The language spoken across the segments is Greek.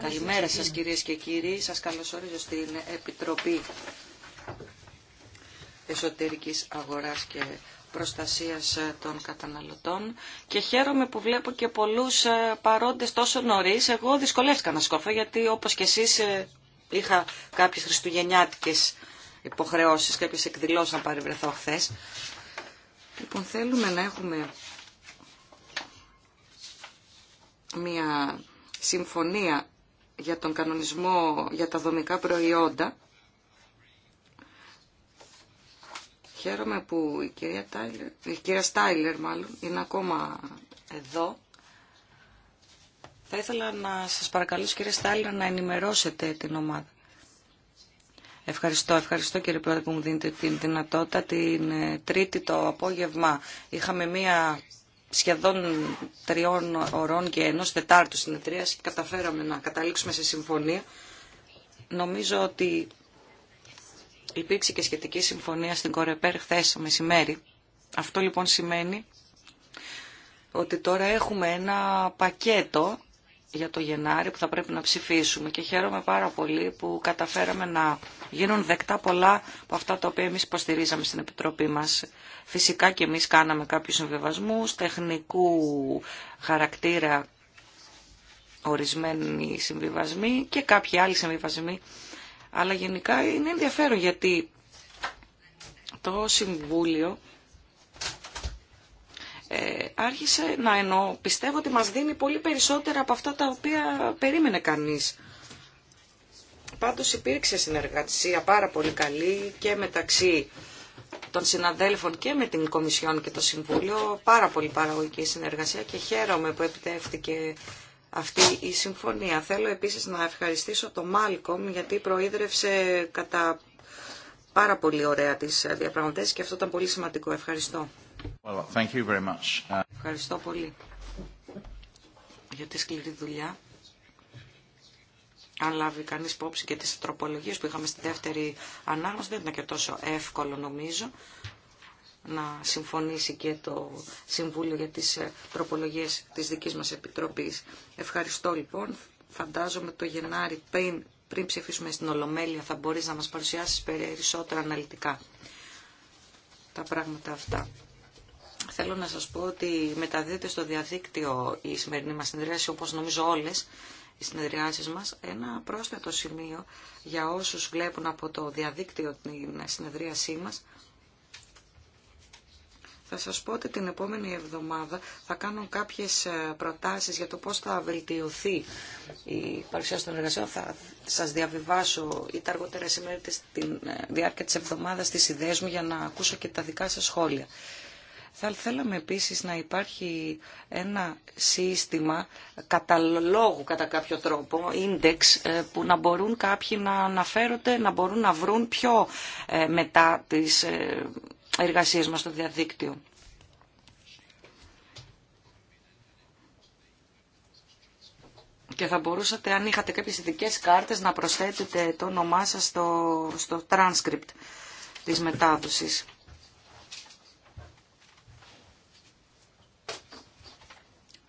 Καλημέρα σας κυρίες και κύριοι. Σας καλωσορίζω στην Επιτροπή Εσωτερικής Αγοράς και Προστασίας των Καταναλωτών και χαίρομαι που βλέπω και πολλούς ε, παρόντες τόσο νωρίς. Εγώ δυσκολεύτηκα να σκόφω γιατί όπως και εσείς ε, είχα κάποιες χριστουγεννιάτικες υποχρεώσεις, κάποιες εκδηλώσεις να παρευρεθώ χθε. Λοιπόν, θέλουμε να έχουμε μια συμφωνία για τον κανονισμό για τα δομικά προϊόντα. Χαίρομαι που η κυρία, Τάιλερ, η κυρία Στάιλερ μάλλον, είναι ακόμα εδώ. Θα ήθελα να σας παρακαλέσω κύριε Στάιλερ να ενημερώσετε την ομάδα. Ευχαριστώ, ευχαριστώ κύριε Πρόεδρε που μου δίνετε την δυνατότητα. Την ε, Τρίτη το απόγευμα είχαμε μία σχεδόν τριών ωρών και ενός τετάρτου και καταφέραμε να καταλήξουμε σε συμφωνία. Νομίζω ότι υπήρξε και σχετική συμφωνία στην Κορεπέρ χθε μεσημέρι. Αυτό λοιπόν σημαίνει ότι τώρα έχουμε ένα πακέτο για το Γενάρη που θα πρέπει να ψηφίσουμε και χαίρομαι πάρα πολύ που καταφέραμε να γίνουν δεκτά πολλά από αυτά τα οποία εμείς υποστηρίζαμε στην Επιτροπή μας. Φυσικά και εμείς κάναμε κάποιους συμβιβασμούς τεχνικού χαρακτήρα ορισμένοι συμβιβασμοί και κάποιοι άλλοι συμβιβασμοί αλλά γενικά είναι ενδιαφέρον γιατί το Συμβούλιο ε, άρχισε να εννοώ. Πιστεύω ότι μας δίνει πολύ περισσότερα από αυτά τα οποία περίμενε κανείς. Πάντως υπήρξε συνεργασία πάρα πολύ καλή και μεταξύ των συναδέλφων και με την Κομισιόν και το Συμβούλιο. Πάρα πολύ παραγωγική συνεργασία και χαίρομαι που επιτεύχθηκε αυτή η συμφωνία. Θέλω επίσης να ευχαριστήσω τον Μάλκομ γιατί προείδρευσε κατά πάρα πολύ ωραία τις διαπραγματεύσεις και αυτό ήταν πολύ σημαντικό. Ευχαριστώ. Uh, Ευχαριστώ πολύ για τη σκληρή δουλειά. Αν λάβει κανείς υπόψη και τις τροπολογίες που είχαμε στη δεύτερη ανάγνωση, δεν ήταν και τόσο εύκολο νομίζω να συμφωνήσει και το Συμβούλιο για τις ε, τροπολογίες της δικής μας Επιτροπής. Ευχαριστώ λοιπόν. Φαντάζομαι το Γενάρη πριν, πριν ψηφίσουμε στην Ολομέλεια θα μπορείς να μας παρουσιάσεις περισσότερα αναλυτικά τα πράγματα αυτά. Θέλω να σας πω ότι μεταδίδεται στο διαδίκτυο η σημερινή μας συνεδρίαση, όπως νομίζω όλες οι συνεδριάσεις μας, ένα πρόσθετο σημείο για όσους βλέπουν από το διαδίκτυο την συνεδρίασή μας. Θα σας πω ότι την επόμενη εβδομάδα θα κάνω κάποιες ε, προτάσεις για το πώς θα βελτιωθεί η παρουσίαση των εργασιών. Θα σας διαβιβάσω ή αργότερα σήμερα τη ε, διάρκεια της εβδομάδας τις ιδέες μου για να ακούσω και τα δικά σας σχόλια. Θα θέλαμε επίσης να υπάρχει ένα σύστημα καταλόγου κατά κάποιο τρόπο, index, ε, που να μπορούν κάποιοι να αναφέρονται, να μπορούν να βρουν πιο ε, μετά τις ε, εργασίες μας στο διαδίκτυο. και θα μπορούσατε αν είχατε κάποιες ειδικέ κάρτες να προσθέτετε το όνομά σας στο, στο transcript της μετάδοσης.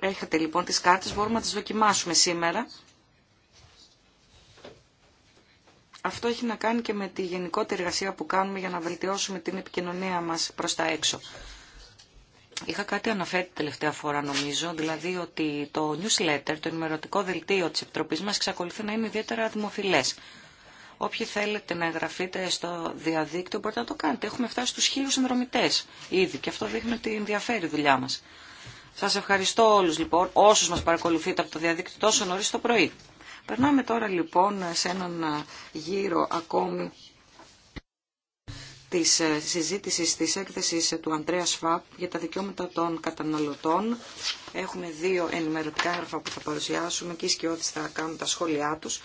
Έχετε λοιπόν τις κάρτες, μπορούμε να τις δοκιμάσουμε σήμερα. Αυτό έχει να κάνει και με τη γενικότερη εργασία που κάνουμε για να βελτιώσουμε την επικοινωνία μας προς τα έξω. Είχα κάτι αναφέρει τελευταία φορά νομίζω, δηλαδή ότι το newsletter, το ενημερωτικό δελτίο της Επιτροπής μας εξακολουθεί να είναι ιδιαίτερα δημοφιλές. Όποιοι θέλετε να εγγραφείτε στο διαδίκτυο μπορείτε να το κάνετε. Έχουμε φτάσει στους χίλιους συνδρομητές ήδη και αυτό δείχνει ότι ενδιαφέρει η δουλειά μας. Σας ευχαριστώ όλους λοιπόν, όσους μας παρακολουθείτε από το διαδίκτυο τόσο νωρίς το πρωί. Περνάμε τώρα λοιπόν σε έναν γύρο ακόμη της ε, συζήτησης της έκθεσης του Αντρέα Σφαπ για τα δικαιώματα των καταναλωτών. Έχουμε δύο ενημερωτικά έγγραφα που θα παρουσιάσουμε και οι θα κάνουν τα σχόλιά τους.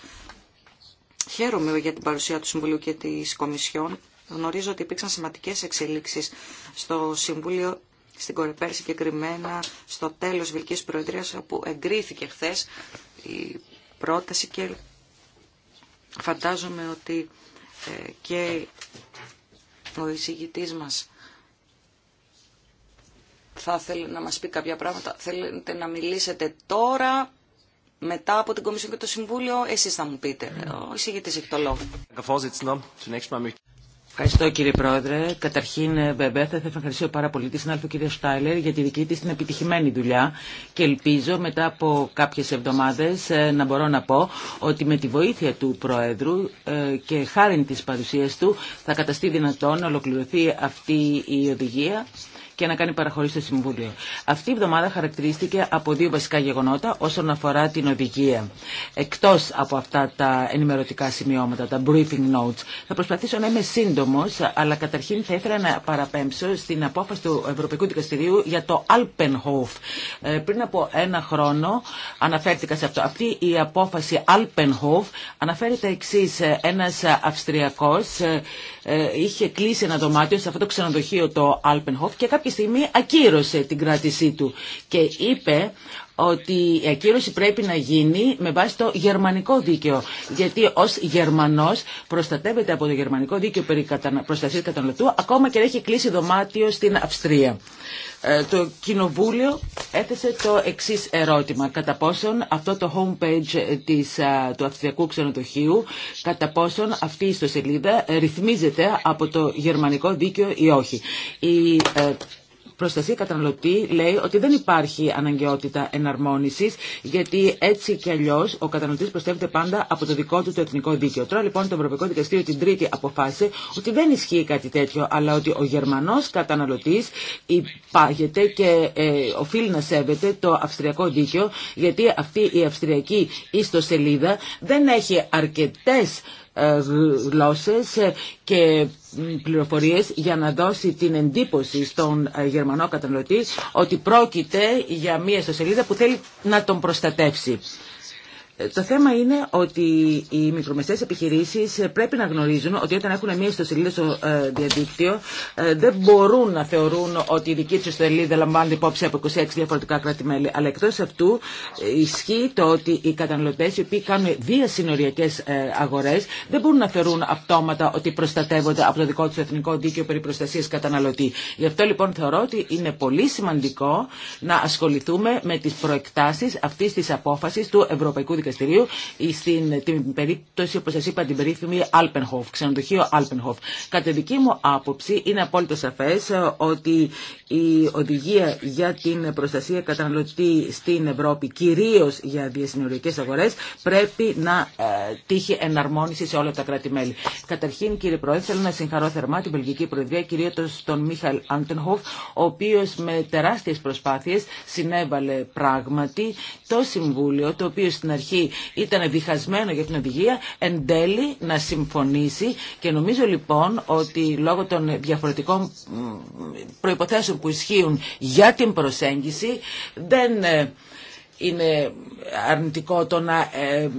Χαίρομαι για την παρουσία του Συμβουλίου και της Κομισιόν. Γνωρίζω ότι υπήρξαν σημαντικές εξελίξεις στο Συμβούλιο στην Κορυπέρ συγκεκριμένα στο τέλος Βιλκής Προεδρίας όπου εγκρίθηκε χθε η πρόταση και φαντάζομαι ότι ε, και ο εισηγητής μας θα θέλει να μας πει κάποια πράγματα. Θέλετε να μιλήσετε τώρα, μετά από την Κομισιόν και το Συμβούλιο, εσείς θα μου πείτε. Ο εισηγητής έχει το λόγο. Ευχαριστώ κύριε Πρόεδρε. Καταρχήν, ε, βέβαια, θα ήθελα να ευχαριστήσω πάρα πολύ τη συνάδελφο κυρία Στάιλερ για τη δική τη την επιτυχημένη δουλειά και ελπίζω μετά από κάποιε εβδομάδε ε, να μπορώ να πω ότι με τη βοήθεια του Προέδρου ε, και χάρη τη παρουσία του θα καταστεί δυνατόν να ολοκληρωθεί αυτή η οδηγία και να κάνει παραχωρήσει στο Συμβούλιο. Αυτή η εβδομάδα χαρακτηρίστηκε από δύο βασικά γεγονότα όσον αφορά την οδηγία. Εκτό από αυτά τα ενημερωτικά σημειώματα, τα briefing notes, θα προσπαθήσω να είμαι σύντομο, αλλά καταρχήν θα ήθελα να παραπέμψω στην απόφαση του Ευρωπαϊκού Δικαστηρίου για το Alpenhof. Ε, πριν από ένα χρόνο αναφέρθηκα σε αυτό. Αυτή η απόφαση Alpenhof αναφέρει τα εξή. Ε, ένα Αυστριακό ε, ε, είχε κλείσει ένα δωμάτιο σε αυτό το ξενοδοχείο το Alpenhof και κάποια στιγμή ακύρωσε την κράτησή του και είπε ότι η ακύρωση πρέπει να γίνει με βάση το γερμανικό δίκαιο. Γιατί ω Γερμανό προστατεύεται από το γερμανικό δίκαιο περί προστασία καταναλωτού, ακόμα και έχει κλείσει δωμάτιο στην Αυστρία. Ε, το Κοινοβούλιο έθεσε το εξή ερώτημα. Κατά πόσον αυτό το homepage της, ε, του Αυστριακού Ξενοδοχείου, κατά πόσον αυτή η ιστοσελίδα ρυθμίζεται από το γερμανικό δίκαιο ή όχι. Η ε, προστασία καταναλωτή λέει ότι δεν υπάρχει αναγκαιότητα εναρμόνισης γιατί έτσι κι αλλιώ ο καταναλωτή προστεύεται πάντα από το δικό του το εθνικό δίκαιο. Τώρα λοιπόν το Ευρωπαϊκό Δικαστήριο την Τρίτη αποφάσισε ότι δεν ισχύει κάτι τέτοιο αλλά ότι ο Γερμανό καταναλωτή υπάγεται και ε, οφείλει να σέβεται το αυστριακό δίκαιο γιατί αυτή η αυστριακή ιστοσελίδα δεν έχει αρκετέ γλώσσες ε, και πληροφορίες για να δώσει την εντύπωση στον ε, Γερμανό καταναλωτή ότι πρόκειται για μία ιστοσελίδα που θέλει να τον προστατεύσει. Το θέμα είναι ότι οι μικρομεσαίες επιχειρήσεις πρέπει να γνωρίζουν ότι όταν έχουν μία ιστοσελίδα στο ε, διαδίκτυο ε, δεν μπορούν να θεωρούν ότι η δική τους ιστοσελίδα λαμβάνουν υπόψη από 26 διαφορετικά κράτη-μέλη. Αλλά εκτός αυτού ε, ισχύει το ότι οι καταναλωτές οι οποίοι κάνουν δύο διασυνοριακές αγορές δεν μπορούν να θεωρούν αυτόματα ότι προστατεύονται από το δικό τους εθνικό δίκαιο περί προστασίας καταναλωτή. Γι' αυτό λοιπόν θεωρώ ότι είναι πολύ σημαντικό να ασχοληθούμε με τις προεκτάσεις αυτής της απόφασης του Ευρωπαϊκού Δικαστηρίου δικαστηρίου στην την περίπτωση, όπω σα είπα, την περίφημη Alpenhof, ξενοδοχείο Alpenhof. Κατά δική μου άποψη είναι απόλυτο σαφέ ε, ότι η οδηγία για την προστασία καταναλωτή στην Ευρώπη, κυρίω για διασυνοριακέ αγορέ, πρέπει να ε, τύχει εναρμόνιση σε όλα τα κράτη-μέλη. Καταρχήν, κύριε Πρόεδρε, θέλω να συγχαρώ θερμά την Βελγική Προεδρία, κυρίω τον Μίχαλ Αντενχοφ, ο οποίο με τεράστιε προσπάθειε συνέβαλε πράγματι το Συμβούλιο, το οποίο στην αρχή ήταν διχασμένο για την οδηγία, εν τέλει να συμφωνήσει και νομίζω λοιπόν ότι λόγω των διαφορετικών προϋποθέσεων που ισχύουν για την προσέγγιση δεν ε, είναι αρνητικό το να ε,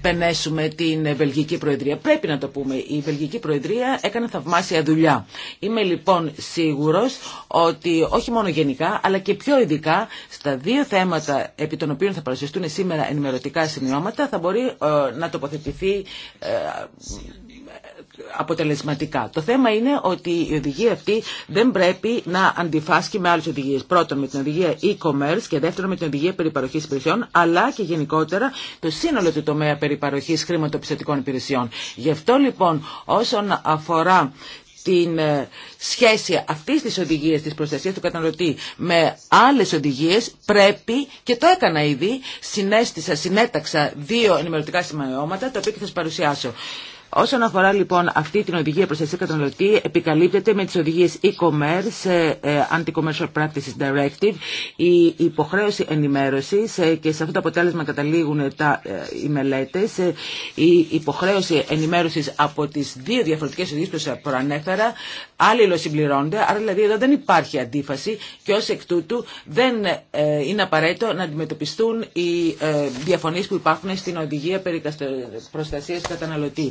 πενέσουμε την Βελγική Προεδρία. Πρέπει να το πούμε. Η Βελγική Προεδρία έκανε θαυμάσια δουλειά. Είμαι λοιπόν σίγουρος ότι όχι μόνο γενικά αλλά και πιο ειδικά στα δύο θέματα επί των οποίων θα παρουσιαστούν σήμερα ενημερωτικά σημειώματα θα μπορεί ε, να τοποθετηθεί ε, αποτελεσματικά. Το θέμα είναι ότι η οδηγία αυτή δεν πρέπει να αντιφάσκει με άλλε οδηγίε. Πρώτον με την οδηγία e-commerce και δεύτερον με την οδηγία περιπαροχή υπηρεσιών αλλά και γενικότερα το σύνολο του τομέα περιπαροχή χρηματοπιστωτικών υπηρεσιών. Γι' αυτό λοιπόν όσον αφορά την ε, σχέση αυτής της οδηγίας της προστασίας του καταναλωτή με άλλες οδηγίες πρέπει και το έκανα ήδη συνέστησα, συνέταξα δύο ενημερωτικά σημειώματα τα οποία και θα σας παρουσιάσω. Όσον αφορά λοιπόν αυτή την οδηγία προστασία καταναλωτή, επικαλύπτεται με τις οδηγίες e-commerce, ε, ε, Anti-Commercial Practices Directive, η υποχρέωση ενημέρωσης ε, και σε αυτό το αποτέλεσμα καταλήγουν τα, οι μελέτες, η υποχρέωση ενημέρωσης από τις δύο διαφορετικές οδηγίες που προανέφερα άλλοι συμπληρώνονται, άρα δηλαδή εδώ δεν υπάρχει αντίφαση και ως εκ τούτου δεν ε, είναι απαραίτητο να αντιμετωπιστούν οι ε, διαφωνίες που υπάρχουν στην οδηγία περί προστασίας του καταναλωτή.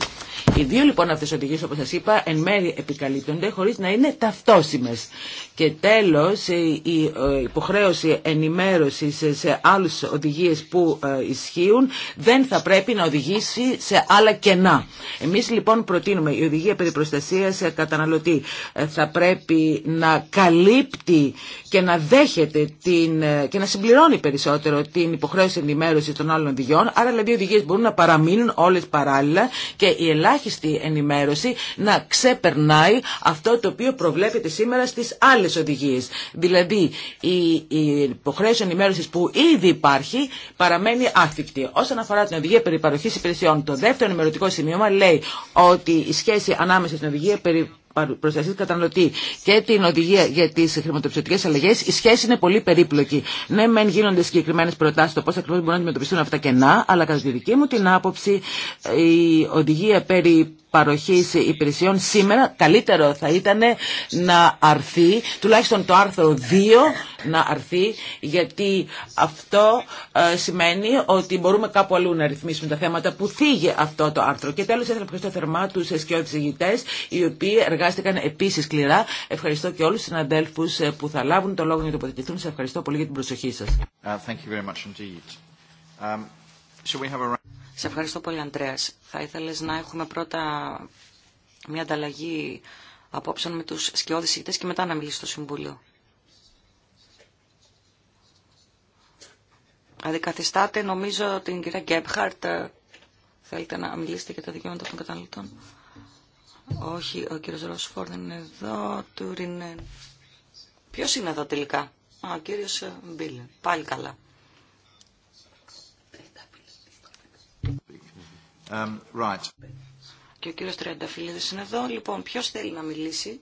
Οι δύο λοιπόν αυτές οδηγίες όπως σας είπα εν μέρει επικαλύπτονται χωρίς να είναι ταυτόσιμες. Και τέλος ε, η υποχρέωση ενημέρωσης σε άλλους οδηγίες που ισχύουν δεν θα πρέπει να οδηγήσει σε άλλα κενά. Εμείς λοιπόν προτείνουμε η οδηγία περί προστασίας καταναλωτή ε, θα πρέπει να καλύπτει και να δέχεται την, ε, και να συμπληρώνει περισσότερο την υποχρέωση ενημέρωση των άλλων οδηγιών. Άρα δηλαδή οι οδηγίες μπορούν να παραμείνουν όλες παράλληλα και η ελάχιστη ενημέρωση να ξεπερνάει αυτό το οποίο προβλέπεται σήμερα στις άλλες οδηγίες. Δηλαδή η, η υποχρέωση ενημέρωση που ήδη υπάρχει παραμένει άφηκτη. Όσον αφορά την οδηγία περί παροχής υπηρεσιών, το δεύτερο ενημερωτικό σημείωμα λέει ότι η σχέση ανάμεσα στην οδηγία περί του καταναλωτή και την οδηγία για τι χρηματοπιστωτικές αλλαγέ. η σχέση είναι πολύ περίπλοκη. Ναι, μεν γίνονται συγκεκριμένε προτάσει το πώ ακριβώ μπορούν να αντιμετωπιστούν αυτά κενά, αλλά κατά τη δική μου την άποψη ε, η οδηγία περί Παροχή υπηρεσιών σήμερα καλύτερο θα ήταν να αρθεί, τουλάχιστον το άρθρο 2 να αρθεί, γιατί αυτό ε, σημαίνει ότι μπορούμε κάπου αλλού να ρυθμίσουμε τα θέματα που θίγει αυτό το άρθρο. Και τέλος ήθελα να ευχαριστώ θερμά τους σκιώδης οι οποίοι εργάστηκαν επίσης σκληρά. Ευχαριστώ και όλους τους συναντέλφου ε, που θα λάβουν το λόγο να τοποθετηθούν. Σας ευχαριστώ πολύ για την προσοχή σας. Uh, thank σε ευχαριστώ πολύ, Αντρέας. Θα ήθελες να έχουμε πρώτα μια ανταλλαγή απόψεων με τους σκιώδεις ηγητές και μετά να μιλήσει στο Συμβούλιο. Αντικαθιστάτε, νομίζω, την κυρία Γκέμπχαρτ. Θέλετε να μιλήσετε για τα δικαιώματα των καταναλωτών. Όχι, ο κύριος Ρόσφορντ είναι εδώ, του Ποιος είναι εδώ τελικά. Α, ο κύριος Μπίλε. Πάλι καλά. Um, και ο κύριος Τριανταφυλλίδης είναι εδώ. Λοιπόν, ποιος θέλει να μιλήσει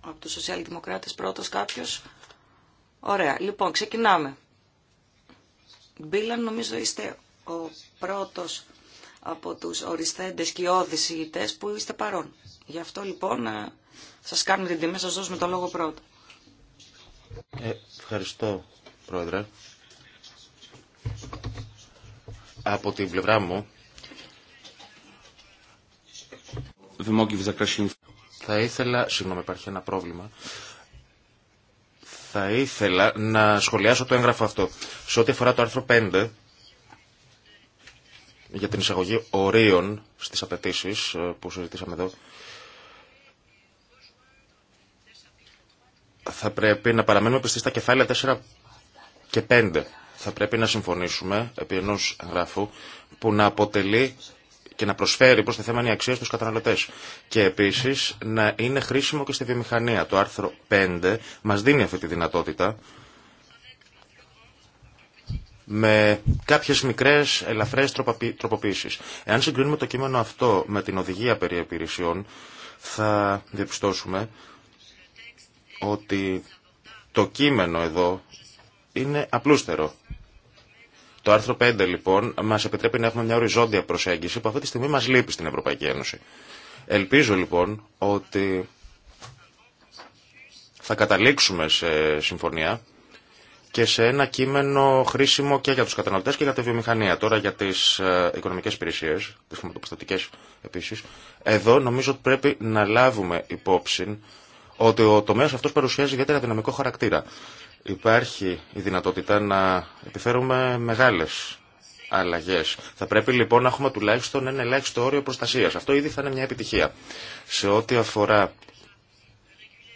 από τους σοσιαλδημοκράτες πρώτος κάποιος. Ωραία. Λοιπόν, ξεκινάμε. Μπίλαν, νομίζω είστε ο πρώτος από τους οριστέντες και ηγητές που είστε παρόν. Γι' αυτό λοιπόν ε, σας κάνουμε την τιμή, σας δώσουμε το λόγο πρώτο. Ε, ευχαριστώ, Πρόεδρε. Από την πλευρά μου, θα ήθελα, συγγνώμη υπάρχει ένα πρόβλημα, θα ήθελα να σχολιάσω το έγγραφο αυτό. Σε ό,τι αφορά το άρθρο 5, για την εισαγωγή ορίων στις απαιτήσει ε, που συζητήσαμε εδώ, θα πρέπει να παραμένουμε πιστοί στα κεφάλαια 4 και 5 θα πρέπει να συμφωνήσουμε επί ενό γράφου που να αποτελεί και να προσφέρει προς τη θέμανια αξία στου καταναλωτέ. Και επίσης να είναι χρήσιμο και στη βιομηχανία. Το άρθρο 5 μας δίνει αυτή τη δυνατότητα με κάποιες μικρές ελαφρές τροποποίησεις. Εάν συγκρίνουμε το κείμενο αυτό με την οδηγία περί υπηρεσιών, θα διαπιστώσουμε ότι το κείμενο εδώ είναι απλούστερο. Το άρθρο 5 λοιπόν μας επιτρέπει να έχουμε μια οριζόντια προσέγγιση που αυτή τη στιγμή μας λείπει στην Ευρωπαϊκή Ένωση. Ελπίζω λοιπόν ότι θα καταλήξουμε σε συμφωνία και σε ένα κείμενο χρήσιμο και για τους καταναλωτές και για τη βιομηχανία. Τώρα για τις ε, οικονομικές υπηρεσίες, τις χρηματοπιστωτικές επίσης, εδώ νομίζω ότι πρέπει να λάβουμε υπόψη ότι ο τομέα αυτό παρουσιάζει ιδιαίτερα δυναμικό χαρακτήρα. Υπάρχει η δυνατότητα να επιφέρουμε μεγάλε αλλαγέ. Θα πρέπει λοιπόν να έχουμε τουλάχιστον ένα ελάχιστο όριο προστασία. Αυτό ήδη θα είναι μια επιτυχία. Σε ό,τι αφορά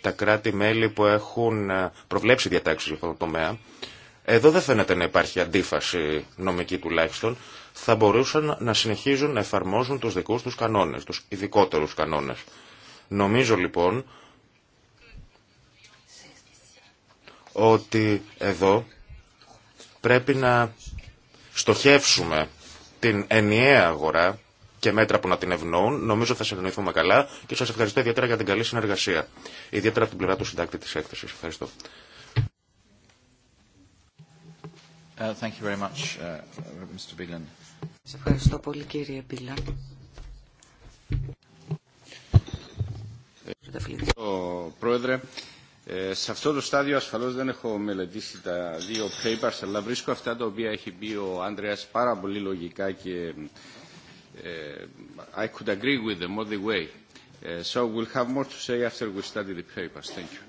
τα κράτη-μέλη που έχουν ε, προβλέψει διατάξει για αυτό το τομέα, εδώ δεν φαίνεται να υπάρχει αντίφαση νομική τουλάχιστον. Θα μπορούσαν να συνεχίζουν να εφαρμόζουν του δικού του κανόνε, του ειδικότερου κανόνε. Νομίζω λοιπόν ότι εδώ πρέπει να στοχεύσουμε την ενιαία αγορά και μέτρα που να την ευνοούν. Νομίζω θα συνεννοηθούμε καλά και σας ευχαριστώ ιδιαίτερα για την καλή συνεργασία. Ιδιαίτερα από την πλευρά του συντάκτη της έκθεσης. Ευχαριστώ. Uh, thank uh, Σας ευχαριστώ πολύ κύριε Μπίλαν. Ε, πρόεδρε, σε αυτό το στάδιο ασφαλώς δεν έχω μελετήσει τα δύο papers, αλλά βρίσκω αυτά τα οποία έχει πει ο Άντρεας πάρα πολύ λογικά και I could agree with them all the way. so we'll have more to say after we study the papers. Thank you.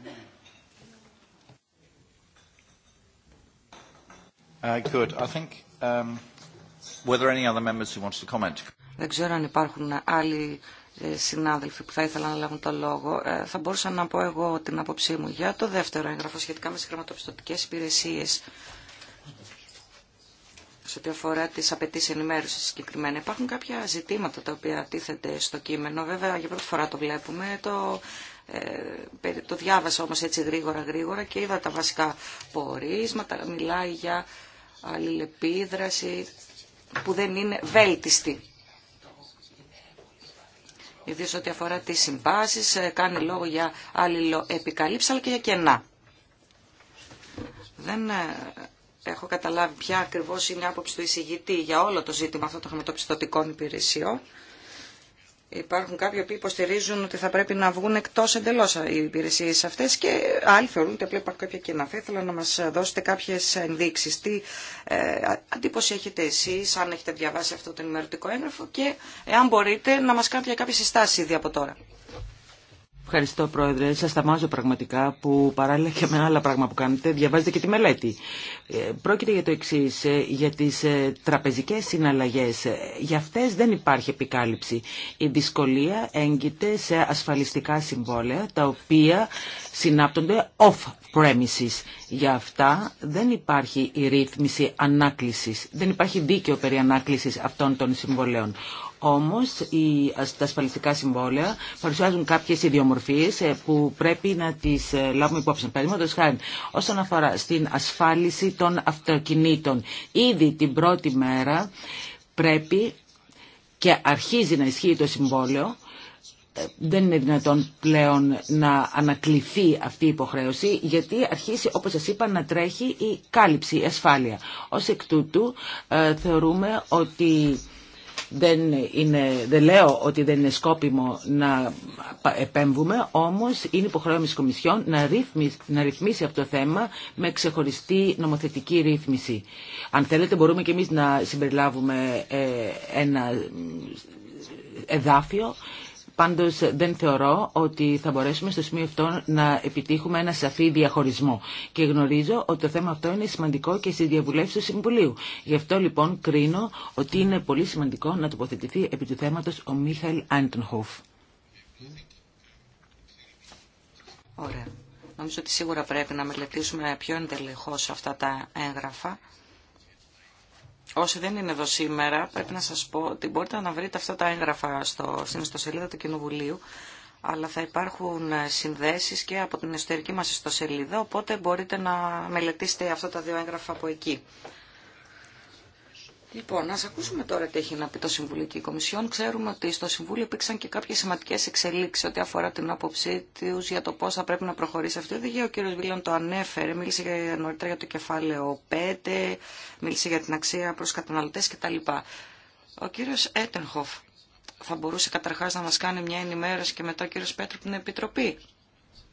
Uh, good. I think um, were there any other members who wanted to comment? Δεν ξέρω αν υπάρχουν άλλοι ε, συνάδελφοι που θα ήθελα να λάβουν το λόγο, ε, θα μπορούσα να πω εγώ την άποψή μου για το δεύτερο έγγραφο σχετικά με τι χρηματοπιστωτικέ υπηρεσίε σε ό,τι αφορά τι απαιτήσει ενημέρωση συγκεκριμένα. Υπάρχουν κάποια ζητήματα τα οποία τίθενται στο κείμενο. Βέβαια, για πρώτη φορά το βλέπουμε. Το, ε, το διάβασα όμω έτσι γρήγορα γρήγορα και είδα τα βασικά πορίσματα. Μιλάει για αλληλεπίδραση που δεν είναι βέλτιστη ιδίως ό,τι αφορά τις συμβάσεις, ε, κάνει λόγο για αλληλοεπικαλύψη αλλά και για κενά. Δεν ε, έχω καταλάβει ποια ακριβώς είναι η άποψη του εισηγητή για όλο το ζήτημα αυτό των χρηματοπιστωτικών υπηρεσιών. Υπάρχουν κάποιοι που υποστηρίζουν ότι θα πρέπει να βγουν εκτό εντελώ οι υπηρεσίε αυτέ και άλλοι θεωρούν ότι απλά υπάρχουν κάποια κενά. Θα ήθελα να μα δώσετε κάποιε ενδείξει. Τι ε, αντίποση έχετε εσεί, αν έχετε διαβάσει αυτό το ενημερωτικό έγγραφο και εάν μπορείτε να μα κάνετε κάποιε συστάσει ήδη από τώρα. Ευχαριστώ Πρόεδρε. Σας σταμάζω πραγματικά που παράλληλα και με άλλα πράγματα που κάνετε διαβάζετε και τη μελέτη. Ε, πρόκειται για το εξή, ε, για τις ε, τραπεζικές συναλλαγές. Για αυτές δεν υπάρχει επικάλυψη. Η δυσκολία έγκυται σε ασφαλιστικά συμβόλαια τα οποία συνάπτονται off-premises. Για αυτά δεν υπάρχει η ρύθμιση ανάκλησης. Δεν υπάρχει δίκαιο περί ανάκλησης αυτών των συμβολέων. Όμως τα ασφαλιστικά συμβόλαια παρουσιάζουν κάποιες ιδιομορφίες ε, που πρέπει να τις ε, λάβουμε υπόψη. Παραδείγματος χάρη, όσον αφορά στην ασφάλιση των αυτοκινήτων, ήδη την πρώτη μέρα πρέπει και αρχίζει να ισχύει το συμβόλαιο, ε, δεν είναι δυνατόν πλέον να ανακληθεί αυτή η υποχρέωση γιατί αρχίσει όπως σας είπα να τρέχει η κάλυψη, η ασφάλεια. Ως εκ τούτου θεωρούμε ότι δεν, είναι, δεν λέω ότι δεν είναι σκόπιμο να επέμβουμε, όμως είναι υποχρέωση της Κομισιόν να ρυθμίσει, να ρυθμίσει αυτό το θέμα με ξεχωριστή νομοθετική ρύθμιση. Αν θέλετε μπορούμε και εμείς να συμπεριλάβουμε ε, ένα ε, εδάφιο Πάντως δεν θεωρώ ότι θα μπορέσουμε στο σημείο αυτό να επιτύχουμε ένα σαφή διαχωρισμό. Και γνωρίζω ότι το θέμα αυτό είναι σημαντικό και στη διαβουλεύση του Συμβουλίου. Γι' αυτό λοιπόν κρίνω ότι είναι πολύ σημαντικό να τοποθετηθεί επί του θέματος ο Μίχαλ Άντενχοφ. Ωραία. Νομίζω ότι σίγουρα πρέπει να μελετήσουμε πιο εντελεχώς αυτά τα έγγραφα Όσοι δεν είναι εδώ σήμερα, πρέπει να σας πω ότι μπορείτε να βρείτε αυτά τα έγγραφα στο, στην ιστοσελίδα του Κοινοβουλίου, αλλά θα υπάρχουν ε, συνδέσεις και από την εσωτερική μας ιστοσελίδα, οπότε μπορείτε να μελετήσετε αυτά τα δύο έγγραφα από εκεί. Λοιπόν, να ακούσουμε τώρα τι έχει να πει το Συμβούλιο και η Κομισιόν. Ξέρουμε ότι στο Συμβούλιο υπήρξαν και κάποιε σημαντικέ εξελίξει ό,τι αφορά την άποψή του για το πώ θα πρέπει να προχωρήσει αυτή η οδηγία. Ο κ. Βίλαν το ανέφερε, μίλησε νωρίτερα για το κεφάλαιο 5, μίλησε για την αξία προ καταναλωτέ κτλ. Ο κ. Έτενχοφ θα μπορούσε καταρχά να μα κάνει μια ενημέρωση και μετά ο κ. Πέτρου την Επιτροπή.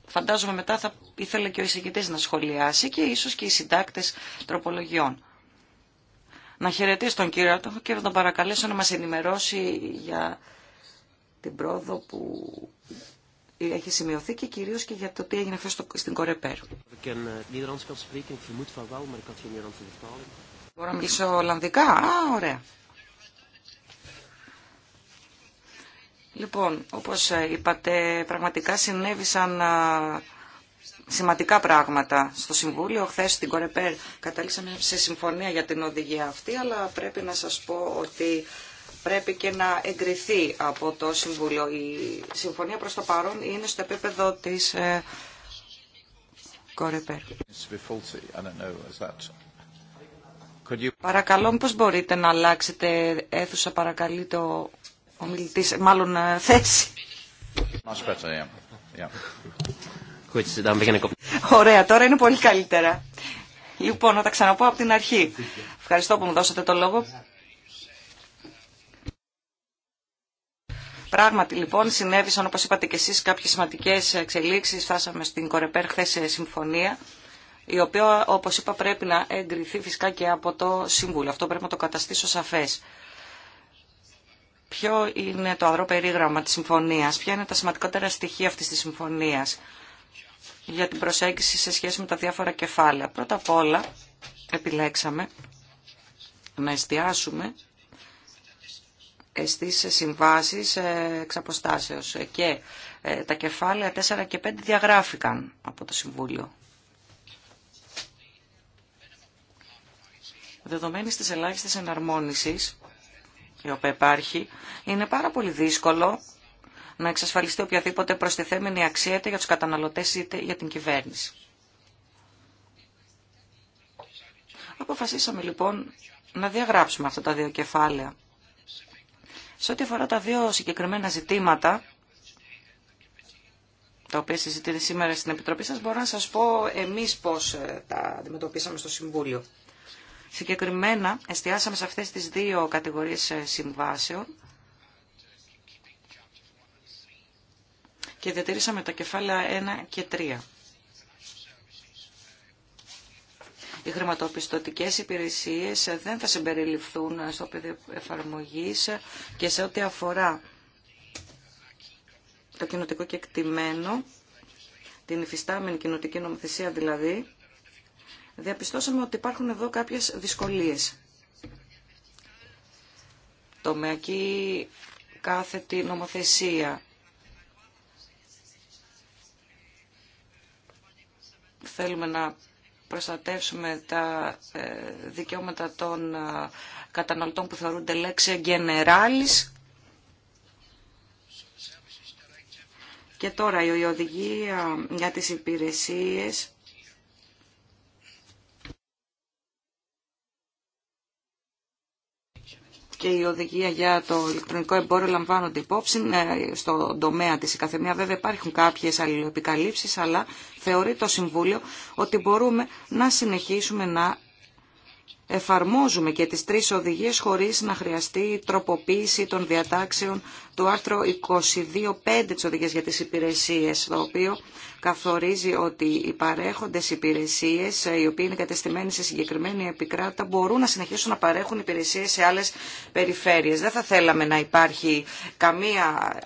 Φαντάζομαι μετά θα ήθελε και ο εισηγητή να σχολιάσει και ίσω και οι συντάκτε τροπολογιών να χαιρετήσω τον κύριο Άτοχο και να τον παρακαλέσω να μας ενημερώσει για την πρόοδο που έχει σημειωθεί και κυρίως και για το τι έγινε αυτό στην Κορεπέρ. Μπορώ να μιλήσω Ολλανδικά. Α, ωραία. Λοιπόν, όπως είπατε, πραγματικά συνέβησαν σημαντικά πράγματα στο Συμβούλιο. Χθε στην Κορεπέρ καταλήξαμε σε συμφωνία για την οδηγία αυτή, αλλά πρέπει να σας πω ότι πρέπει και να εγκριθεί από το Συμβούλιο. Η συμφωνία προς το παρόν είναι στο επίπεδο της ε, Κορεπέρ. Παρακαλώ, πώς μπορείτε να αλλάξετε αίθουσα, παρακαλεί το ομιλητής, μάλλον ε, θέση. Ωραία, τώρα είναι πολύ καλύτερα. Λοιπόν, να τα ξαναπώ από την αρχή. Ευχαριστώ που μου δώσατε το λόγο. Πράγματι λοιπόν συνέβησαν όπως είπατε και εσείς κάποιες σημαντικές εξελίξεις. Φτάσαμε στην Κορεπέρ χθε σε συμφωνία η οποία όπως είπα πρέπει να εγκριθεί φυσικά και από το Σύμβουλο. Αυτό πρέπει να το καταστήσω σαφές. Ποιο είναι το αδρό περίγραμμα της συμφωνίας, ποια είναι τα σημαντικότερα στοιχεία αυτής της συμφωνίας για την προσέγγιση σε σχέση με τα διάφορα κεφάλαια. Πρώτα απ' όλα επιλέξαμε να εστιάσουμε στις συμβάσεις ε, εξ αποστάσεως και ε, τα κεφάλαια 4 και 5 διαγράφηκαν από το Συμβούλιο. Δεδομένης της ελάχιστης εναρμόνισης η οποία υπάρχει, είναι πάρα πολύ δύσκολο να εξασφαλιστεί οποιαδήποτε προστιθέμενη αξία είτε για τους καταναλωτές είτε για την κυβέρνηση. Αποφασίσαμε λοιπόν να διαγράψουμε αυτά τα δύο κεφάλαια. Σε ό,τι αφορά τα δύο συγκεκριμένα ζητήματα, τα οποία συζητείτε σήμερα στην Επιτροπή σας, μπορώ να σας πω εμείς πώς ε, τα αντιμετωπίσαμε στο Συμβούλιο. Συγκεκριμένα εστιάσαμε σε αυτές τις δύο κατηγορίες ε, συμβάσεων και διατηρήσαμε τα κεφάλαια 1 και 3. Οι χρηματοπιστωτικές υπηρεσίες δεν θα συμπεριληφθούν στο πεδίο εφαρμογής και σε ό,τι αφορά το κοινοτικό κεκτημένο, την υφιστάμενη κοινοτική νομοθεσία δηλαδή, διαπιστώσαμε ότι υπάρχουν εδώ κάποιες δυσκολίες. Τομεακή κάθετη νομοθεσία, θέλουμε να προστατεύσουμε τα ε, δικαιώματα των ε, καταναλωτών που θεωρούνται λέξη γενεράλης. Και τώρα η οδηγία για τις υπηρεσίες και η οδηγία για το ηλεκτρονικό εμπόριο λαμβάνονται υπόψη ε, στον τομέα της. Η καθεμία βέβαια υπάρχουν κάποιες αλληλοεπικαλύψεις, αλλά θεωρεί το Συμβούλιο ότι μπορούμε να συνεχίσουμε να εφαρμόζουμε και τις τρεις οδηγίες χωρίς να χρειαστεί τροποποίηση των διατάξεων του άρθρου 22.5 της Οδηγίας για τις Υπηρεσίες, το οποίο καθορίζει ότι οι παρέχοντες υπηρεσίες, οι οποίοι είναι κατεστημένοι σε συγκεκριμένη επικράτα, μπορούν να συνεχίσουν να παρέχουν υπηρεσίες σε άλλες περιφέρειες. Δεν θα θέλαμε να υπάρχει καμία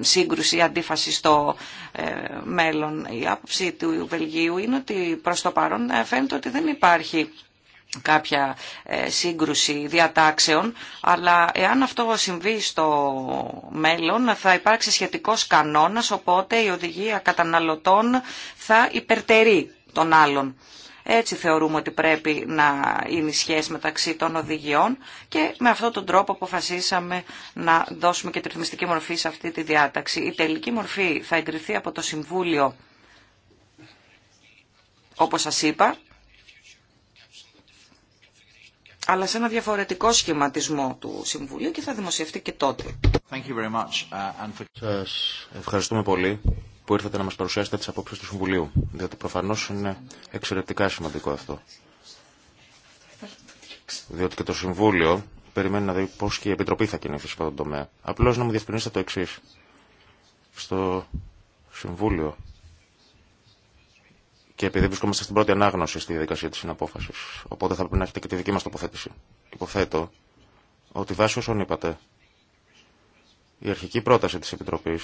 σύγκρουση ή αντίφαση στο ε, μέλλον. Η άποψη του Βελγίου είναι ότι προς το παρόν ε, φαίνεται ότι δεν υπάρχει κάποια ε, σύγκρουση διατάξεων, αλλά εάν αυτό συμβεί στο μέλλον θα υπάρξει σχετικός κανόνας, οπότε η οδηγία καταναλωτών θα υπερτερεί τον άλλον. Έτσι θεωρούμε ότι πρέπει να είναι σχέση μεταξύ των οδηγιών και με αυτόν τον τρόπο αποφασίσαμε να δώσουμε και τη ρυθμιστική μορφή σε αυτή τη διάταξη. Η τελική μορφή θα εγκριθεί από το Συμβούλιο, όπως σας είπα, αλλά σε ένα διαφορετικό σχηματισμό του Συμβουλίου και θα δημοσιευτεί και τότε. Thank uh, Σας ευχαριστούμε πολύ που ήρθατε να μας παρουσιάσετε τις απόψεις του Συμβουλίου, διότι προφανώς είναι εξαιρετικά σημαντικό αυτό. Διότι και το Συμβούλιο περιμένει να δει πώς και η Επιτροπή θα κινηθεί σε αυτόν τον τομέα. Απλώς να μου διευκρινίσετε το εξή. Στο Συμβούλιο και επειδή βρισκόμαστε στην πρώτη ανάγνωση στη διαδικασία τη συναπόφαση. Οπότε θα πρέπει να έχετε και τη δική μα τοποθέτηση. Υποθέτω ότι βάσει όσων είπατε, η αρχική πρόταση τη Επιτροπή,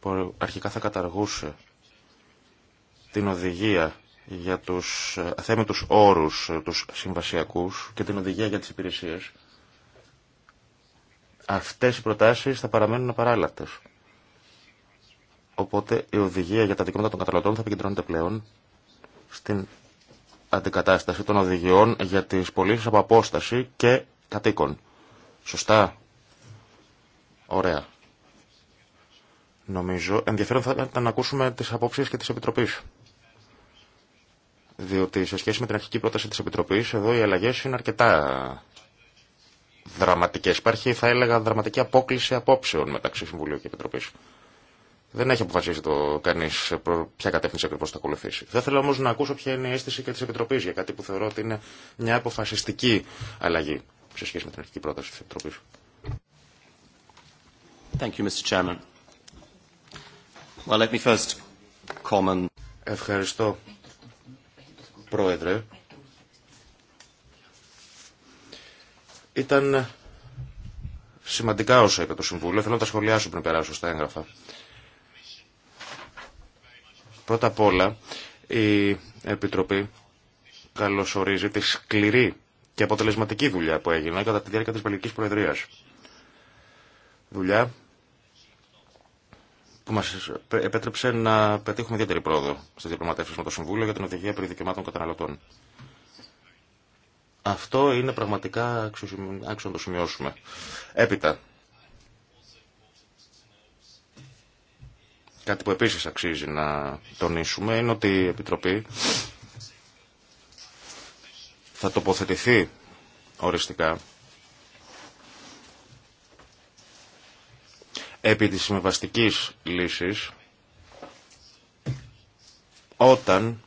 που αρχικά θα καταργούσε την οδηγία για τους θέμετους όρους τους συμβασιακούς και την οδηγία για τις υπηρεσίες αυτές οι προτάσεις θα παραμένουν απαράλλατες. Οπότε η οδηγία για τα δικαιώματα των καταναλωτών θα επικεντρώνεται πλέον στην αντικατάσταση των οδηγιών για τι πωλήσει από απόσταση και κατοίκων. Σωστά. Ωραία. Νομίζω ενδιαφέρον θα ήταν να ακούσουμε τι απόψει και τη επιτροπή, Διότι σε σχέση με την αρχική πρόταση τη Επιτροπή, εδώ οι αλλαγέ είναι αρκετά δραματικέ. Υπάρχει, θα έλεγα, δραματική απόκληση απόψεων μεταξύ Συμβουλίου και Επιτροπή. Δεν έχει αποφασίσει το κανεί ποια κατεύθυνση ακριβώ θα ακολουθήσει. Θα ήθελα όμω να ακούσω ποια είναι η αίσθηση και τη Επιτροπή για κάτι που θεωρώ ότι είναι μια αποφασιστική αλλαγή σε σχέση με την αρχική πρόταση τη Επιτροπή. Ευχαριστώ, Πρόεδρε. Ήταν σημαντικά όσα είπε το Συμβούλιο. Θέλω να τα σχολιάσω πριν περάσω στα έγγραφα. Πρώτα απ' όλα, η Επιτροπή καλωσορίζει τη σκληρή και αποτελεσματική δουλειά που έγινε κατά τη διάρκεια της Βελγικής Προεδρίας. Δουλειά που μας επέτρεψε να πετύχουμε ιδιαίτερη πρόοδο στις διαπραγματεύσεις με το Συμβούλιο για την Οδηγία περί καταναλωτών. Αυτό είναι πραγματικά άξιο να το σημειώσουμε. Έπειτα, Κάτι που επίσης αξίζει να τονίσουμε είναι ότι η Επιτροπή θα τοποθετηθεί οριστικά επί της συμβαστικής λύσης όταν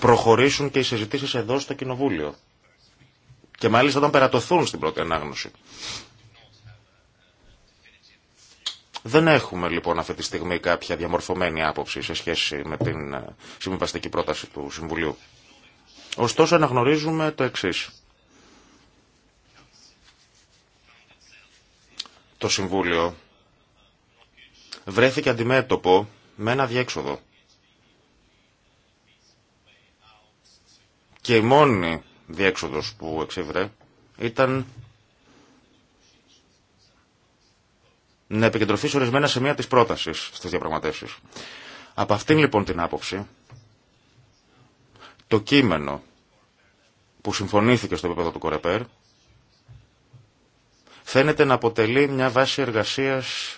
προχωρήσουν και οι συζητήσεις εδώ στο Κοινοβούλιο. Και μάλιστα όταν περατωθούν στην πρώτη ανάγνωση. Δεν έχουμε λοιπόν αυτή τη στιγμή κάποια διαμορφωμένη άποψη σε σχέση με την ε, συμβιβαστική πρόταση του Συμβουλίου. Ωστόσο αναγνωρίζουμε το εξή. Το Συμβούλιο βρέθηκε αντιμέτωπο με ένα διέξοδο. Και η μόνη διέξοδος που εξήβρε ήταν να επικεντρωθεί σε μια σημεία της πρότασης στις διαπραγματεύσεις. Από αυτήν λοιπόν την άποψη, το κείμενο που συμφωνήθηκε στο επίπεδο του Κορεπέρ φαίνεται να αποτελεί μια βάση εργασίας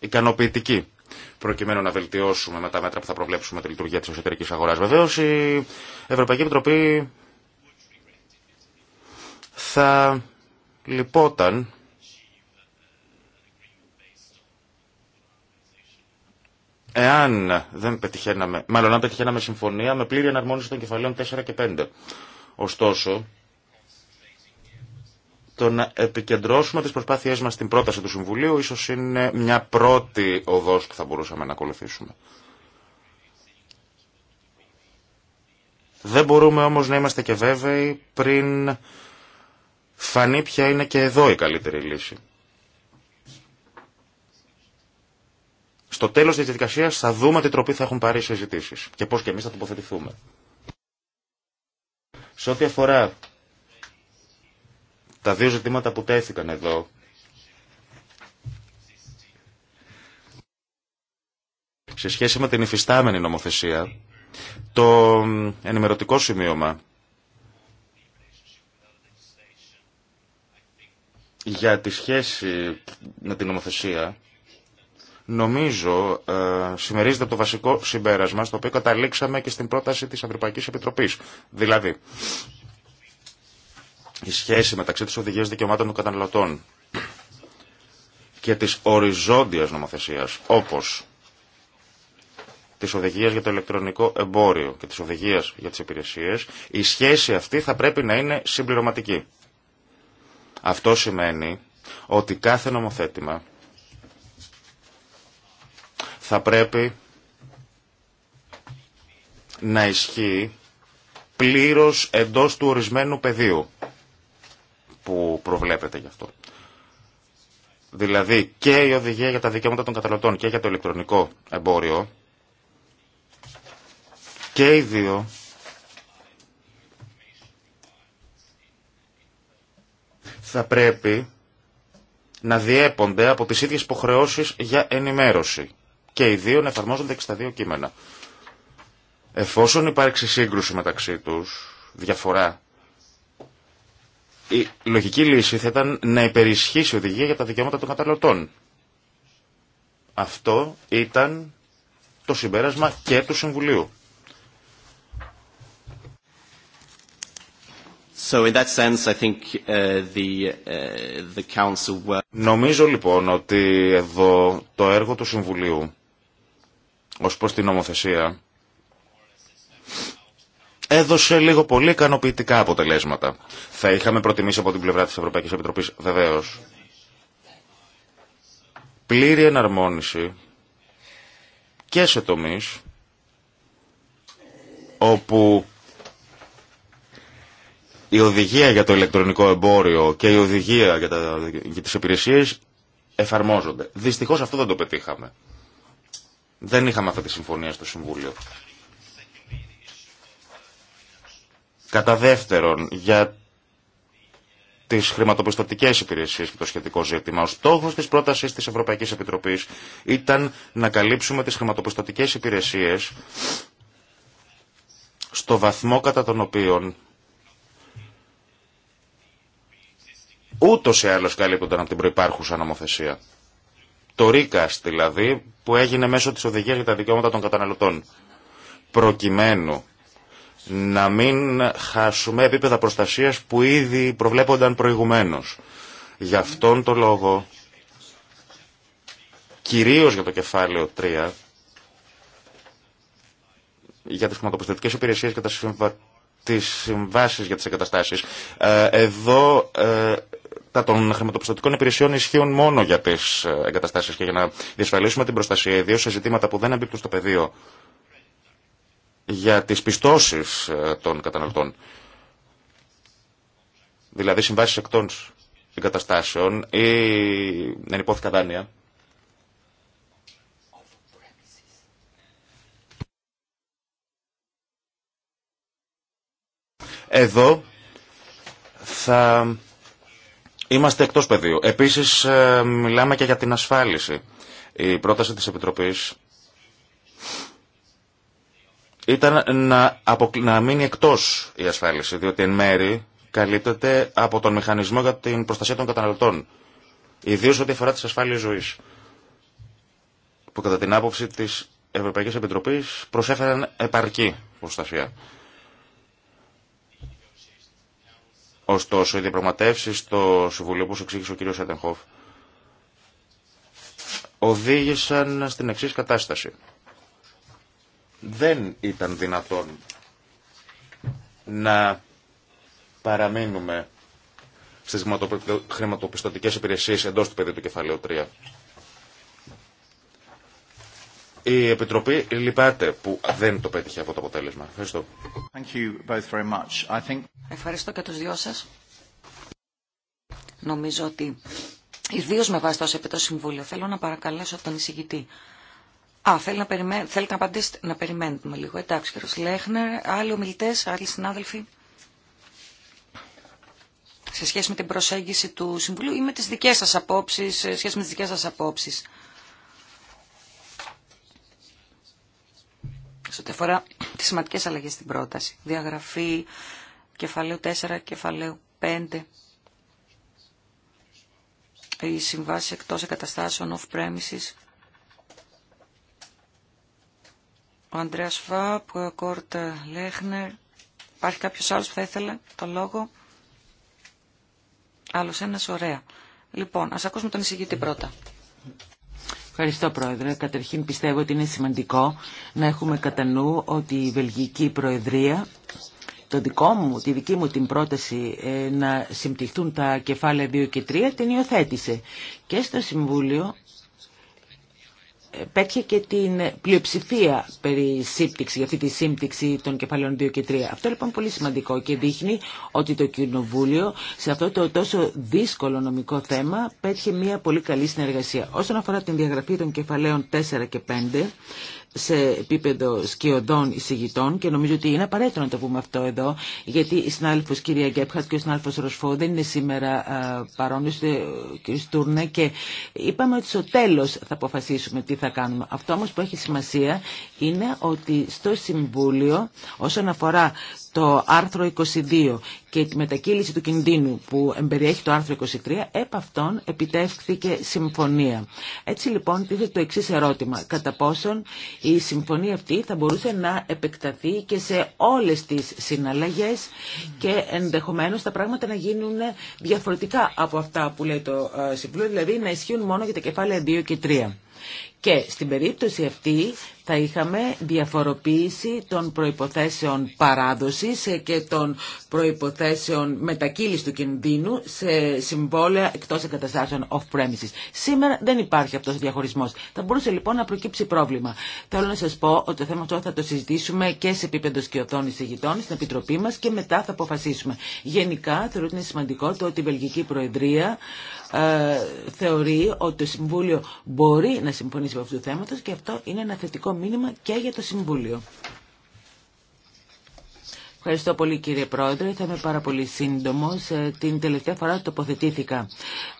ικανοποιητική προκειμένου να βελτιώσουμε με τα μέτρα που θα προβλέψουμε τη λειτουργία της εσωτερικής αγοράς. Βεβαίως η Ευρωπαϊκή Επιτροπή θα λυπόταν εάν δεν πετυχαίναμε, μάλλον αν πετυχαίναμε συμφωνία με πλήρη εναρμόνιση των κεφαλαίων 4 και 5. Ωστόσο, το να επικεντρώσουμε τις προσπάθειές μας στην πρόταση του Συμβουλίου ίσως είναι μια πρώτη οδός που θα μπορούσαμε να ακολουθήσουμε. Δεν μπορούμε όμως να είμαστε και βέβαιοι πριν φανεί ποια είναι και εδώ η καλύτερη λύση. Στο τέλος της διαδικασίας θα δούμε τι τροπή θα έχουν πάρει οι συζητήσεις και πώς και εμείς θα τοποθετηθούμε. Σε ό,τι αφορά τα δύο ζητήματα που τέθηκαν εδώ, σε σχέση με την υφιστάμενη νομοθεσία, το ενημερωτικό σημείωμα για τη σχέση με την νομοθεσία νομίζω ε, συμμερίζεται το βασικό συμπέρασμα στο οποίο καταλήξαμε και στην πρόταση της Ευρωπαϊκή Επιτροπής. Δηλαδή, η σχέση μεταξύ της οδηγίας δικαιωμάτων των καταναλωτών και της οριζόντιας νομοθεσίας, όπως της οδηγίας για το ηλεκτρονικό εμπόριο και τη οδηγίας για τις υπηρεσίες, η σχέση αυτή θα πρέπει να είναι συμπληρωματική. Αυτό σημαίνει ότι κάθε νομοθέτημα θα πρέπει να ισχύει πλήρως εντός του ορισμένου πεδίου που προβλέπεται γι' αυτό. Δηλαδή και η οδηγία για τα δικαιώματα των καταναλωτών και για το ηλεκτρονικό εμπόριο και οι δύο θα πρέπει να διέπονται από τις ίδιες υποχρεώσεις για ενημέρωση και οι δύο να εφαρμόζονται δύο κείμενα. Εφόσον υπάρξει σύγκρουση μεταξύ τους, διαφορά, η λογική λύση θα ήταν να υπερισχύσει οδηγία για τα δικαιώματα των καταλωτών. Αυτό ήταν το συμπέρασμα και του Συμβουλίου. Νομίζω λοιπόν ότι εδώ το έργο του Συμβουλίου ως προς την νομοθεσία έδωσε λίγο πολύ ικανοποιητικά αποτελέσματα. Θα είχαμε προτιμήσει από την πλευρά της Ευρωπαϊκής Επιτροπής βεβαίως πλήρη εναρμόνιση και σε τομείς όπου η οδηγία για το ηλεκτρονικό εμπόριο και η οδηγία για, τα, για τις υπηρεσίες εφαρμόζονται. Δυστυχώς αυτό δεν το πετύχαμε. Δεν είχαμε αυτή τη συμφωνία στο Συμβούλιο. Κατά δεύτερον, για τι χρηματοπιστωτικέ υπηρεσίε και το σχετικό ζήτημα. Ο στόχο τη πρόταση τη Ευρωπαϊκή Επιτροπή ήταν να καλύψουμε τι χρηματοπιστωτικέ υπηρεσίε στο βαθμό κατά τον οποίο ούτω ή άλλω καλύπτονταν από την προϋπάρχουσα νομοθεσία το Ρίκας δηλαδή, που έγινε μέσω της οδηγίας για τα δικαιώματα των καταναλωτών. Προκειμένου να μην χάσουμε επίπεδα προστασίας που ήδη προβλέπονταν προηγουμένως. Γι' αυτόν τον λόγο, κυρίως για το κεφάλαιο 3, για τις χρηματοπιστωτικές υπηρεσίες και τις συμβάσεις για τις εγκαταστάσεις, ε, εδώ ε, τα των χρηματοπιστωτικών υπηρεσιών ισχύουν μόνο για τι ε, εγκαταστάσει και για να διασφαλίσουμε την προστασία, ιδίω σε ζητήματα που δεν εμπίπτουν στο πεδίο για τις πιστώσει ε, των καταναλωτών. Δηλαδή συμβάσεις εκτών εγκαταστάσεων ή υπόθηκα δάνεια. Εδώ θα Είμαστε εκτός πεδίου. Επίσης ε, μιλάμε και για την ασφάλιση. Η πρόταση της Επιτροπής ήταν να, μείνει εκτός η ασφάλιση, διότι εν μέρη καλύπτεται από τον μηχανισμό για την προστασία των καταναλωτών. Ιδίως ό,τι αφορά τις ασφάλειες ζωής, που κατά την άποψη της Ευρωπαϊκής Επιτροπής προσέφεραν επαρκή προστασία. Ωστόσο, οι διαπραγματεύσει στο Συμβουλίο, όπω εξήγησε ο κ. Σέντεχοφ, οδήγησαν στην εξή κατάσταση. Δεν ήταν δυνατόν να παραμείνουμε στις χρηματοπιστωτικές υπηρεσίες εντός του πεδίου του κεφαλαίου 3. Η Επιτροπή λυπάται που δεν το πέτυχε αυτό το αποτέλεσμα. Ευχαριστώ. Thank you both very much. I think... Ευχαριστώ και τους δυο σας. Νομίζω ότι ιδίω με βάση το Επιτροπή Συμβούλιο θέλω να παρακαλέσω τον εισηγητή. Α, θέλει να περιμέ... θέλετε να απαντήσετε, να περιμένουμε λίγο. Εντάξει, κύριο Λέχνερ, άλλοι ομιλητέ, άλλοι συνάδελφοι. Σε σχέση με την προσέγγιση του Συμβουλίου ή με τις δικές σας απόψεις, σε σχέση με τις δικές σας απόψεις. σε ό,τι αφορά τις σημαντικές αλλαγές στην πρόταση. Διαγραφή κεφαλαίου 4, κεφαλαίου 5, οι συμβάσει εκτός εγκαταστάσεων off-premises, ο Ανδρέας Φαπ, ο Κόρτ Λέχνερ, υπάρχει κάποιος άλλος που θα ήθελε το λόγο. Άλλος ένας, ωραία. Λοιπόν, ας ακούσουμε τον εισηγητή πρώτα. Ευχαριστώ Πρόεδρε. Καταρχήν πιστεύω ότι είναι σημαντικό να έχουμε κατά νου ότι η Βελγική Προεδρία το δικό μου, τη δική μου την πρόταση ε, να συμπτυχθούν τα κεφάλαια 2 και 3 την υιοθέτησε. Και στο Συμβούλιο πέτυχε και την πλειοψηφία περί σύμπτυξη, για αυτή τη σύμπτυξη των κεφαλαίων 2 και 3. Αυτό λοιπόν πολύ σημαντικό και δείχνει ότι το Κοινοβούλιο σε αυτό το τόσο δύσκολο νομικό θέμα πέτυχε μια πολύ καλή συνεργασία. Όσον αφορά την διαγραφή των κεφαλαίων 4 και 5, σε επίπεδο σκιωδών εισηγητών και νομίζω ότι είναι απαραίτητο να το πούμε αυτό εδώ γιατί η συνάδελφος κυρία Γκέπχατ και ο συνάδελφος Ροσφό δεν είναι σήμερα ο και Στούρνα και είπαμε ότι στο τέλος θα αποφασίσουμε τι θα κάνουμε. Αυτό όμως που έχει σημασία είναι ότι στο Συμβούλιο όσον αφορά το άρθρο 22 και τη μετακύληση του κινδύνου που εμπεριέχει το άρθρο 23, επ' αυτόν επιτεύχθηκε συμφωνία. Έτσι λοιπόν τίθεται το εξή ερώτημα, κατά πόσον η συμφωνία αυτή θα μπορούσε να επεκταθεί και σε όλες τις συναλλαγές και ενδεχομένως τα πράγματα να γίνουν διαφορετικά από αυτά που λέει το ε, Συμβούλιο, δηλαδή να ισχύουν μόνο για τα κεφάλαια 2 και 3. Και στην περίπτωση αυτή θα είχαμε διαφοροποίηση των προϋποθέσεων παράδοσης και των προϋποθέσεων μετακύλης του κινδύνου σε συμβόλαια εκτός εγκαταστάσεων off-premises. Σήμερα δεν υπάρχει αυτός ο διαχωρισμός. Θα μπορούσε λοιπόν να προκύψει πρόβλημα. Θέλω να σας πω ότι το θέμα αυτό θα το συζητήσουμε και σε επίπεδο σκιωθών εισηγητών στην Επιτροπή μας και μετά θα αποφασίσουμε. Γενικά θεωρώ ότι είναι σημαντικό το ότι η Βελγική Προεδρία ε, θεωρεί ότι το Συμβούλιο μπορεί να συμφωνήσει με αυτού του θέματος και αυτό είναι ένα θετικό μήνυμα και για το Συμβούλιο. Ευχαριστώ πολύ κύριε Πρόεδρε. Θα είμαι πάρα πολύ σύντομο. Ε, την τελευταία φορά τοποθετήθηκα.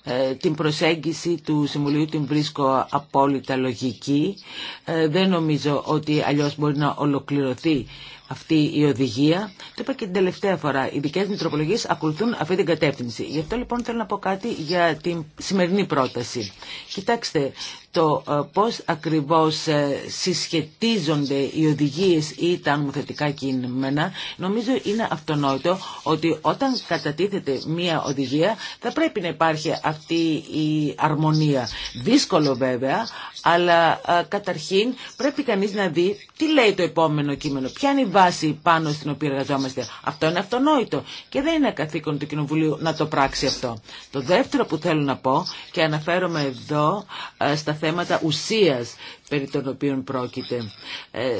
Ε, την προσέγγιση του Συμβουλίου την βρίσκω απόλυτα λογική. Ε, δεν νομίζω ότι αλλιώς μπορεί να ολοκληρωθεί αυτή η οδηγία. Το είπα και την τελευταία φορά. Οι δικέ μου ακολουθούν αυτή την κατεύθυνση. Γι' αυτό λοιπόν θέλω να πω κάτι για την σημερινή πρόταση. Κοιτάξτε, το ε, πώς ακριβώς ε, συσχετίζονται οι οδηγίες ή τα νομοθετικά κείμενα, νομίζω είναι αυτονόητο ότι όταν κατατίθεται μία οδηγία θα πρέπει να υπάρχει αυτή η αρμονία. Δύσκολο βέβαια, αλλά ε, καταρχήν πρέπει κανείς να δει τι λέει το επόμενο κείμενο, ποια είναι η βάση πάνω στην οποία εργαζόμαστε. Αυτό είναι αυτονόητο και δεν είναι καθήκον του Κοινοβουλίου να το πράξει αυτό. Το δεύτερο που θέλω να πω και αναφέρομαι εδώ στα θέματα ουσίας περί των οποίων πρόκειται. Ε,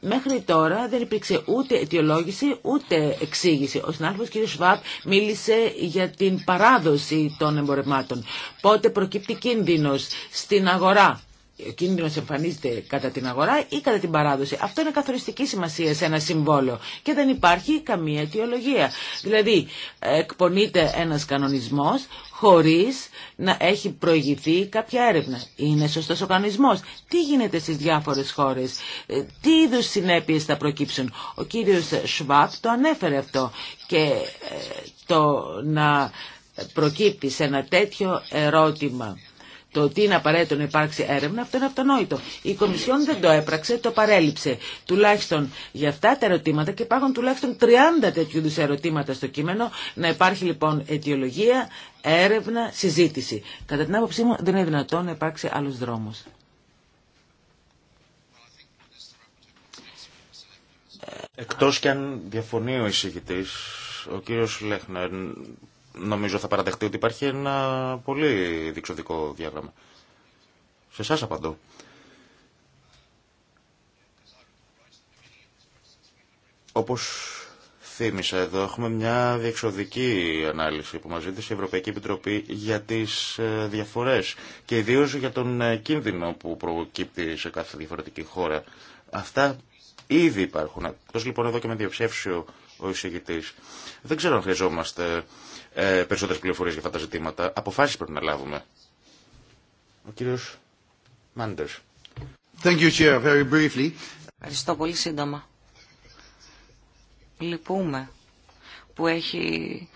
μέχρι τώρα δεν υπήρξε ούτε αιτιολόγηση ούτε εξήγηση. Ο συνάδελφος κ. Σβάπ μίλησε για την παράδοση των εμπορευμάτων. Πότε προκύπτει κίνδυνος στην αγορά ο κίνδυνος εμφανίζεται κατά την αγορά ή κατά την παράδοση. Αυτό είναι καθοριστική σημασία σε ένα συμβόλαιο και δεν υπάρχει καμία αιτιολογία. Δηλαδή εκπονείται ένας κανονισμός χωρίς να έχει προηγηθεί κάποια έρευνα. Είναι σωστός ο κανονισμός. Τι γίνεται στις διάφορες χώρες. Ε, τι είδου συνέπειες θα προκύψουν. Ο κύριος Σβάπ το ανέφερε αυτό και ε, το να προκύπτει σε ένα τέτοιο ερώτημα το ότι είναι απαραίτητο να υπάρξει έρευνα, αυτό είναι αυτονόητο. Η Κομισιόν δεν το έπραξε, το παρέλειψε. Τουλάχιστον για αυτά τα ερωτήματα και υπάρχουν τουλάχιστον 30 τέτοιου είδου ερωτήματα στο κείμενο, να υπάρχει λοιπόν αιτιολογία, έρευνα, συζήτηση. Κατά την άποψή μου δεν είναι δυνατόν να υπάρξει άλλο δρόμο. Εκτός και αν διαφωνεί ο εισηγητής, ο κύριος Λέχνερ, νομίζω θα παραδεχτεί ότι υπάρχει ένα πολύ διεξοδικό διάγραμμα. Σε εσά απαντώ. Όπως θύμισα εδώ, έχουμε μια διεξοδική ανάλυση που μας ζήτησε η Ευρωπαϊκή Επιτροπή για τις ε, διαφορές και ιδίως για τον ε, κίνδυνο που προκύπτει σε κάθε διαφορετική χώρα. Αυτά ήδη υπάρχουν. Τόσο λοιπόν εδώ και με διαψεύσιο ο εισηγητής. Δεν ξέρω αν χρειαζόμαστε ε, Περισσότερε πληροφορίε για αυτά τα ζητήματα. αποφάσει πρέπει να λάβουμε. Ο κύριο Μάντερ. Ευχαριστώ πολύ σύντομα. Λυπούμε που έχει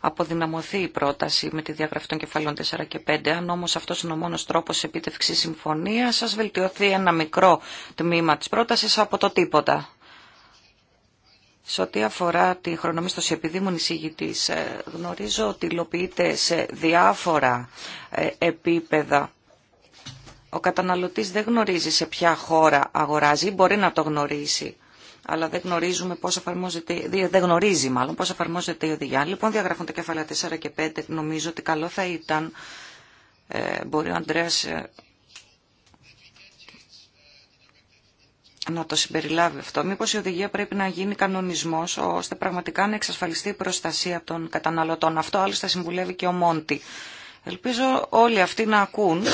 αποδυναμωθεί η πρόταση με τη διαγραφή των κεφαλών 4 και 5. Αν όμω αυτό είναι ο μόνο τρόπο επίτευξη συμφωνία, σα βελτιωθεί ένα μικρό τμήμα τη πρόταση από το τίποτα. Σε ό,τι αφορά τη χρονομίστωση, επειδή ήμουν εισηγητή, ε, γνωρίζω ότι υλοποιείται σε διάφορα ε, επίπεδα. Ο καταναλωτής δεν γνωρίζει σε ποια χώρα αγοράζει ή μπορεί να το γνωρίσει αλλά δεν, γνωρίζουμε πώς εφαρμόζεται, δεν γνωρίζει μάλλον πώς εφαρμόζεται η οδηγία. Λοιπόν, διαγραφούν τα κεφάλαια 4 και 5. Νομίζω ότι καλό θα ήταν, ε, μπορεί ο Αντρέας να το συμπεριλάβει αυτό. Μήπως η οδηγία πρέπει να γίνει κανονισμός ώστε πραγματικά να εξασφαλιστεί η προστασία των καταναλωτών. Αυτό άλλωστε συμβουλεύει και ο Μόντι. Ελπίζω όλοι αυτοί να ακούν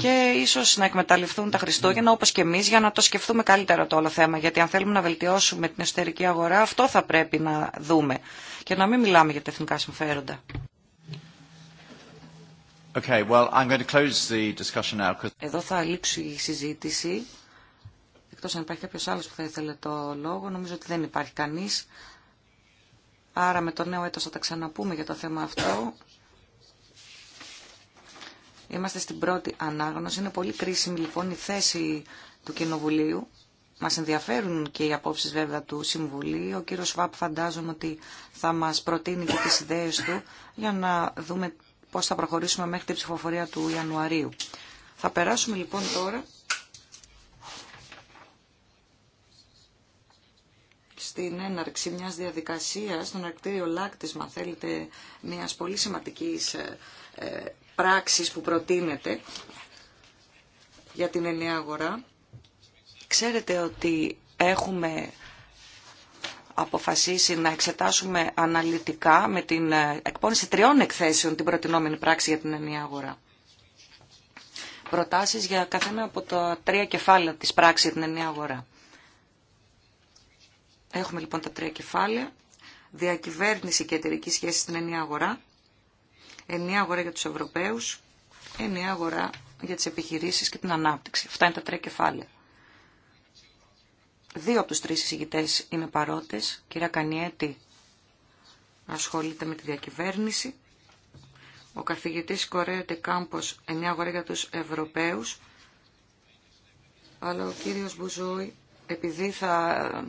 και ίσως να εκμεταλλευτούν τα Χριστούγεννα όπως και εμείς για να το σκεφτούμε καλύτερα το όλο θέμα. Γιατί αν θέλουμε να βελτιώσουμε την εσωτερική αγορά αυτό θα πρέπει να δούμε και να μην μιλάμε για τα εθνικά συμφέροντα. Okay, well, I'm going to close the discussion now, Εδώ θα λήξει η συζήτηση. Εκτός αν υπάρχει κάποιος άλλος που θα ήθελε το λόγο, νομίζω ότι δεν υπάρχει κανείς. Άρα με το νέο έτος θα τα ξαναπούμε για το θέμα αυτό. Είμαστε στην πρώτη ανάγνωση. Είναι πολύ κρίσιμη λοιπόν η θέση του Κοινοβουλίου. Μας ενδιαφέρουν και οι απόψεις βέβαια του Συμβουλίου. Ο κύριος Βάπ φαντάζομαι ότι θα μας προτείνει και τις ιδέες του για να δούμε πώς θα προχωρήσουμε μέχρι την ψηφοφορία του Ιανουαρίου. Θα περάσουμε λοιπόν τώρα στην έναρξη μιας διαδικασίας, στον αρκτήριο λάκτισμα, θέλετε, μιας πολύ σημαντικής ε, ε, πράξης που προτείνεται για την ενιαία αγορά. Ξέρετε ότι έχουμε αποφασίσει να εξετάσουμε αναλυτικά με την ε, εκπόνηση τριών εκθέσεων την προτινόμενη πράξη για την ενιαία αγορά. Προτάσεις για καθένα από τα τρία κεφάλαια της πράξης για την ενιαία αγορά. Έχουμε λοιπόν τα τρία κεφάλαια. Διακυβέρνηση και εταιρική σχέση στην ενιαία αγορά. Ενιαία αγορά για τους Ευρωπαίους. Ενιαία αγορά για τις επιχειρήσεις και την ανάπτυξη. Αυτά είναι τα τρία κεφάλαια. Δύο από τους τρεις εισηγητές είναι παρότες. Κυρία Κανιέτη ασχολείται με τη διακυβέρνηση. Ο καθηγητής Κορέα Κάμπος ενιαία αγορά για τους Ευρωπαίους. Αλλά ο κύριος Μπουζόη επειδή θα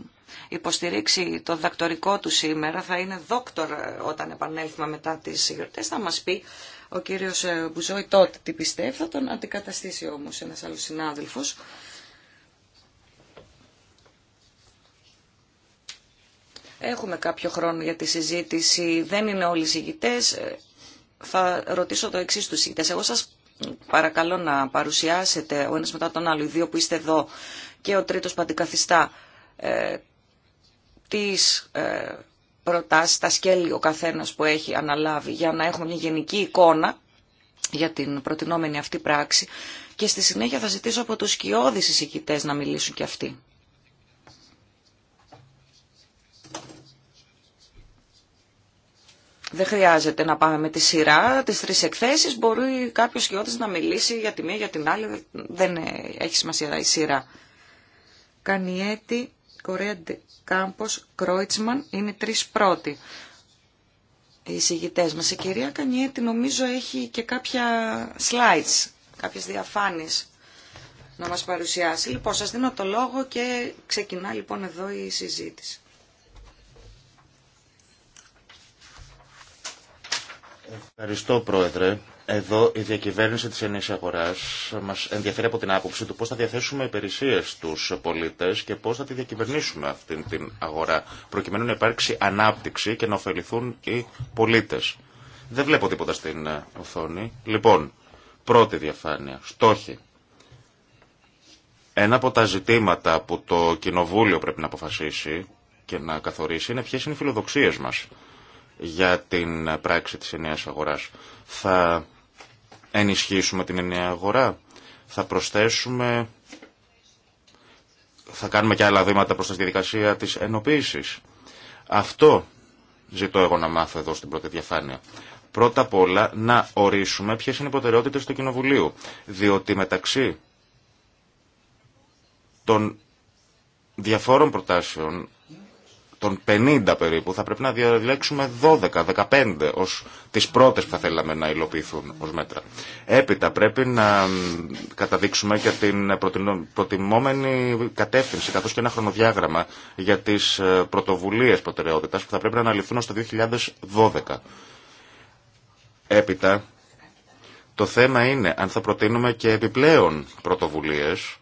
υποστηρίξει το δακτορικό του σήμερα, θα είναι δόκτωρ όταν επανέλθουμε μετά τις γιορτές, θα μας πει ο κύριος Μπουζόη τότε τι πιστεύει, θα τον αντικαταστήσει όμως ένας άλλος συνάδελφος. Έχουμε κάποιο χρόνο για τη συζήτηση, δεν είναι όλοι συγητές. Θα ρωτήσω το εξής τους συγητές. Εγώ σας παρακαλώ να παρουσιάσετε ο ένας μετά τον άλλο, οι δύο που είστε εδώ, και ο τρίτος παντικαθιστά ε, τις ε, προτάσεις, τα σκέλη ο καθένας που έχει αναλάβει για να έχουμε μια γενική εικόνα για την προτινόμενη αυτή πράξη και στη συνέχεια θα ζητήσω από τους σκιώδεις εισηγητές να μιλήσουν και αυτοί. Δεν χρειάζεται να πάμε με τη σειρά, τις τρεις εκθέσεις, μπορεί κάποιος σκιώδης να μιλήσει για τη μία, για την άλλη, δεν έχει σημασία η σειρά. Κανιέτη, Κορέα Κάμπος, Κρόιτσμαν είναι τρει πρώτοι οι συγητέ μας. Η κυρία Κανιέτη νομίζω έχει και κάποια slides, κάποιες διαφάνεις να μας παρουσιάσει. Λοιπόν, σα δίνω το λόγο και ξεκινά λοιπόν εδώ η συζήτηση. Ευχαριστώ Πρόεδρε. Εδώ η διακυβέρνηση τη ενή αγορά μα ενδιαφέρει από την άποψη του πώ θα διαθέσουμε υπηρεσίε στους πολίτε και πώ θα τη διακυβερνήσουμε αυτή την αγορά προκειμένου να υπάρξει ανάπτυξη και να ωφεληθούν οι πολίτε. Δεν βλέπω τίποτα στην ε, οθόνη. Λοιπόν, πρώτη διαφάνεια, στόχοι. Ένα από τα ζητήματα που το Κοινοβούλιο πρέπει να αποφασίσει και να καθορίσει είναι ποιε είναι οι φιλοδοξίε μα για την πράξη της ενιαίας αγοράς. Θα ενισχύσουμε την ενιαία αγορά, θα προσθέσουμε, θα κάνουμε και άλλα βήματα προς τη διαδικασία της ενοποίησης. Αυτό ζητώ εγώ να μάθω εδώ στην πρώτη διαφάνεια. Πρώτα απ' όλα να ορίσουμε ποιες είναι οι προτεραιότητες του Κοινοβουλίου, διότι μεταξύ των διαφόρων προτάσεων των 50 περίπου θα πρέπει να διαλέξουμε 12, 15 ως τις πρώτες που θα θέλαμε να υλοποιηθούν ως μέτρα. Έπειτα πρέπει να καταδείξουμε και την προτιμόμενη κατεύθυνση καθώς και ένα χρονοδιάγραμμα για τις ε, πρωτοβουλίες προτεραιότητας που θα πρέπει να αναλυθούν ως το 2012. Έπειτα το θέμα είναι αν θα προτείνουμε και επιπλέον πρωτοβουλίες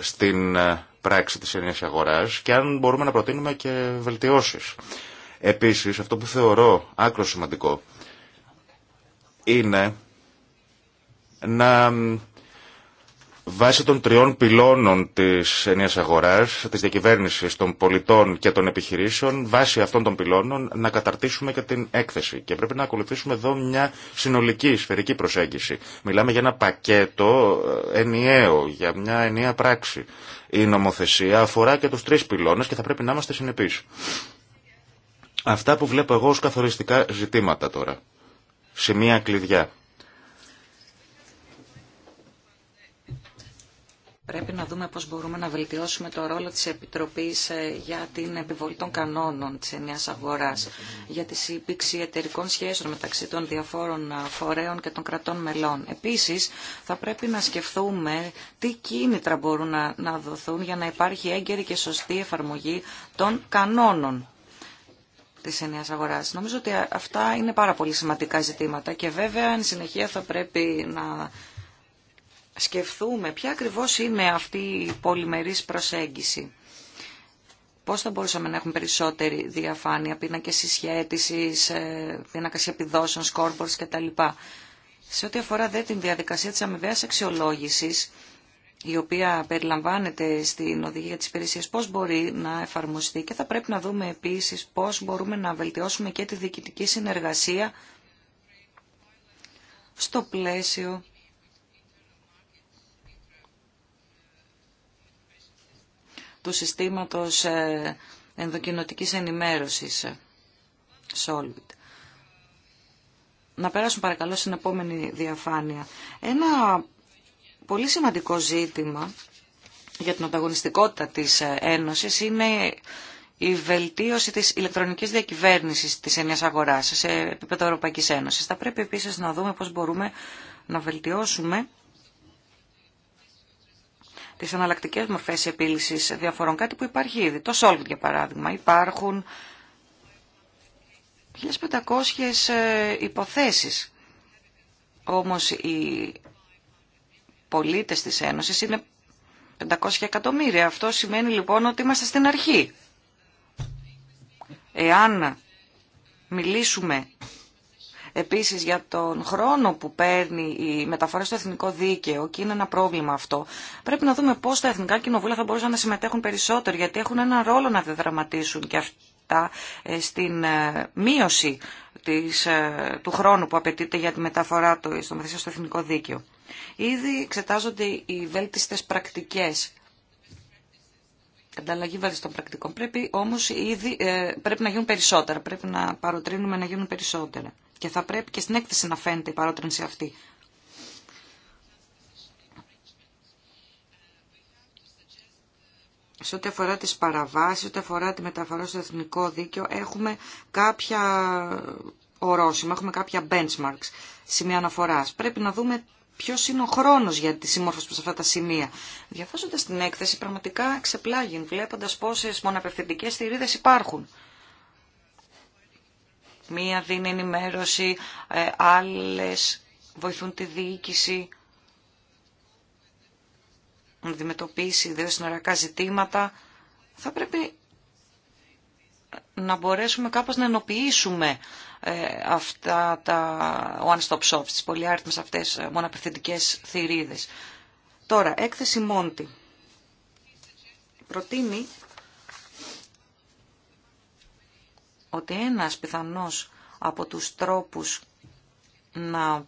στην ε, πράξη της ενιαίας αγοράς και αν μπορούμε να προτείνουμε και βελτιώσεις. Επίσης, αυτό που θεωρώ άκρο σημαντικό είναι να Βάσει των τριών πυλώνων της ενίας αγοράς, της διακυβέρνησης των πολιτών και των επιχειρήσεων, βάσει αυτών των πυλώνων να καταρτήσουμε και την έκθεση. Και πρέπει να ακολουθήσουμε εδώ μια συνολική σφαιρική προσέγγιση. Μιλάμε για ένα πακέτο ε, ενιαίο, για μια ενιαία πράξη. Η νομοθεσία αφορά και τους τρεις πυλώνες και θα πρέπει να είμαστε συνεπείς. Αυτά που βλέπω εγώ ως καθοριστικά ζητήματα τώρα. Σημεία κλειδιά Πρέπει να δούμε πώς μπορούμε να βελτιώσουμε το ρόλο της Επιτροπής ε, για την επιβολή των κανόνων της ενιαίας αγοράς, για τη σύμπηξη εταιρικών σχέσεων μεταξύ των διαφόρων ε, φορέων και των κρατών μελών. Επίσης, θα πρέπει να σκεφτούμε τι κίνητρα μπορούν να δοθούν για να υπάρχει έγκαιρη και σωστή εφαρμογή των κανόνων της ενιαίας αγοράς. Νομίζω ότι ε, αυτά είναι πάρα πολύ σημαντικά ζητήματα και βέβαια εν συνεχεία θα πρέπει να σκεφτούμε ποια ακριβώς είναι αυτή η πολυμερής προσέγγιση. Πώς θα μπορούσαμε να έχουμε περισσότερη διαφάνεια, πίνακες συσχέτησης, ε, πίνακες επιδόσεων, σκόρμπορς κτλ. Σε ό,τι αφορά δε την διαδικασία της αμοιβαίας αξιολόγησης, η οποία περιλαμβάνεται στην οδηγία της υπηρεσία, πώς μπορεί να εφαρμοστεί και θα πρέπει να δούμε επίσης πώς μπορούμε να βελτιώσουμε και τη διοικητική συνεργασία στο πλαίσιο του συστήματος ε, ενδοκινοτικής ενημέρωσης ε, Solvit. Να περάσουμε παρακαλώ στην επόμενη διαφάνεια. Ένα πολύ σημαντικό ζήτημα για την ανταγωνιστικότητα της ε, Ένωσης είναι η βελτίωση της ηλεκτρονικής διακυβέρνησης της ενιαίας αγοράς σε επίπεδο Ευρωπαϊκής Ένωσης. Θα πρέπει επίσης να δούμε πώς μπορούμε να βελτιώσουμε τι εναλλακτικέ μορφέ επίλυσης διαφορών, κάτι που υπάρχει ήδη. Το solve για παράδειγμα, υπάρχουν 1.500 ε, υποθέσεις. Όμως οι πολίτε της Ένωσης είναι 500 εκατομμύρια. Αυτό σημαίνει λοιπόν ότι είμαστε στην αρχή. Εάν μιλήσουμε επίσης για τον χρόνο που παίρνει η μεταφορά στο εθνικό δίκαιο και είναι ένα πρόβλημα αυτό. Πρέπει να δούμε πώς τα εθνικά κοινοβούλια θα μπορούσαν να συμμετέχουν περισσότερο γιατί έχουν ένα ρόλο να διδραματίσουν και αυτά ε, στην ε, μείωση της, ε, του χρόνου που απαιτείται για τη μεταφορά του στο εθνικό δίκαιο. Ήδη εξετάζονται οι βέλτιστες πρακτικές ανταλλαγή βάση των πρακτικών. Πρέπει όμως ήδη, πρέπει να γίνουν περισσότερα, πρέπει να παροτρύνουμε να γίνουν περισσότερα. Και θα πρέπει και στην έκθεση να φαίνεται η παρότρινση αυτή. σε ό,τι αφορά τις παραβάσεις, ό,τι αφορά τη μεταφορά στο εθνικό δίκαιο, έχουμε κάποια ορόσημα, έχουμε κάποια benchmarks, σημεία αναφοράς. Πρέπει να δούμε ποιο είναι ο χρόνος για τη συμμόρφωση προς αυτά τα σημεία. Διαβάζοντας την έκθεση, πραγματικά ξεπλάγει, βλέποντας πόσες μοναπευθυντικές θηρίδες υπάρχουν μία δίνει ενημέρωση, ε, άλλες βοηθούν τη διοίκηση να αντιμετωπίσει ιδέως συνοριακά ζητήματα. Θα πρέπει να μπορέσουμε κάπως να ενοποιήσουμε ε, αυτά τα one-stop shops, τις πολυάριθμες αυτές ε, μοναπευθυντικές θηρίδες. Τώρα, έκθεση Μόντι. Προτείνει ότι ένας πιθανός από τους τρόπους να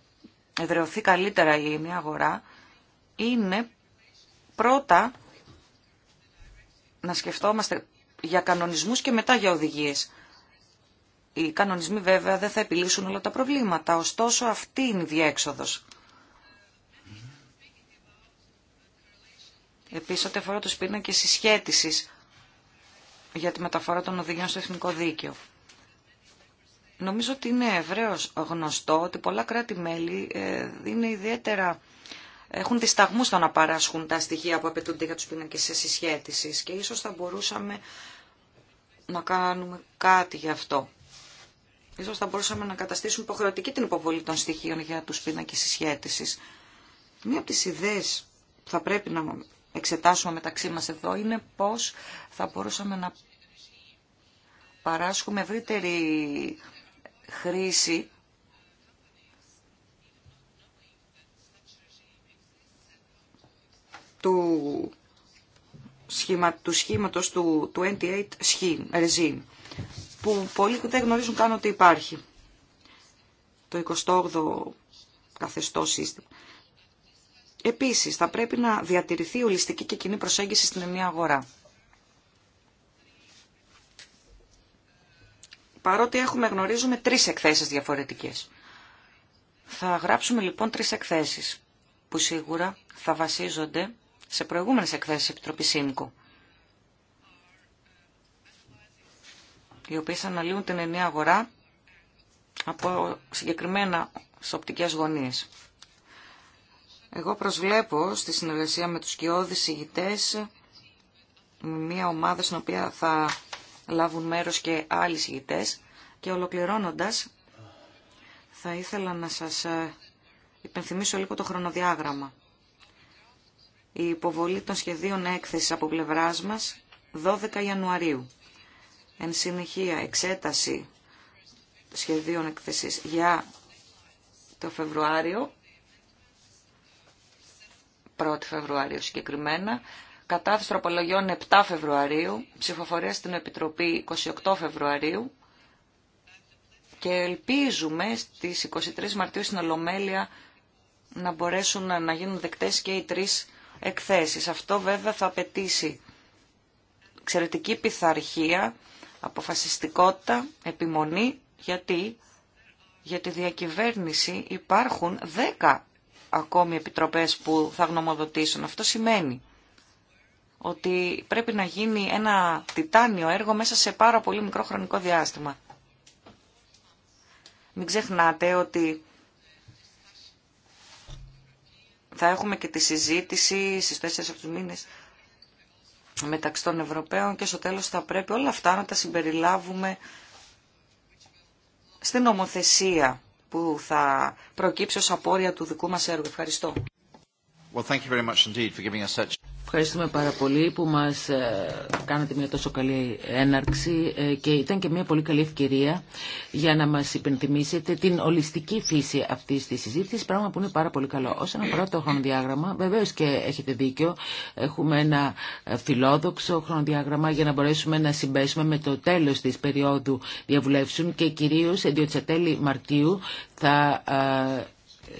εδρεωθεί καλύτερα η μια αγορά είναι πρώτα να σκεφτόμαστε για κανονισμούς και μετά για οδηγίες. Οι κανονισμοί βέβαια δεν θα επιλύσουν όλα τα προβλήματα, ωστόσο αυτή είναι η διέξοδος. Επίσης, ό,τι αφορά τους πίνακες συσχέτισης για τη μεταφορά των οδηγιών στο εθνικό δίκαιο. Νομίζω ότι είναι ευρέως γνωστό ότι πολλά κράτη-μέλη ε, είναι ιδιαίτερα έχουν δισταγμού στο να παράσχουν τα στοιχεία που απαιτούνται για τους πίνακες συσχέτιση και ίσω θα μπορούσαμε να κάνουμε κάτι γι' αυτό. Ίσως θα μπορούσαμε να καταστήσουμε υποχρεωτική την υποβολή των στοιχείων για τους πίνακες συσχέτισης. Μία από τις ιδέες που θα πρέπει να εξετάσουμε μεταξύ μας εδώ είναι πώς θα μπορούσαμε να παράσχουμε ευρύτερη χρήση του, σχήμα, του σχήματος του 28 scheme, regime, που πολλοί δεν γνωρίζουν καν ότι υπάρχει. Το 28ο καθεστώ σύστημα. Επίσης, θα πρέπει να διατηρηθεί ολιστική και κοινή προσέγγιση στην ενιαία αγορά. παρότι έχουμε γνωρίζουμε τρεις εκθέσεις διαφορετικές. Θα γράψουμε λοιπόν τρεις εκθέσεις που σίγουρα θα βασίζονται σε προηγούμενες εκθέσεις Επιτροπής ΣΥΜΚΟ. οι οποίες αναλύουν την ενιαία αγορά από συγκεκριμένα οπτικές γωνίες. Εγώ προσβλέπω στη συνεργασία με τους κοιόδης ηγητές μια ομάδα στην οποία θα λάβουν μέρος και άλλοι συγητές. Και ολοκληρώνοντας, θα ήθελα να σας ε, υπενθυμίσω λίγο το χρονοδιάγραμμα. Η υποβολή των σχεδίων έκθεση από πλευρά μας 12 Ιανουαρίου. Εν συνεχεία εξέταση σχεδίων έκθεσης για το Φεβρουάριο, 1η Φεβρουάριο συγκεκριμένα, κατάθεση τροπολογιών 7 Φεβρουαρίου, ψηφοφορία στην Επιτροπή 28 Φεβρουαρίου και ελπίζουμε στις 23 Μαρτίου στην Ολομέλεια να μπορέσουν να γίνουν δεκτές και οι τρεις εκθέσεις. Αυτό βέβαια θα απαιτήσει εξαιρετική πειθαρχία, αποφασιστικότητα, επιμονή, γιατί για τη διακυβέρνηση υπάρχουν 10 ακόμη επιτροπές που θα γνωμοδοτήσουν. Αυτό σημαίνει ότι πρέπει να γίνει ένα τιτάνιο έργο μέσα σε πάρα πολύ μικρό χρονικό διάστημα. Μην ξεχνάτε ότι θα έχουμε και τη συζήτηση στις τέσσερις από τους μήνες μεταξύ των Ευρωπαίων και στο τέλος θα πρέπει όλα αυτά να τα συμπεριλάβουμε στην νομοθεσία που θα προκύψει ως απόρρια του δικού μας έργου. Ευχαριστώ. Well, Ευχαριστούμε πάρα πολύ που μας ε, κάνατε μια τόσο καλή έναρξη ε, και ήταν και μια πολύ καλή ευκαιρία για να μας υπενθυμίσετε την ολιστική φύση αυτής της συζήτησης, πράγμα που είναι πάρα πολύ καλό. Όσον αφορά το χρονοδιάγραμμα, βεβαίως και έχετε δίκιο, έχουμε ένα ε, φιλόδοξο χρονοδιάγραμμα για να μπορέσουμε να συμπέσουμε με το τέλος της περίοδου διαβουλεύσεων και κυρίως εν τέλη Μαρτίου θα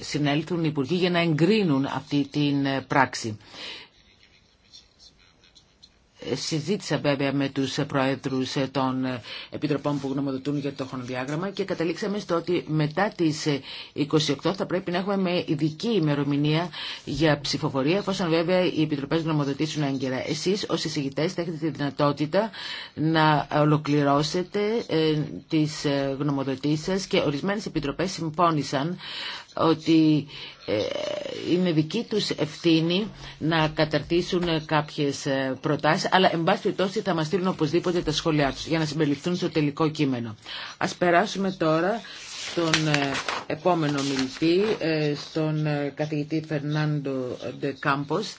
συνέλθουν οι Υπουργοί για να εγκρίνουν αυτή την πράξη. Συζήτησα βέβαια με τους προέδρους των επιτροπών που γνωμοδοτούν για το χρονοδιάγραμμα και καταλήξαμε στο ότι μετά τις 28 θα πρέπει να έχουμε με ειδική ημερομηνία για ψηφοφορία εφόσον βέβαια οι επιτροπές γνωμοδοτήσουν έγκαιρα. Εσείς ως εισηγητές θα έχετε τη δυνατότητα να ολοκληρώσετε ε, τις ε, γνωμοδοτήσεις σας και ορισμένες επιτροπές συμφώνησαν ότι ε, είναι δική τους ευθύνη να καταρτήσουν κάποιες ε, προτάσεις, αλλά εν πάση περιπτώσει θα μας στείλουν οπωσδήποτε τα σχόλιά τους για να συμπεριληφθούν στο τελικό κείμενο. Ας περάσουμε τώρα στον ε, επόμενο μιλητή, στον καθηγητή Φερνάντο Ντε Κάμπος,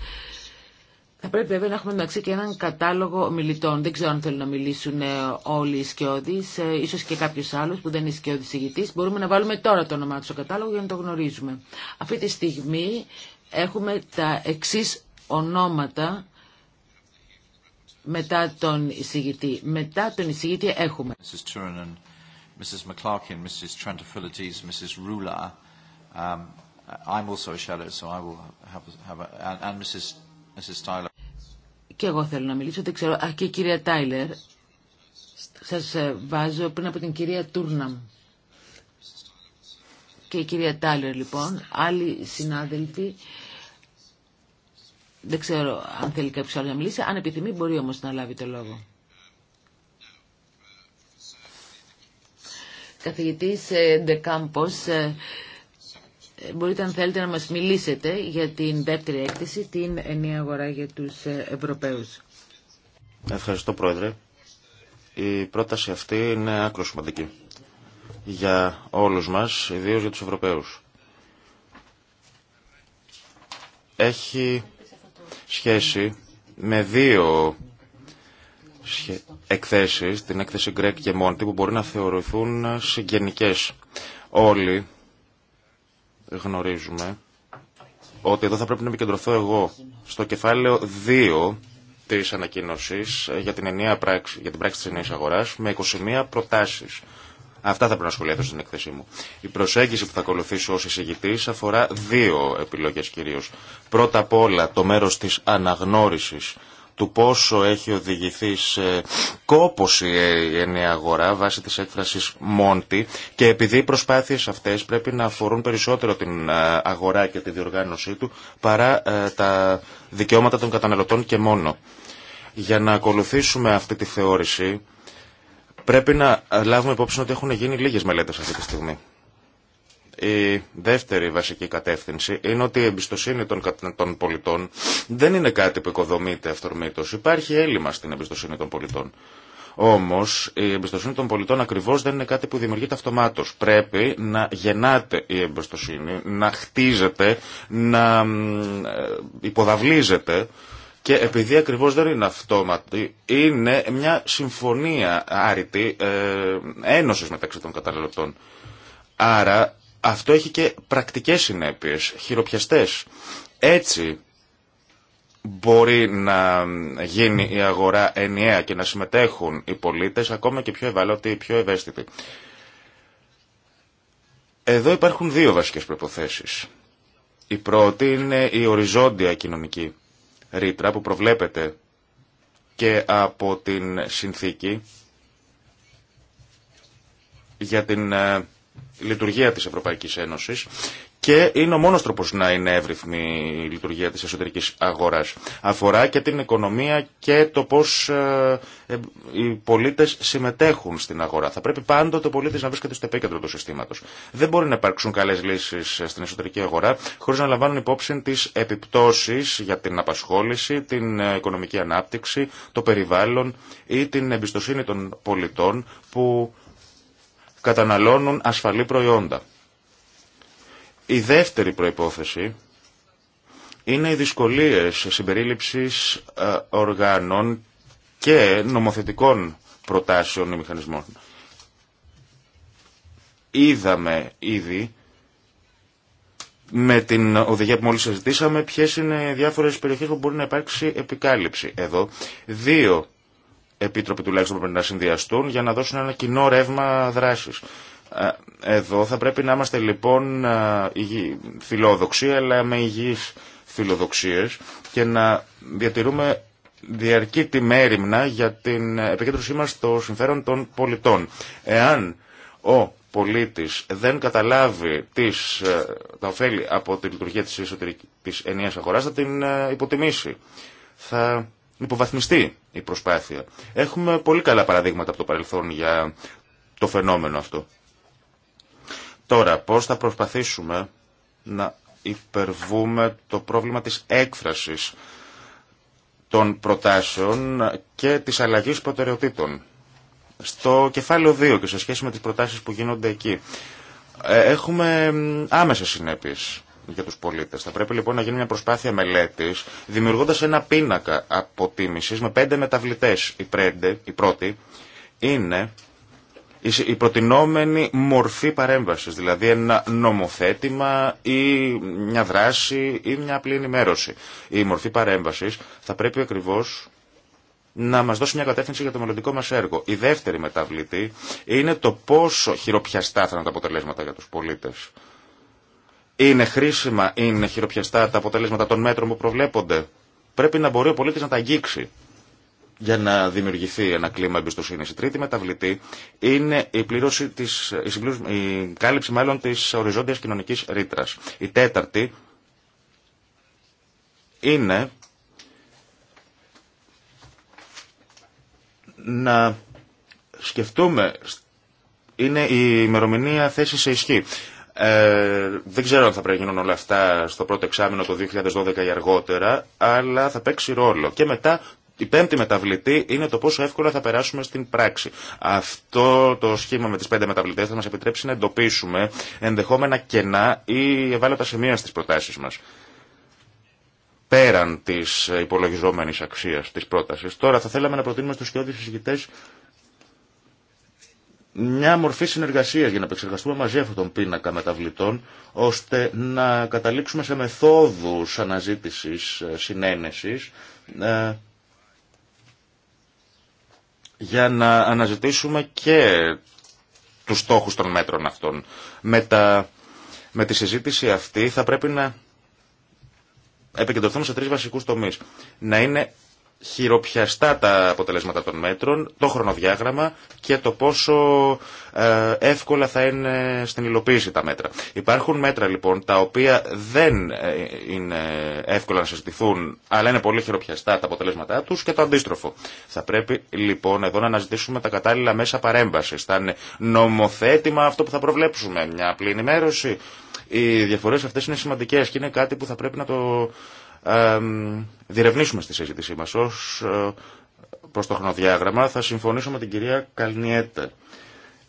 θα πρέπει βέβαια να έχουμε μεταξύ και έναν κατάλογο μιλητών. Δεν ξέρω αν θέλουν να μιλήσουν ε, όλοι οι σκιώδει, ε, ίσω και κάποιο άλλο που δεν είναι σκιώδη ηγητή. Μπορούμε να βάλουμε τώρα το όνομά του στο κατάλογο για να το γνωρίζουμε. Αυτή τη στιγμή έχουμε τα εξή ονόματα μετά τον εισηγητή. Μετά τον εισηγητή έχουμε. Mrs. McClarkin, Mrs. Mrs. Um, I'm also a shadow, so I will have, have a, and, Mrs. Mrs. Και εγώ θέλω να μιλήσω, δεν ξέρω. Α, και η κυρία Τάιλερ. Σας ε, βάζω πριν από την κυρία Τούρναμ. Και η κυρία Τάιλερ λοιπόν, άλλοι συνάδελφοι. Δεν ξέρω αν θέλει κάποιος άλλο να μιλήσει. Αν επιθυμεί μπορεί όμως να λάβει το λόγο. Καθηγητής ε, Ντεκάμπος, ε, μπορείτε αν θέλετε να μας μιλήσετε για την δεύτερη έκθεση, την ενιαία αγορά για τους ε, Ευρωπαίους. Ευχαριστώ Πρόεδρε. Η πρόταση αυτή είναι άκρο σημαντική για όλους μας, ιδίως για τους Ευρωπαίους. Έχει σχέση με δύο εκθέσεις, την έκθεση Γκρέκ και Μόντι, που μπορεί να θεωρηθούν ε, συγγενικές. Όλοι γνωρίζουμε ότι εδώ θα πρέπει να επικεντρωθώ εγώ στο κεφάλαιο 2 της ανακοίνωσης για την, πράξη, για την πράξη της ενιαίας αγοράς με 21 προτάσεις. Αυτά θα πρέπει να σχολιάσω στην εκθέσή μου. Η προσέγγιση που θα ακολουθήσω ως εισηγητής αφορά δύο επιλογές κυρίως. Πρώτα απ' όλα το μέρος της αναγνώρισης του πόσο έχει οδηγηθεί σε κόπωση η ενιαία αγορά βάσει της έκφρασης Μόντι και επειδή οι προσπάθειες αυτές πρέπει να αφορούν περισσότερο την ε, αγορά και τη διοργάνωσή του παρά ε, τα δικαιώματα των καταναλωτών και μόνο. Για να ακολουθήσουμε αυτή τη θεώρηση πρέπει να λάβουμε υπόψη ότι έχουν γίνει λίγες μελέτες αυτή τη στιγμή. Η δεύτερη βασική κατεύθυνση είναι ότι η εμπιστοσύνη των πολιτών δεν είναι κάτι που οικοδομείται αυτορμήτως. Υπάρχει έλλειμμα στην εμπιστοσύνη των πολιτών. Όμω η εμπιστοσύνη των πολιτών ακριβώ δεν είναι κάτι που δημιουργείται αυτομάτω. Πρέπει να γεννάται η εμπιστοσύνη, να χτίζεται, να ε, υποδαβλίζεται. Και επειδή ακριβώ δεν είναι αυτόματη, είναι μια συμφωνία άρρητη ε, μεταξύ των καταναλωτών. Άρα αυτό έχει και πρακτικές συνέπειες, χειροπιαστές. Έτσι μπορεί να γίνει η αγορά ενιαία και να συμμετέχουν οι πολίτες ακόμα και πιο ευαλώτοι, πιο ευαίσθητοι. Εδώ υπάρχουν δύο βασικές προϋποθέσεις. Η πρώτη είναι η οριζόντια κοινωνική ρήτρα που προβλέπεται και από την συνθήκη για την ε, λειτουργία της Ευρωπαϊκής Ένωσης και είναι ο μόνος τρόπος να είναι εύρυθμη η λειτουργία της εσωτερικής αγοράς. Αφορά και την οικονομία και το πώς ε, ε, οι πολίτες συμμετέχουν στην αγορά. Θα πρέπει πάντοτε ο πολίτης να βρίσκεται στο επίκεντρο του συστήματος. Δεν μπορεί να υπάρξουν καλές λύσεις στην εσωτερική αγορά χωρίς να λαμβάνουν υπόψη τις επιπτώσεις για την απασχόληση, την ε, οικονομική ανάπτυξη, το περιβάλλον ή την εμπιστοσύνη των πολιτών που καταναλώνουν ασφαλή προϊόντα. Η δεύτερη προϋπόθεση είναι οι δυσκολίες συμπερίληψης ε, οργάνων και νομοθετικών προτάσεων ή μηχανισμών. Είδαμε ήδη με την οδηγία που μόλις συζητήσαμε ποιες είναι οι διάφορες περιοχές που μπορεί να υπάρξει επικάλυψη. Εδώ δύο επίτροποι τουλάχιστον πρέπει να συνδυαστούν για να δώσουν ένα κοινό ρεύμα δράσης. Ε, εδώ θα πρέπει να είμαστε λοιπόν ε, φιλόδοξοι αλλά με υγιείς φιλοδοξίες και να διατηρούμε διαρκή τη μέρημνα για την επικέντρωσή μας στο συμφέρον των πολιτών. Εάν ο πολίτης δεν καταλάβει τις, ε, τα ωφέλη από τη λειτουργία της, της ενιαίας αγοράς θα την υποτιμήσει. Θα υποβαθμιστεί η προσπάθεια. Έχουμε πολύ καλά παραδείγματα από το παρελθόν για το φαινόμενο αυτό. Τώρα, πώς θα προσπαθήσουμε να υπερβούμε το πρόβλημα της έκφρασης των προτάσεων και της αλλαγής προτεραιοτήτων. Στο κεφάλαιο 2 και σε σχέση με τις προτάσεις που γίνονται εκεί, ε, έχουμε άμεσες συνέπειες για τους πολίτες. Θα πρέπει λοιπόν να γίνει μια προσπάθεια μελέτης, δημιουργώντας ένα πίνακα αποτίμησης με πέντε μεταβλητές. Η, η πρώτη είναι η προτινόμενη μορφή παρέμβασης, δηλαδή ένα νομοθέτημα ή μια δράση ή μια απλή ενημέρωση. Η μορφή παρέμβασης θα πρέπει ακριβώς να μας δώσει μια κατεύθυνση για το μελλοντικό μας έργο. Η δεύτερη μεταβλητή είναι το πόσο χειροπιαστά θα είναι τα αποτελέσματα για τους πολίτες. Είναι χρήσιμα, είναι χειροπιαστά τα αποτελέσματα των μέτρων που προβλέπονται. Πρέπει να μπορεί ο πολίτη να τα αγγίξει για να δημιουργηθεί ένα κλίμα εμπιστοσύνη. Η τρίτη μεταβλητή είναι η, πλήρωση της, η, κάλυψη μάλλον τη οριζόντια κοινωνική ρήτρα. Η τέταρτη είναι να σκεφτούμε είναι η ημερομηνία θέση σε ισχύ. Ε, δεν ξέρω αν θα πρέπει να γίνουν όλα αυτά στο πρώτο εξάμεινο το 2012 ή αργότερα, αλλά θα παίξει ρόλο. Και μετά η πέμπτη μεταβλητή είναι το πόσο εύκολα θα περάσουμε στην πράξη. Αυτό το σχήμα με τι πέντε μεταβλητέ θα μα επιτρέψει να εντοπίσουμε ενδεχόμενα κενά ή ευάλωτα σημεία στι προτάσει μα. Πέραν τη υπολογιζόμενη αξία τη πρόταση. Τώρα θα θέλαμε να προτείνουμε στου κοιόδη συζητητέ μια μορφή συνεργασία για να επεξεργαστούμε μαζί αυτόν τον πίνακα μεταβλητών, ώστε να καταλήξουμε σε μεθόδου αναζήτηση ε, συνένεση, ε, για να αναζητήσουμε και τους στόχους των μέτρων αυτών. Με, τα, με τη συζήτηση αυτή θα πρέπει να επικεντρωθούμε σε τρεις βασικούς τομείς. Να είναι χειροπιαστά τα αποτελέσματα των μέτρων, το χρονοδιάγραμμα και το πόσο ε, εύκολα θα είναι στην υλοποίηση τα μέτρα. Υπάρχουν μέτρα λοιπόν τα οποία δεν ε, είναι εύκολα να συζητηθούν αλλά είναι πολύ χειροπιαστά τα αποτελέσματά τους και το αντίστροφο. Θα πρέπει λοιπόν εδώ να αναζητήσουμε τα κατάλληλα μέσα παρέμβαση. Θα είναι νομοθέτημα αυτό που θα προβλέψουμε, μια απλή ενημέρωση. Οι διαφορές αυτές είναι σημαντικές και είναι κάτι που θα πρέπει να το διερευνήσουμε στη συζήτησή μας. Ως ε, προς το χρονοδιάγραμμα θα συμφωνήσω με την κυρία Καλνιέτα.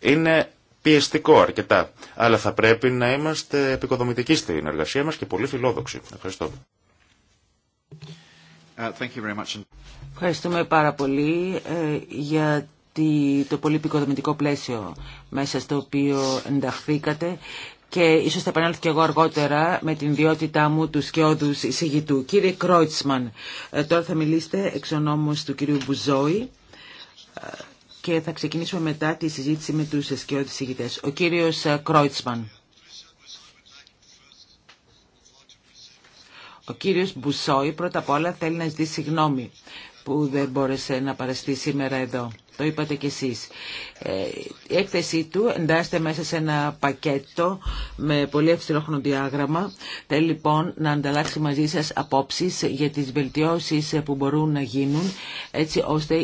Είναι πιεστικό αρκετά, αλλά θα πρέπει να είμαστε επικοδομητικοί στην εργασία μας και πολύ φιλόδοξοι. Ευχαριστώ. Ε, Ευχαριστούμε πάρα πολύ ε, για το πολύ επικοδομητικό πλαίσιο μέσα στο οποίο ενταχθήκατε και ίσω θα επανέλθω και εγώ αργότερα με την ιδιότητά μου του σκιώδου εισηγητού. Κύριε Κρόιτσμαν, ε, τώρα θα μιλήσετε εξ ονόμου του κυρίου Μπουζόη ε, και θα ξεκινήσουμε μετά τη συζήτηση με τους σκιώδους εισηγητές. Ο κύριος ε, Κρόιτσμαν. Ο κύριος Μπουσόη πρώτα απ' όλα θέλει να ζητήσει συγγνώμη που δεν μπόρεσε να παραστεί σήμερα εδώ το είπατε κι εσείς. Ε, η έκθεσή του εντάσσεται μέσα σε ένα πακέτο με πολύ αυστηρόχρονο διάγραμμα. Θέλει λοιπόν να ανταλλάξει μαζί σας απόψεις για τις βελτιώσεις που μπορούν να γίνουν έτσι ώστε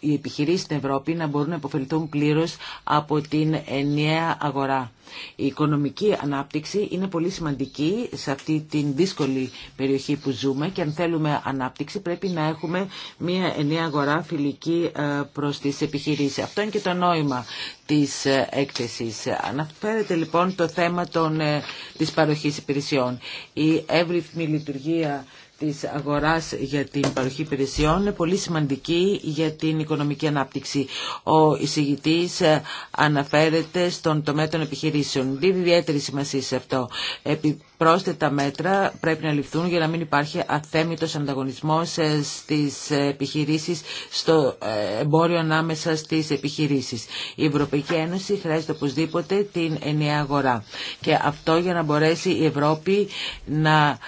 οι επιχειρήσεις στην Ευρώπη να μπορούν να υποφελθούν πλήρως από την ενιαία αγορά. Η οικονομική ανάπτυξη είναι πολύ σημαντική σε αυτή την δύσκολη περιοχή που ζούμε και αν θέλουμε ανάπτυξη πρέπει να έχουμε μια ενιαία αγορά φιλική ε, προς τις επιχειρήσεις. Αυτό είναι και το νόημα της ε, έκθεσης. Αναφέρεται λοιπόν το θέμα των, ε, της παροχής υπηρεσιών. Η εύρυθμη λειτουργία της αγοράς για την παροχή υπηρεσιών είναι πολύ σημαντική για την οικονομική ανάπτυξη. Ο εισηγητής ε, αναφέρεται στον τομέα των επιχειρήσεων. Είναι ιδιαίτερη σημασία σε αυτό. Επιπρόσθετα μέτρα πρέπει να ληφθούν για να μην υπάρχει αθέμητος ανταγωνισμός ε, στις επιχειρήσεις, στο ε, εμπόριο ανάμεσα στις επιχειρήσεις. Η Ευρωπαϊκή Ένωση χρειάζεται οπωσδήποτε την ενιαία αγορά. Και αυτό για να μπορέσει η Ευρώπη να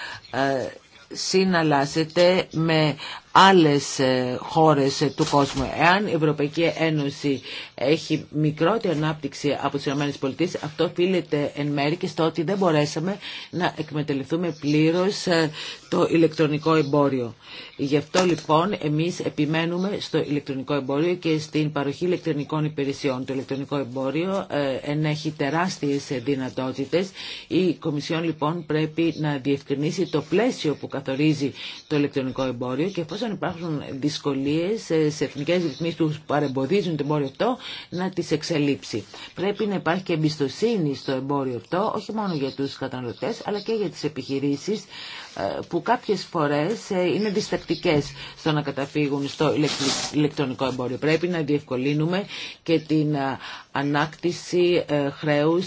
συναλλάσσεται με άλλες ε, χώρες ε, του κόσμου. Εάν η Ευρωπαϊκή Ένωση έχει μικρότερη ανάπτυξη από τις ΗΠΑ, αυτό οφείλεται εν μέρη και στο ότι δεν μπορέσαμε να εκμεταλλευτούμε πλήρως ε, το ηλεκτρονικό εμπόριο. Γι' αυτό λοιπόν εμείς επιμένουμε στο ηλεκτρονικό εμπόριο και στην παροχή ηλεκτρονικών υπηρεσιών. Το ηλεκτρονικό εμπόριο ενέχει τεράστιες δυνατότητες. Η Κομισιόν λοιπόν πρέπει να διευκρινίσει το πλαίσιο που καθορίζει το ηλεκτρονικό εμπόριο και εφόσον υπάρχουν δυσκολίες σε εθνικές ρυθμίσει που παρεμποδίζουν το εμπόριο αυτό, να τις εξελίψει. Πρέπει να υπάρχει και εμπιστοσύνη στο εμπόριο αυτό, όχι μόνο για τους καταναλωτές, αλλά και για τις επιχειρήσεις ε, που κάποιες φορές ε, είναι διστακτικέ στο να καταφύγουν στο ηλεκτρονικό εμπόριο. Πρέπει να διευκολύνουμε και την ε, ανάκτηση χρέους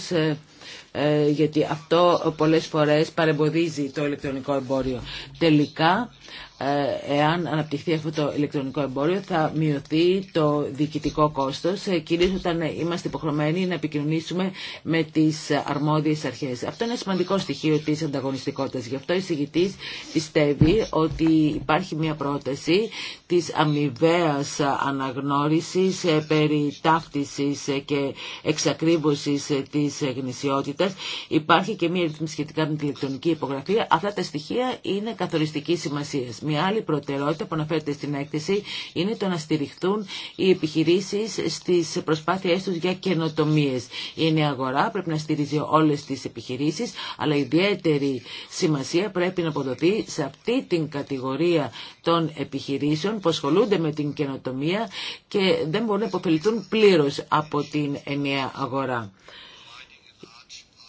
γιατί αυτό πολλές φορές παρεμποδίζει το ηλεκτρονικό εμπόριο. Τελικά ε, εάν αναπτυχθεί αυτό το ηλεκτρονικό εμπόριο θα μειωθεί το διοικητικό κόστος ε, κυρίως όταν είμαστε υποχρεωμένοι να επικοινωνήσουμε με τις αρμόδιες αρχές. Αυτό είναι σημαντικό στοιχείο της ανταγωνιστικότητας. Γι' αυτό η συγητής πιστεύει ότι υπάρχει μια πρόταση της αμοιβαίας αναγνώρισης ε, περί ταύτισης και εξακρίβωσης της γνησιότητας. Υπάρχει και μια ρυθμίση σχετικά με την ηλεκτρονική υπογραφή. Αυτά τα στοιχεία είναι καθοριστική σημασία μια άλλη προτεραιότητα που αναφέρεται στην έκθεση είναι το να στηριχθούν οι επιχειρήσεις στις προσπάθειές τους για καινοτομίε. Η νέα αγορά πρέπει να στηρίζει όλες τις επιχειρήσεις, αλλά ιδιαίτερη σημασία πρέπει να αποδοθεί σε αυτή την κατηγορία των επιχειρήσεων που ασχολούνται με την καινοτομία και δεν μπορούν να υποφεληθούν πλήρω από την ενιαία αγορά.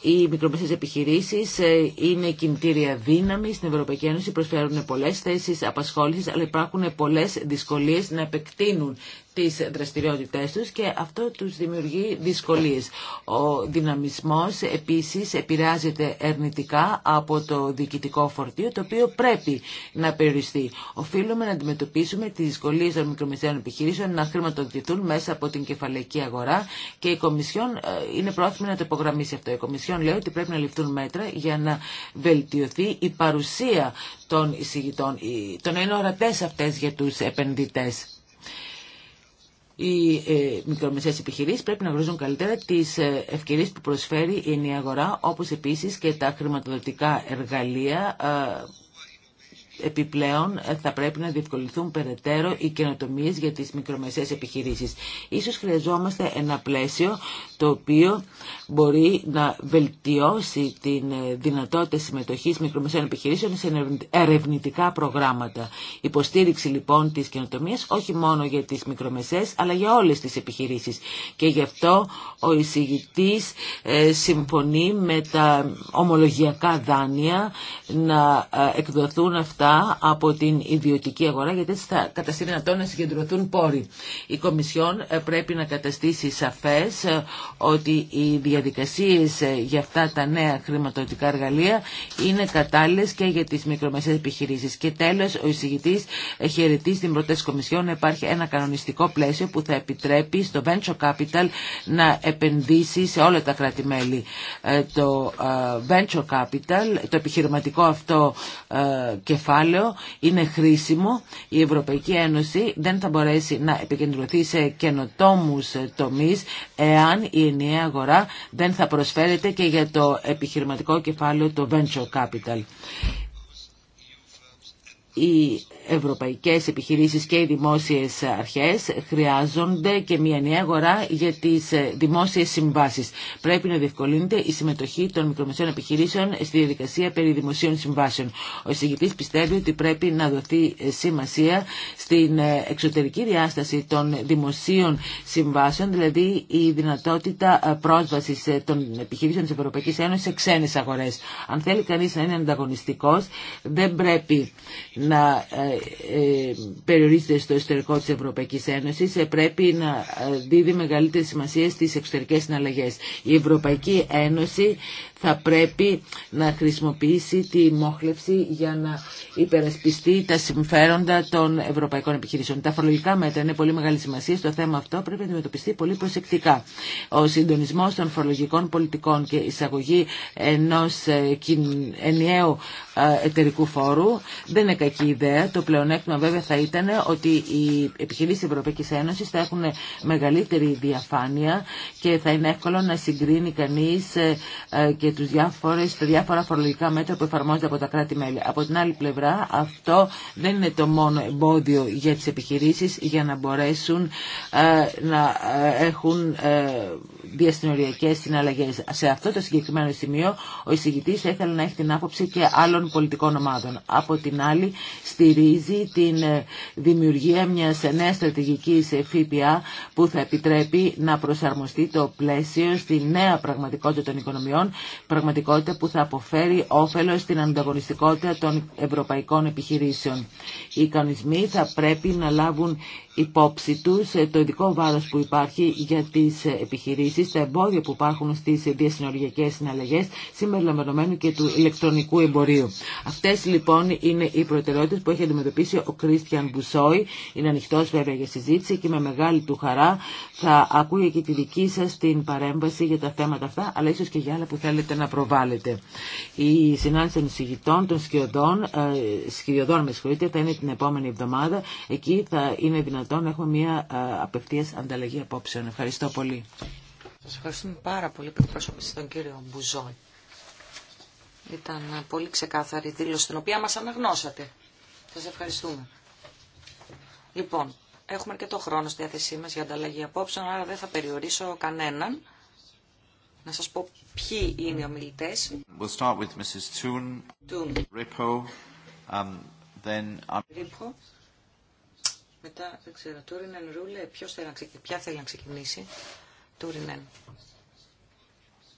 Οι μικρομεσαίες επιχειρήσεις ε, είναι κινητήρια δύναμη στην Ευρωπαϊκή Ένωση, προσφέρουν πολλές θέσεις απασχόλησης, αλλά υπάρχουν πολλές δυσκολίες να επεκτείνουν τις δραστηριότητές τους και αυτό τους δημιουργεί δυσκολίες. Ο δυναμισμός επίσης επηρεάζεται ερνητικά από το διοικητικό φορτίο το οποίο πρέπει να περιοριστεί. Οφείλουμε να αντιμετωπίσουμε τις δυσκολίες των μικρομεσαίων επιχειρήσεων να χρηματοδοτηθούν μέσα από την κεφαλαϊκή αγορά και η Κομισιόν ε, είναι πρόθυμη να το υπογραμμίσει αυτό. Η Κομισιόν λέει ότι πρέπει να ληφθούν μέτρα για να βελτιωθεί η παρουσία των εισηγητών, των να για τους επενδυτές οι ε, μικρομεσαίες πρέπει να γνωρίζουν καλύτερα τις ε, ευκαιρίες που προσφέρει η ενιαία αγορά, όπως επίσης και τα χρηματοδοτικά εργαλεία ε, Επιπλέον, ε, θα πρέπει να διευκολυθούν περαιτέρω οι καινοτομίε για τις μικρομεσαίες επιχειρήσεις. Ίσως χρειαζόμαστε ένα πλαίσιο το οποίο μπορεί να βελτιώσει την ε, δυνατότητα συμμετοχής μικρομεσαίων επιχειρήσεων σε ερευνητικά προγράμματα. Υποστήριξη λοιπόν της καινοτομία όχι μόνο για τις μικρομεσαίες αλλά για όλες τις επιχειρήσεις. Και γι' αυτό ο εισηγητής ε, συμφωνεί με τα ομολογιακά δάνεια να εκδοθούν αυτά από την ιδιωτική αγορά γιατί έτσι θα καταστεί να συγκεντρωθούν πόροι. Η Κομισιόν ε, πρέπει να καταστήσει σαφές ε, ότι οι διαδικασίες ε, για αυτά τα νέα χρηματοδοτικά εργαλεία είναι κατάλληλες και για τις μικρομεσαίες επιχειρήσεις. Και τέλος, ο εισηγητής χαιρετεί την πρόταση Κομισιόν να υπάρχει ένα κανονιστικό πλαίσιο που θα επιτρέπει στο venture capital να επενδύσει σε όλα τα κράτη-μέλη. Το venture capital, το επιχειρηματικό αυτό κεφάλαιο, κεφάλαιο είναι χρήσιμο. Η Ευρωπαϊκή Ένωση δεν θα μπορέσει να επικεντρωθεί σε καινοτόμου τομεί εάν η ενιαία αγορά δεν θα προσφέρεται και για το επιχειρηματικό κεφάλαιο, το venture capital ευρωπαϊκές επιχειρήσεις και οι δημόσιες αρχές χρειάζονται και μια νέα αγορά για τις ε, δημόσιες συμβάσεις. Πρέπει να διευκολύνεται η συμμετοχή των μικρομεσαίων επιχειρήσεων στη διαδικασία περί δημοσίων συμβάσεων. Ο εισηγητής πιστεύει ότι πρέπει να δοθεί ε, σημασία στην ε, εξωτερική διάσταση των δημοσίων συμβάσεων, δηλαδή η δυνατότητα πρόσβασης των επιχειρήσεων της Ευρωπαϊκής Ένωσης σε ξένες αγορές. Αν θέλει κανείς να είναι ανταγωνιστικός, δεν πρέπει να ε, περιορίζεται στο εσωτερικό της Ευρωπαϊκής Ένωσης ε, πρέπει να ε, δίδει μεγαλύτερη σημασία στις εξωτερικές συναλλαγές. Η Ευρωπαϊκή Ένωση θα πρέπει να χρησιμοποιήσει τη μόχλευση για να υπερασπιστεί τα συμφέροντα των ευρωπαϊκών επιχειρήσεων. Τα φορολογικά μέτρα είναι πολύ μεγάλη σημασία στο θέμα αυτό, πρέπει να αντιμετωπιστεί πολύ προσεκτικά. Ο συντονισμό των φορολογικών πολιτικών και εισαγωγή ενό ε, ενιαίου ε, εταιρικού φόρου δεν είναι κακή ιδέα. Το πλεονέκτημα βέβαια θα ήταν ότι οι επιχειρήσει Ευρωπαϊκή Ένωση θα έχουν μεγαλύτερη διαφάνεια και θα είναι εύκολο να συγκρίνει κανεί ε, για τους διάφορες, τα διάφορα φορολογικά μέτρα που εφαρμόζονται από τα κράτη-μέλη. Από την άλλη πλευρά αυτό δεν είναι το μόνο εμπόδιο για τις επιχειρήσεις για να μπορέσουν ε, να ε, έχουν ε, διαστηνοριακές συναλλαγές. Σε αυτό το συγκεκριμένο σημείο ο εισηγητής ήθελε να έχει την άποψη και άλλων πολιτικών ομάδων. Από την άλλη στηρίζει την ε, δημιουργία μιας νέας στρατηγικής ΦΠΑ που θα επιτρέπει να προσαρμοστεί το πλαίσιο στη νέα πραγματικότητα των οικονομιών πραγματικότητα που θα αποφέρει όφελο στην ανταγωνιστικότητα των ευρωπαϊκών επιχειρήσεων. Οι κανονισμοί θα πρέπει να λάβουν υπόψη του. το ειδικό βάρο που υπάρχει για τι επιχειρήσει, τα εμπόδια που υπάρχουν στις διασυνοριακές συναλλαγές, συμπεριλαμβανομένου και του ηλεκτρονικού εμπορίου. Αυτέ λοιπόν είναι οι προτεραιότητε που έχει αντιμετωπίσει ο Κρίστιαν Μπουσόη. Είναι ανοιχτό βέβαια για συζήτηση και με μεγάλη του χαρά θα ακούει και τη δική σα την παρέμβαση για τα θέματα αυτά, αλλά ίσω και για άλλα που θέλετε μπορείτε να προβάλλετε. Η συνάντηση των συγητών, των σκιωδών, ε, σκιωδών με συγχωρείτε, θα είναι την επόμενη εβδομάδα. Εκεί θα είναι δυνατόν να έχουμε μια ε, απευθεία ανταλλαγή απόψεων. Ευχαριστώ πολύ. Σας ευχαριστούμε πάρα πολύ που εκπροσωπήσετε τον κύριο Μπουζόη. Ήταν ε, πολύ ξεκάθαρη δήλωση την οποία μας αναγνώσατε. Σας ευχαριστούμε. Λοιπόν, έχουμε αρκετό χρόνο στη διάθεσή μα για ανταλλαγή απόψεων, άρα δεν θα περιορίσω κανέναν να σας πω ποιοι είναι οι ομιλητές. We'll start with Mrs. Toon, Toon. Ripo, um, then... Um, Ripo. Μετά, δεν ξέρω, Τούρινεν Ρούλε, ποιος θέλει να ξεκινήσει, ποια θέλει να ξεκινήσει. Τούρινεν.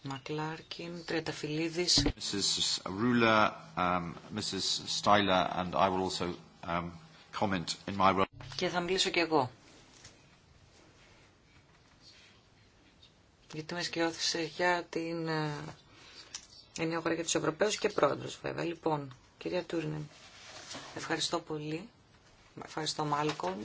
Μακλάρκιν, Τρεταφυλίδης. Mrs. Ρούλε, um, Mrs. Styler, and I will also um, comment in my... Και θα μιλήσω και εγώ. γιατί με σκιώθησε για την ε, ενιαία χώρα για τους Ευρωπαίους και πρόεδρος βέβαια. Λοιπόν, κυρία τουρνέ, ευχαριστώ πολύ. Ευχαριστώ Μάλκομ.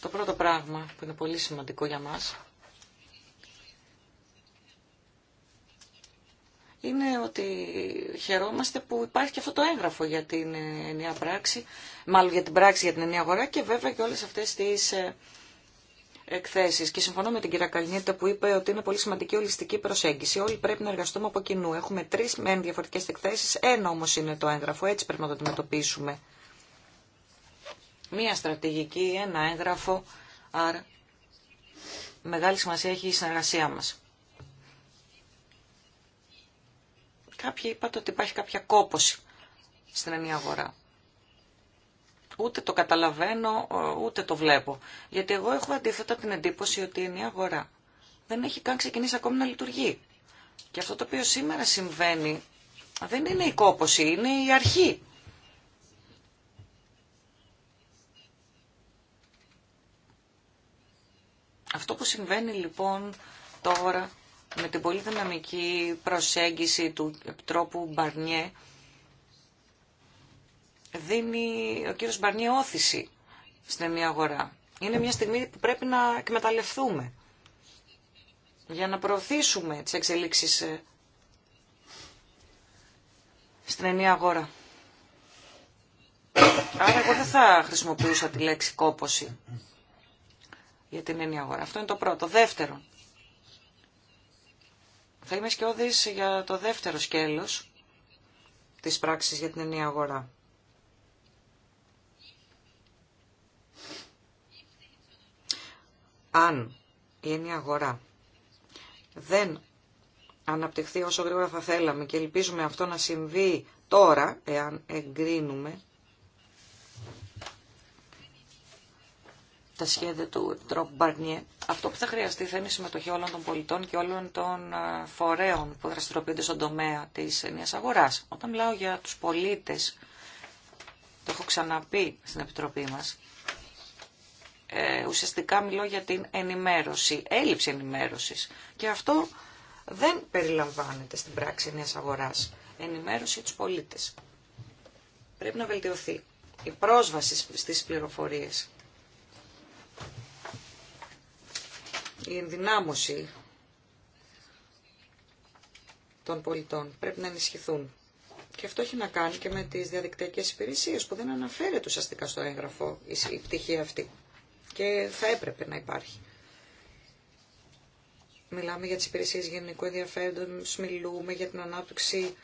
Το πρώτο πράγμα που είναι πολύ σημαντικό για μας είναι ότι χαιρόμαστε που υπάρχει και αυτό το έγγραφο για την ε, ενιαία πράξη, μάλλον για την πράξη για την ενιαία αγορά και βέβαια και όλες αυτές τις ε, εκθέσεις. Και συμφωνώ με την κυρία Καλνιέτα που είπε ότι είναι πολύ σημαντική ολιστική προσέγγιση. Όλοι πρέπει να εργαστούμε από κοινού. Έχουμε τρεις μεν διαφορετικές εκθέσεις, ένα όμως είναι το έγγραφο, έτσι πρέπει να το αντιμετωπίσουμε. Μία στρατηγική, ένα έγγραφο, άρα μεγάλη σημασία έχει η συνεργασία μας. Κάποιοι είπατε ότι υπάρχει κάποια κόπωση στην ενία αγορά. Ούτε το καταλαβαίνω, ε, ούτε το βλέπω. Γιατί εγώ έχω αντίθετα την εντύπωση ότι η ενία αγορά δεν έχει καν ξεκινήσει ακόμη να λειτουργεί. Και αυτό το οποίο σήμερα συμβαίνει δεν είναι η κόπωση, είναι η αρχή. Αυτό που συμβαίνει λοιπόν τώρα με την πολύ δυναμική προσέγγιση του τρόπου Μπαρνιέ δίνει ο κύριος Μπαρνιέ όθηση στην ενιαία αγορά. Είναι μια στιγμή που πρέπει να εκμεταλλευτούμε για να προωθήσουμε τις εξελίξεις ε, στην ενιαία αγορά. Άρα εγώ δεν θα χρησιμοποιούσα τη λέξη κόποση για την ενιαία αγορά. Αυτό είναι το πρώτο. Δεύτερον, θα είμαι σκιώδης για το δεύτερο σκέλος της πράξης για την ενιαία αγορά. Αν η ενιαία αγορά δεν αναπτυχθεί όσο γρήγορα θα θέλαμε και ελπίζουμε αυτό να συμβεί τώρα, εάν εγκρίνουμε τα σχέδια του Επιτρόπου Μπαρνιέ. Αυτό που θα χρειαστεί θα είναι η συμμετοχή όλων των πολιτών και όλων των ε, φορέων που δραστηριοποιούνται στον τομέα της ενιαία αγοράς. Όταν μιλάω για τους πολίτες, το έχω ξαναπεί στην Επιτροπή μας, ε, ουσιαστικά μιλώ για την ενημέρωση, έλλειψη ενημέρωση. Και αυτό δεν περιλαμβάνεται στην πράξη ενιαία αγορά. Ενημέρωση του πολίτε. Πρέπει να βελτιωθεί η πρόσβαση στις πληροφορίες η ενδυνάμωση των πολιτών. Πρέπει να ενισχυθούν. Και αυτό έχει να κάνει και με τις διαδικτυακές υπηρεσίες που δεν αναφέρεται ουσιαστικά στο έγγραφο η πτυχή αυτή. Και θα έπρεπε να υπάρχει. Μιλάμε για τις υπηρεσίες γενικού ενδιαφέροντος, μιλούμε για την ανάπτυξη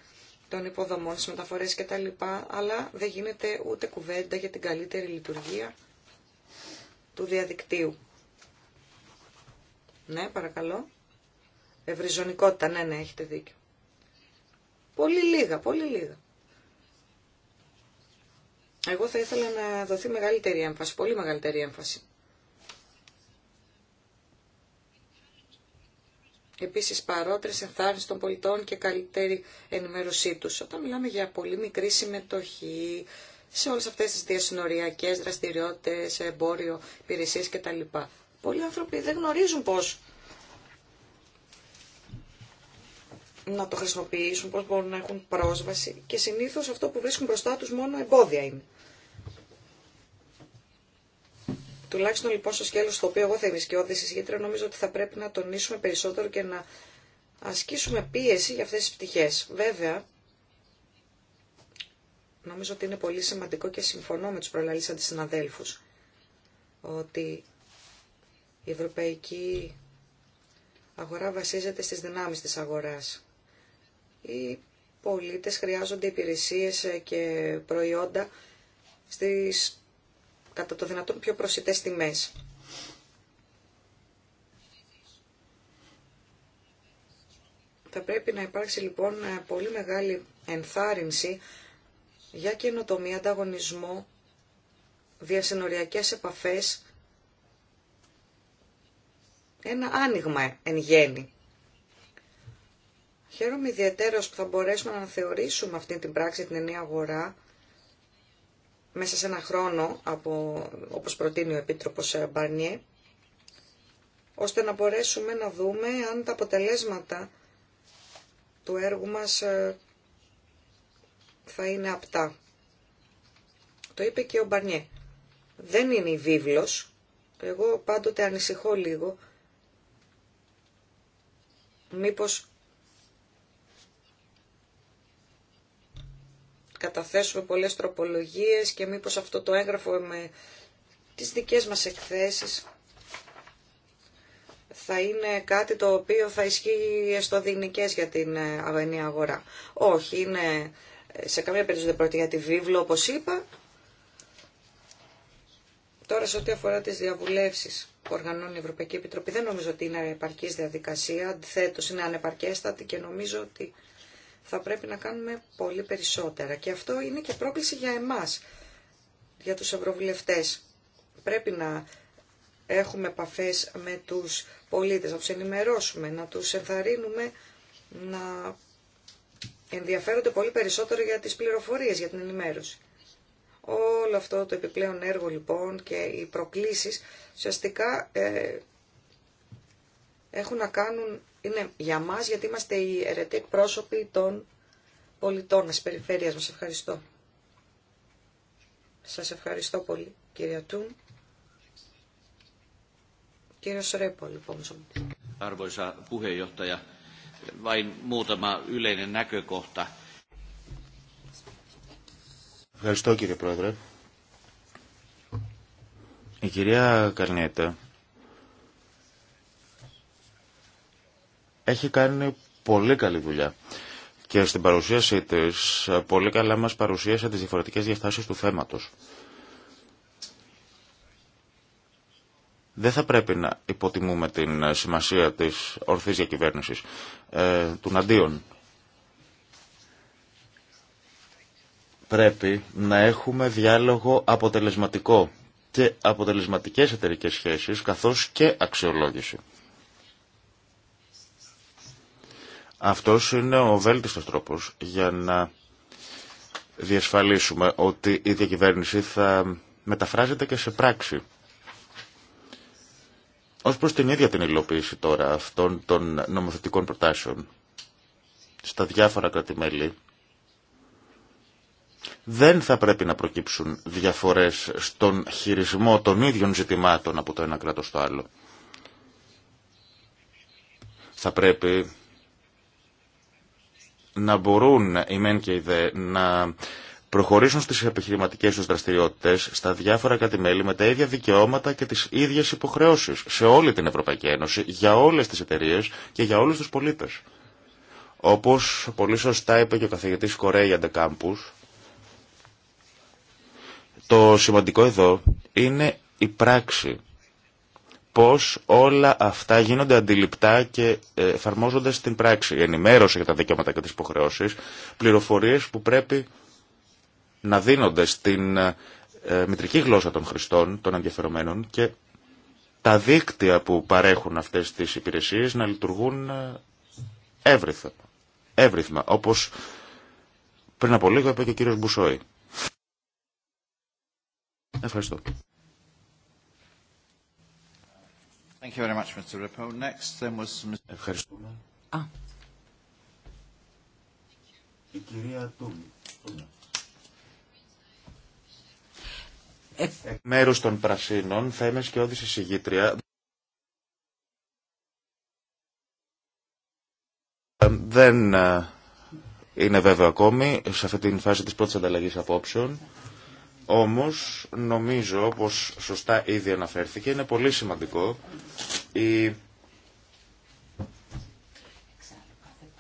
των υποδομών, τις μεταφορές κτλ. Αλλά δεν γίνεται ούτε κουβέντα για την καλύτερη λειτουργία του διαδικτύου. Ναι, παρακαλώ. Ευρυζωνικότητα, ναι, ναι, έχετε δίκιο. Πολύ λίγα, πολύ λίγα. Εγώ θα ήθελα να δοθεί μεγαλύτερη έμφαση, πολύ μεγαλύτερη έμφαση. Επίσης παρότερες ενθάρρυνση των πολιτών και καλύτερη ενημέρωσή τους. Όταν μιλάμε για πολύ μικρή συμμετοχή σε όλες αυτές τις διασυνοριακές δραστηριότητες, εμπόριο, υπηρεσίες κτλ. Πολλοί άνθρωποι δεν γνωρίζουν πώς να το χρησιμοποιήσουν, πώς μπορούν να έχουν πρόσβαση και συνήθως αυτό που βρίσκουν μπροστά τους μόνο εμπόδια είναι. Τουλάχιστον λοιπόν στο σκέλος στο οποίο εγώ θα είμαι γιατί νομίζω ότι θα πρέπει να τονίσουμε περισσότερο και να ασκήσουμε πίεση για αυτές τις πτυχές. Βέβαια, νομίζω ότι είναι πολύ σημαντικό και συμφωνώ με τους προλαλήσαντες συναδέλφους ότι η ευρωπαϊκή αγορά βασίζεται στις δυνάμεις της αγοράς. Οι πολίτες χρειάζονται υπηρεσίες και προϊόντα στις κατά το δυνατόν πιο προσιτές τιμές. Θα πρέπει να υπάρξει λοιπόν πολύ μεγάλη ενθάρρυνση για καινοτομία, ανταγωνισμό, διασυνοριακές επαφές ένα άνοιγμα εν γέννη. Χαίρομαι ιδιαίτερα που θα μπορέσουμε να θεωρήσουμε αυτή την πράξη, την ενιαία αγορά, μέσα σε ένα χρόνο, από, όπως προτείνει ο Επίτροπος ε, Μπαρνιέ, ώστε να μπορέσουμε να δούμε αν τα αποτελέσματα του έργου μας ε, θα είναι απτά. Το είπε και ο Μπαρνιέ. Δεν είναι η βίβλος. Εγώ πάντοτε ανησυχώ λίγο μήπως καταθέσουμε πολλές τροπολογίες και μήπως αυτό το έγγραφο με τις δικές μας εκθέσεις θα είναι κάτι το οποίο θα ισχύει δινικές για την ε, αγωνία αγορά. Όχι, είναι ε, σε καμία περίπτωση δεν πρόκειται για τη βίβλο όπως είπα. Τώρα σε ό,τι αφορά τις διαβουλεύσεις που οργανώνει η Ευρωπαϊκή Επιτροπή δεν νομίζω ότι είναι επαρκή διαδικασία. Αντιθέτω, είναι ανεπαρκέστατη και νομίζω ότι θα πρέπει να κάνουμε πολύ περισσότερα. Και αυτό είναι και πρόκληση για εμά, για του ευρωβουλευτέ. Πρέπει να έχουμε επαφέ με του πολίτε, να του ενημερώσουμε, να του ενθαρρύνουμε να ενδιαφέρονται πολύ περισσότερο για τις πληροφορίες, για την ενημέρωση. Όλο αυτό το επιπλέον έργο λοιπόν και οι προκλήσεις ουσιαστικά ε, έχουν να κάνουν, είναι για μας γιατί είμαστε οι αιρετοί εκπρόσωποι των πολιτών μας, περιφέρειας μας. Ευχαριστώ. Σας ευχαριστώ πολύ κυρία Τούμ. Κύριος Ρέπο λοιπόν. Arvoisa puheenjohtaja, vain muutama yleinen näkökohta. Ευχαριστώ κύριε Πρόεδρε. Η κυρία Καρνέτα έχει κάνει πολύ καλή δουλειά και στην παρουσίασή της πολύ καλά μας παρουσίασε τις διαφορετικές διαστάσεις του θέματος. Δεν θα πρέπει να υποτιμούμε την σημασία της ορθής διακυβέρνησης, ε, του του πρέπει να έχουμε διάλογο αποτελεσματικό και αποτελεσματικές εταιρικέ σχέσεις καθώς και αξιολόγηση. Αυτός είναι ο βέλτιστος τρόπος για να διασφαλίσουμε ότι η διακυβέρνηση θα μεταφράζεται και σε πράξη. Ως προς την ίδια την υλοποίηση τώρα αυτών των νομοθετικών προτάσεων στα διάφορα κρατημέλη δεν θα πρέπει να προκύψουν διαφορές στον χειρισμό των ίδιων ζητημάτων από το ένα κράτος στο άλλο. Θα πρέπει να μπορούν οι μεν και οι δε να προχωρήσουν στις επιχειρηματικές τους δραστηριότητες στα διάφορα κατημέλη με τα ίδια δικαιώματα και τις ίδιες υποχρεώσεις σε όλη την Ευρωπαϊκή Ένωση, για όλες τις εταιρείε και για όλους τους πολίτες. Όπως πολύ σωστά είπε και ο καθηγητής Κορέι Αντεκάμπους, το σημαντικό εδώ είναι η πράξη. Πώς όλα αυτά γίνονται αντιληπτά και ε, εφαρμόζονται στην πράξη. Η ενημέρωση για τα δικαιώματα και τις υποχρεώσεις, πληροφορίες που πρέπει να δίνονται στην ε, μητρική γλώσσα των χρηστών, των ενδιαφερομένων και τα δίκτυα που παρέχουν αυτές τις υπηρεσίες να λειτουργούν ε, εύρυθμα. εύρυθμα όπως πριν από λίγο είπε και ο κύριος Μπουσόη. Ευχαριστώ. Thank you very much, Mr. Ripo. Next, then was... Ευχαριστούμε. Α. Η κυρία Τούμη. Εκ μέρους των Πρασίνων θα είμαι σκιώδης εισηγήτρια. Ε, δεν ε, είναι βέβαιο ακόμη σε αυτή την φάση της πρώτης ανταλλαγής απόψεων. Όμως νομίζω, όπως σωστά ήδη αναφέρθηκε, είναι πολύ σημαντικό οι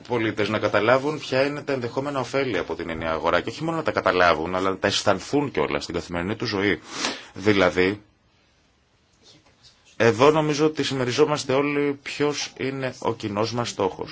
πολίτες να καταλάβουν ποια είναι τα ενδεχόμενα ωφέλη από την ενιαία αγορά και όχι μόνο να τα καταλάβουν, αλλά να τα αισθανθούν κιόλα στην καθημερινή του ζωή. Δηλαδή, εδώ νομίζω ότι συμμεριζόμαστε όλοι ποιο είναι ο κοινό μα στόχο.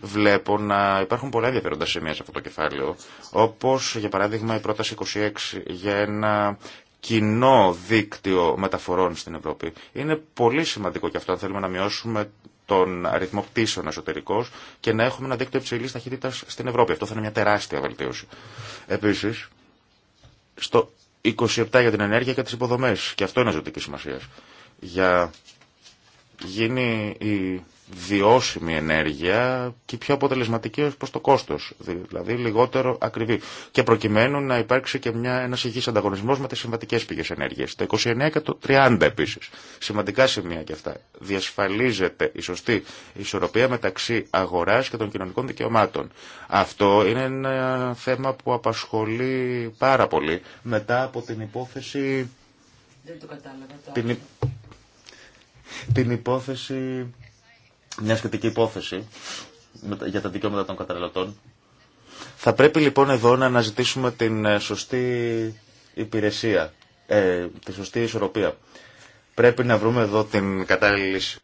Βλέπω να υπάρχουν πολλά ενδιαφέροντα σημεία σε αυτό το κεφάλαιο, όπω για παράδειγμα η πρόταση 26 για ένα κοινό δίκτυο μεταφορών στην Ευρώπη. Είναι πολύ σημαντικό και αυτό αν θέλουμε να μειώσουμε τον αριθμό πτήσεων εσωτερικώ και να έχουμε ένα δίκτυο υψηλή ταχύτητα στην Ευρώπη. Αυτό θα είναι μια τεράστια βελτίωση. Επίση, στο 27 για την ενέργεια και τι υποδομέ. Και αυτό είναι ζωτική σημασία για γίνει η βιώσιμη ενέργεια και πιο αποτελεσματική ως προς το κόστος, δηλαδή λιγότερο ακριβή. Και προκειμένου να υπάρξει και μια, ένας υγιής ανταγωνισμός με τις συμβατικές πηγές ενέργειας. Το 29 και το 30 επίσης. Σημαντικά σημεία και αυτά. Διασφαλίζεται η σωστή ισορροπία μεταξύ αγοράς και των κοινωνικών δικαιωμάτων. Αυτό είναι ένα θέμα που απασχολεί πάρα πολύ μετά από την υπόθεση... Δεν το κατάλαβα την υπόθεση, μια σχετική υπόθεση για τα δικαιώματα των καταναλωτών. Θα πρέπει λοιπόν εδώ να αναζητήσουμε την ε, σωστή υπηρεσία, ε, τη σωστή ισορροπία. Πρέπει να βρούμε εδώ την κατάλληλη λύση.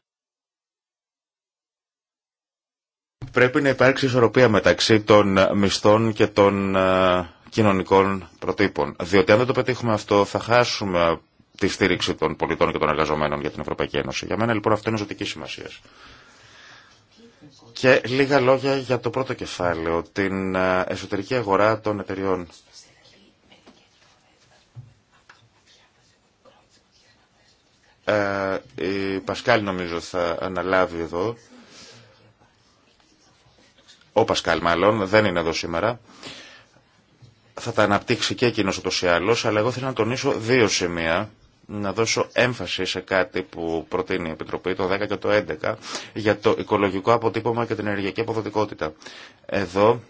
Πρέπει να υπάρξει ισορροπία μεταξύ των ε, μισθών και των ε, κοινωνικών προτύπων. Διότι αν δεν το πετύχουμε αυτό θα χάσουμε τη στήριξη των πολιτών και των εργαζομένων για την Ευρωπαϊκή Ένωση. Για μένα λοιπόν αυτό είναι ζωτική σημασία. Και λίγα λόγια για το πρώτο κεφάλαιο, την ε, εσωτερική αγορά των εταιριών. Ε, η Πασκάλ νομίζω θα αναλάβει εδώ. Ο Πασκάλ μάλλον, δεν είναι εδώ σήμερα. Θα τα αναπτύξει και εκείνος ούτως ή άλλως, αλλά εγώ θέλω να τονίσω δύο σημεία να δώσω έμφαση σε κάτι που προτείνει η Επιτροπή το 10 και το 11 για το οικολογικό αποτύπωμα και την ενεργειακή αποδοτικότητα. Εδώ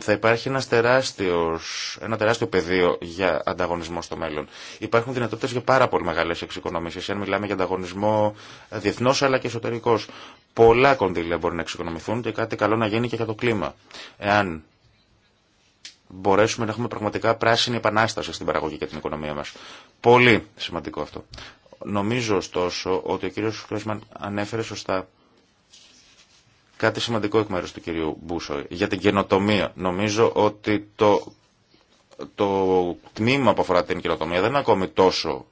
θα υπάρχει ένας τεράστιος, ένα τεράστιο πεδίο για ανταγωνισμό στο μέλλον. Υπάρχουν δυνατότητες για πάρα πολύ μεγάλες εξοικονομήσεις. Αν μιλάμε για ανταγωνισμό διεθνώ αλλά και εσωτερικός. Πολλά κονδύλια μπορεί να εξοικονομηθούν και κάτι καλό να γίνει και για το κλίμα. Εάν μπορέσουμε να έχουμε πραγματικά πράσινη επανάσταση στην παραγωγή και την οικονομία μας. Πολύ σημαντικό αυτό. Νομίζω ωστόσο ότι ο κύριος Κρέσμαν ανέφερε σωστά κάτι σημαντικό εκ μέρους του κυρίου Μπούσο για την καινοτομία. Νομίζω ότι το, το τμήμα που αφορά την καινοτομία δεν είναι ακόμη τόσο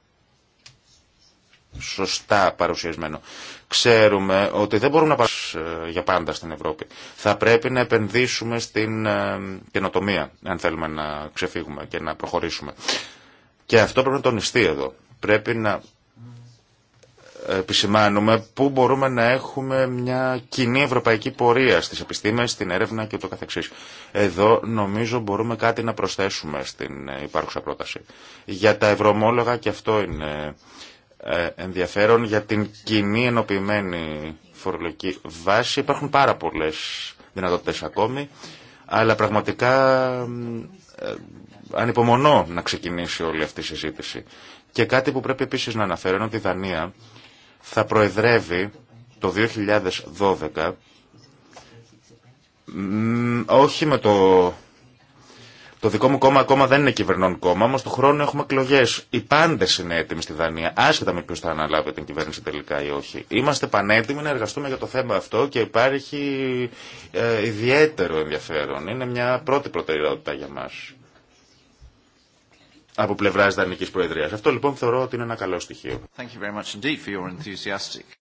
σωστά παρουσιασμένο. Ξέρουμε ότι δεν μπορούμε να πάμε ε, για πάντα στην Ευρώπη. Θα πρέπει να επενδύσουμε στην ε, καινοτομία, αν θέλουμε να ξεφύγουμε και να προχωρήσουμε. Και αυτό πρέπει να τονιστεί εδώ. Πρέπει να επισημάνουμε πού μπορούμε να έχουμε μια κοινή ευρωπαϊκή πορεία στις επιστήμες, στην έρευνα και το καθεξής. Εδώ νομίζω μπορούμε κάτι να προσθέσουμε στην υπάρχουσα πρόταση. Για τα ευρωμόλογα και αυτό είναι ε, ενδιαφέρον για την κοινή ενοποιημένη φορολογική βάση. Υπάρχουν πάρα πολλές δυνατότητες ακόμη, αλλά πραγματικά ε, ανυπομονώ να ξεκινήσει όλη αυτή η συζήτηση. Και κάτι που πρέπει επίσης να αναφέρω είναι ότι η Δανία θα προεδρεύει το 2012 όχι με το το δικό μου κόμμα ακόμα δεν είναι κυβερνών κόμμα, όμω το χρόνο έχουμε εκλογέ. Οι πάντε είναι έτοιμοι στη Δανία, άσχετα με ποιο θα αναλάβει την κυβέρνηση τελικά ή όχι. Είμαστε πανέτοιμοι να εργαστούμε για το θέμα αυτό και υπάρχει ε, ιδιαίτερο ενδιαφέρον. Είναι μια πρώτη προτεραιότητα για μας από πλευρά Δανική Προεδρία. Αυτό λοιπόν θεωρώ ότι είναι ένα καλό στοιχείο.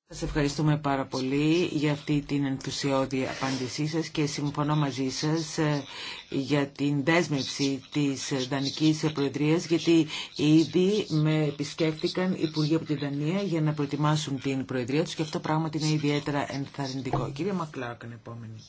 Σα ευχαριστούμε πάρα πολύ για αυτή την ενθουσιώδη απάντησή σα και συμφωνώ μαζί σα ε, για την δέσμευση τη Δανική Προεδρία, γιατί ήδη με επισκέφτηκαν υπουργοί από τη Δανία για να προετοιμάσουν την Προεδρία του και αυτό πράγματι είναι ιδιαίτερα ενθαρρυντικό. Κύριε Μακλάκ, επόμενη.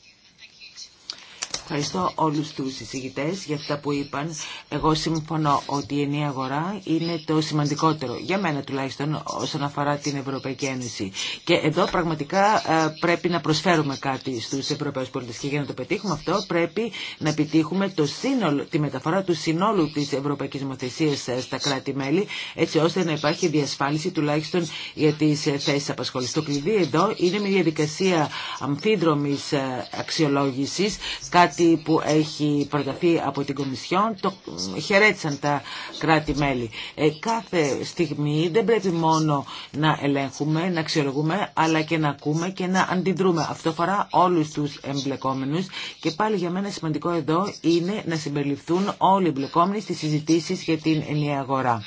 Ευχαριστώ όλους τους συζητητές για αυτά που είπαν. Εγώ συμφωνώ ότι η ενιαία αγορά είναι το σημαντικότερο, για μένα τουλάχιστον, όσον αφορά την Ευρωπαϊκή Ένωση. Και εδώ πραγματικά ε, πρέπει να προσφέρουμε κάτι στους Ευρωπαίους πολίτες. Και για να το πετύχουμε αυτό πρέπει να επιτύχουμε το σύνολο, τη μεταφορά του συνόλου της Ευρωπαϊκής Μοθεσία ε, στα κράτη-μέλη, έτσι ώστε να υπάρχει διασφάλιση τουλάχιστον για τις ε, θέσεις απασχόλησης. Το κλειδί εδώ είναι μια διαδικασία αμφίδρομης αξιολόγησης, κάτι που έχει προταθεί από την Κομισιόν, το χαιρέτησαν τα κράτη-μέλη. Ε, κάθε στιγμή δεν πρέπει μόνο να ελέγχουμε, να αξιολογούμε, αλλά και να ακούμε και να αντιδρούμε. Αυτό φορά όλους τους εμπλεκόμενους και πάλι για μένα σημαντικό εδώ είναι να συμπεριληφθούν όλοι οι εμπλεκόμενοι στις συζητήσεις για την ενιαία αγορά.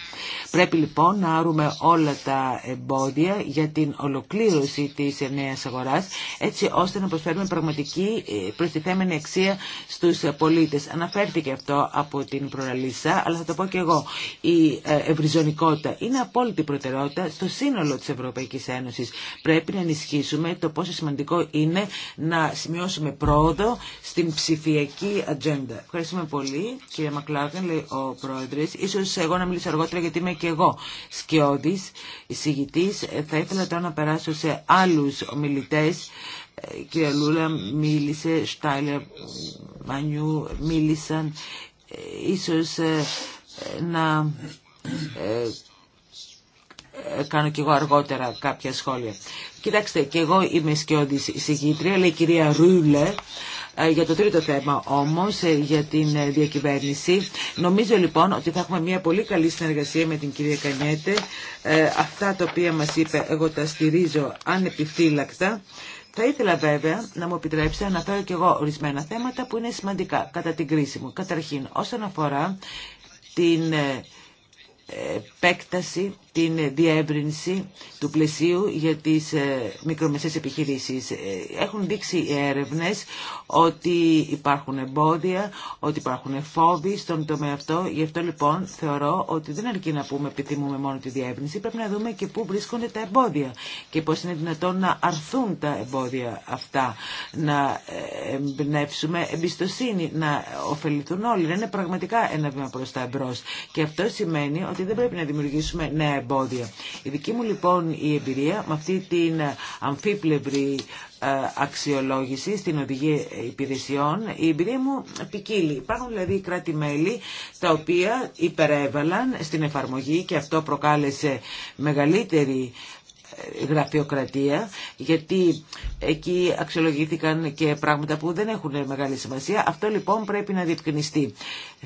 Πρέπει λοιπόν να άρουμε όλα τα εμπόδια για την ολοκλήρωση της ενιαίας αγοράς έτσι ώστε να προσφέρουμε πραγματική ε, προστιθέμενη αξία στους πολίτες. Αναφέρθηκε αυτό από την Προραλίσσα, αλλά θα το πω και εγώ. Η ε, ευρυζωνικότητα είναι απόλυτη προτεραιότητα στο σύνολο της Ευρωπαϊκής Ένωσης. Πρέπει να ενισχύσουμε το πόσο σημαντικό είναι να σημειώσουμε πρόοδο στην ψηφιακή ατζέντα. Ευχαριστούμε πολύ, κύριε Μακλάκεν, λέει ο πρόεδρος. Ίσως εγώ να μιλήσω αργότερα γιατί είμαι και εγώ σκιώδης, εισηγητής. Θα ήθελα τώρα να περάσω σε άλλους ομιλητές ε, κυρία Λούλα μίλησε, Στάιλερ Μανιού μίλησαν, ε, ίσως ε, να κάνω κι εγώ αργότερα κάποια σχόλια. Κοιτάξτε, κι εγώ είμαι σκιώδη συγκήτρια, λέει η κυρία Ρούλε, για το τρίτο θέμα όμως, για την διακυβέρνηση. Νομίζω λοιπόν ότι θα έχουμε μια πολύ καλή συνεργασία με την κυρία Κανιέτε. Αυτά τα οποία μας είπε εγώ τα στηρίζω ανεπιφύλακτα. Θα ήθελα βέβαια να μου επιτρέψετε να αναφέρω και εγώ ορισμένα θέματα που είναι σημαντικά κατά την κρίση μου. Καταρχήν, όσον αφορά την ε, επέκταση την διεύρυνση του πλαισίου για τις ε, μικρομεσαίες επιχειρήσεις. Ε, έχουν δείξει οι έρευνες ότι υπάρχουν εμπόδια, ότι υπάρχουν φόβοι στον τομέα αυτό. Γι' αυτό λοιπόν θεωρώ ότι δεν αρκεί να πούμε επιθυμούμε μόνο τη διεύρυνση, πρέπει να δούμε και πού βρίσκονται τα εμπόδια και πώς είναι δυνατόν να αρθούν τα εμπόδια αυτά, να ε, εμπνεύσουμε εμπιστοσύνη, να ωφεληθούν όλοι, να είναι πραγματικά ένα βήμα προς τα εμπρός. Και αυτό σημαίνει ότι δεν πρέπει να δημιουργήσουμε νέα εμπόδια. Η δική μου λοιπόν η εμπειρία με αυτή την αμφίπλευρη ε, αξιολόγηση στην οδηγία υπηρεσιών, η εμπειρία μου ποικίλει. Υπάρχουν δηλαδή κράτη-μέλη τα οποία υπερέβαλαν στην εφαρμογή και αυτό προκάλεσε μεγαλύτερη ε, γραφειοκρατία γιατί εκεί αξιολογήθηκαν και πράγματα που δεν έχουν μεγάλη σημασία. Αυτό λοιπόν πρέπει να διευκρινιστεί.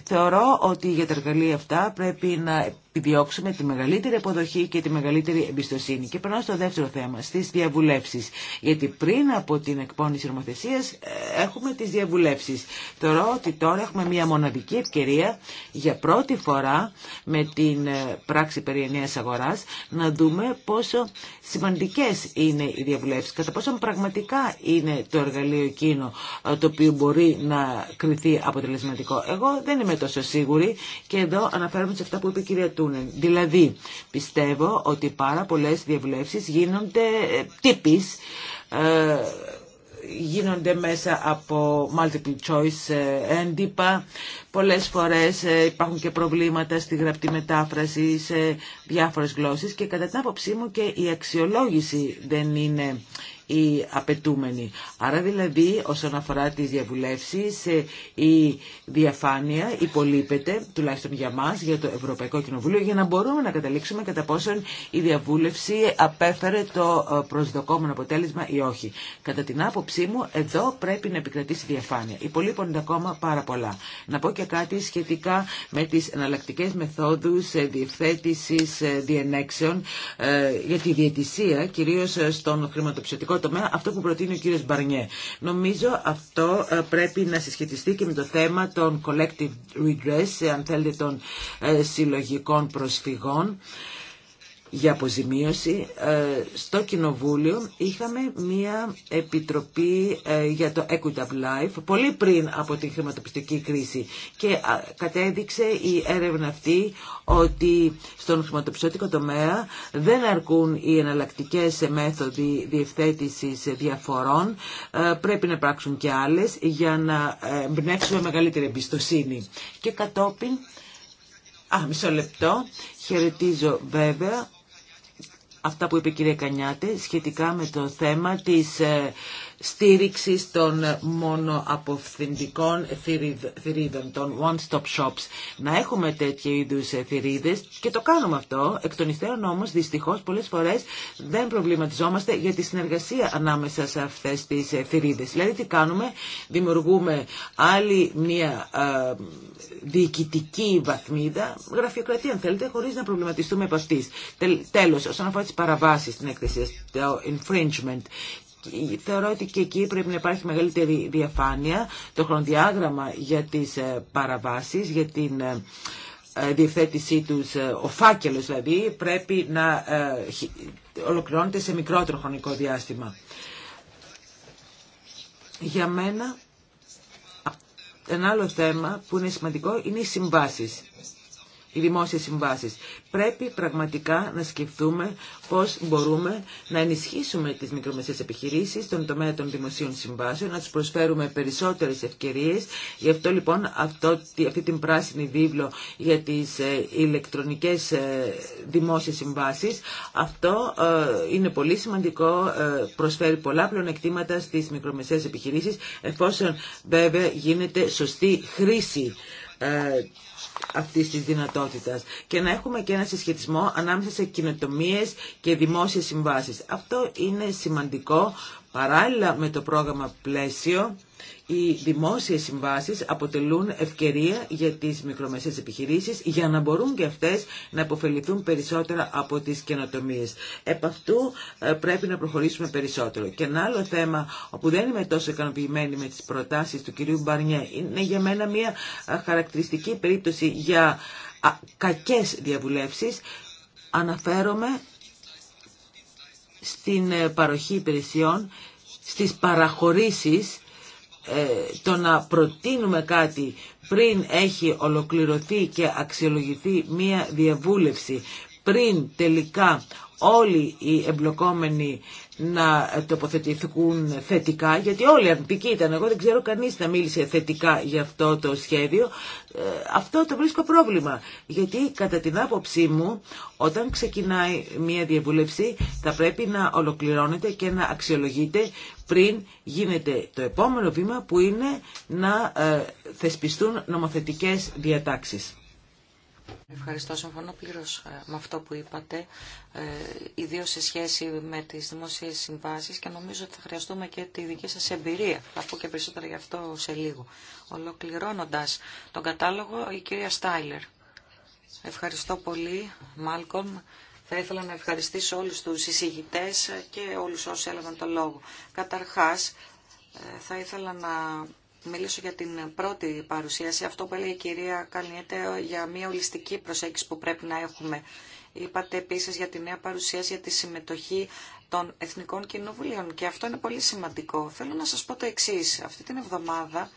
Θεωρώ ότι για τα εργαλεία αυτά πρέπει να επιδιώξουμε τη μεγαλύτερη αποδοχή και τη μεγαλύτερη εμπιστοσύνη. Και περνάω στο δεύτερο θέμα, στι διαβουλεύσει. Γιατί πριν από την εκπόνηση νομοθεσία ε, έχουμε τι διαβουλεύσει. Θεωρώ ότι τώρα έχουμε μια μοναδική ευκαιρία για πρώτη φορά με την ε, πράξη περί ενέα αγορά να δούμε πόσο σημαντικέ είναι οι διαβουλεύσει. Κατά πόσο πραγματικά είναι το εργαλείο εκείνο ε, το οποίο μπορεί να κριθεί αποτελεσματικό. Εγώ είμαι τόσο σίγουρη και εδώ αναφέρομαι σε αυτά που είπε η κυρία Τούνεν. Δηλαδή, πιστεύω ότι πάρα πολλές διαβουλεύσεις γίνονται ε, τύπης, ε, γίνονται μέσα από multiple choice ε, έντυπα. Πολλές φορές υπάρχουν και προβλήματα στη γραπτή μετάφραση σε διάφορες γλώσσες και κατά την άποψή μου και η αξιολόγηση δεν είναι η απαιτούμενοι. Άρα δηλαδή όσον αφορά τις διαβουλεύσεις ε, η διαφάνεια υπολείπεται τουλάχιστον για μας, για το Ευρωπαϊκό Κοινοβούλιο για να μπορούμε να καταλήξουμε κατά πόσον η διαβούλευση απέφερε το ε, προσδοκόμενο αποτέλεσμα ή όχι. Κατά την άποψή μου εδώ πρέπει να επικρατήσει διαφάνεια. Υπολείπονται ακόμα πάρα πολλά. Να πω και κάτι σχετικά με τις εναλλακτικέ μεθόδους ε, διευθέτησης διενέξεων για τη διαιτησία κυρίως στον χρηματοψηφιακό τομέα, αυτό που προτείνει ο κύριος Μπαρνιέ. Νομίζω αυτό ε, πρέπει να συσχετιστεί και με το θέμα των collective redress, ε, αν θέλετε των ε, συλλογικών προσφυγών για αποζημίωση. Ε, στο Κοινοβούλιο είχαμε μία επιτροπή ε, για το Equitable Life πολύ πριν από την χρηματοπιστική κρίση και κατέδειξε η έρευνα αυτή ότι στον χρηματοπιστωτικό τομέα δεν αρκούν οι εναλλακτικέ μέθοδοι διευθέτησης διαφορών. Ε, πρέπει να υπάρξουν και άλλες για να εμπνεύσουμε μεγαλύτερη εμπιστοσύνη. Και κατόπιν, α, μισό λεπτό, χαιρετίζω βέβαια αυτά που είπε η κυρία Κανιάτε σχετικά με το θέμα της ε, στήριξης των μονοαποθυντικών θηρίδων, των one-stop shops. Να έχουμε τέτοιου είδου ε, θηρίδες και το κάνουμε αυτό. Εκ των υστέρων όμως δυστυχώς πολλές φορές δεν προβληματιζόμαστε για τη συνεργασία ανάμεσα σε αυτές τις ε, θηρίδες. Δηλαδή τι κάνουμε, δημιουργούμε άλλη μια ε, διοικητική βαθμίδα, γραφειοκρατία αν θέλετε, χωρίς να προβληματιστούμε από αυτής. Τέλος, όσον αφορά τις παραβάσεις στην έκθεση, το infringement, θεωρώ ότι και εκεί πρέπει να υπάρχει μεγαλύτερη διαφάνεια, το χρονοδιάγραμμα για τις ε, παραβάσεις, για την ε, ε, διευθέτησή τους, ο φάκελος δηλαδή, πρέπει να ολοκληρώνεται σε μικρότερο χρονικό διάστημα. Για μένα, ένα άλλο θέμα που είναι σημαντικό είναι οι συμβάσεις οι δημόσιες συμβάσεις. Πρέπει πραγματικά να σκεφτούμε πώς μπορούμε να ενισχύσουμε τις μικρομεσαίες επιχειρήσεις στον τομέα των δημοσίων συμβάσεων, να τους προσφέρουμε περισσότερες ευκαιρίες. Γι' αυτό λοιπόν αυτό, αυτή την πράσινη βίβλο για τις ε, ηλεκτρονικές ε, δημόσιες συμβάσεις, αυτό ε, είναι πολύ σημαντικό, προσφέρει πολλά πλεονεκτήματα στις μικρομεσαίες επιχειρήσεις, εφόσον βέβαια γίνεται σωστή χρήση αυτής της δυνατότητας και να έχουμε και ένα συσχετισμό ανάμεσα σε κοινοτομίες και δημόσιες συμβάσεις. Αυτό είναι σημαντικό παράλληλα με το πρόγραμμα πλαίσιο οι δημόσιες συμβάσεις αποτελούν ευκαιρία για τις μικρομεσαίες επιχειρήσεις για να μπορούν και αυτές να αποφεληθούν περισσότερα από τις καινοτομίες. Επ' αυτού ε, πρέπει να προχωρήσουμε περισσότερο. Και ένα άλλο θέμα όπου δεν είμαι τόσο ικανοποιημένη με τις προτάσεις του κυρίου Μπαρνιέ είναι για μένα μια ε, χαρακτηριστική περίπτωση για κακές διαβουλεύσεις. Αναφέρομαι στην ε, παροχή υπηρεσιών, στις παραχωρήσεις ε, το να προτείνουμε κάτι πριν έχει ολοκληρωθεί και αξιολογηθεί μία διαβούλευση πριν τελικά όλοι οι εμπλοκόμενοι να τοποθετηθούν θετικά, γιατί όλοι αρνητικοί ήταν, εγώ δεν ξέρω κανείς να μίλησε θετικά για αυτό το σχέδιο, ε, αυτό το βρίσκω πρόβλημα. Γιατί κατά την άποψή μου, όταν ξεκινάει μια διαβούλευση, θα πρέπει να ολοκληρώνεται και να αξιολογείται πριν γίνεται το επόμενο βήμα που είναι να ε, θεσπιστούν νομοθετικές διατάξεις. Ευχαριστώ. Συμφωνώ πλήρω ε, με αυτό που είπατε, ε, ιδίω σε σχέση με τι δημόσιε συμβάσει και νομίζω ότι θα χρειαστούμε και τη δική σα εμπειρία. Θα πω και περισσότερα γι' αυτό σε λίγο. Ολοκληρώνοντα τον κατάλογο, η κυρία Στάιλερ. Ευχαριστώ πολύ, Μάλκομ. Θα ήθελα να ευχαριστήσω όλους τους εισηγητές και όλους όσοι έλαβαν το λόγο. Καταρχάς, ε, θα ήθελα να μιλήσω για την πρώτη παρουσίαση, αυτό που έλεγε η κυρία Καλνιέτε για μια ολιστική προσέγγιση που πρέπει να έχουμε. Είπατε επίση για τη νέα παρουσίαση για τη συμμετοχή των Εθνικών Κοινοβουλίων και αυτό είναι πολύ σημαντικό. Θέλω να σας πω το εξή Αυτή την εβδομάδα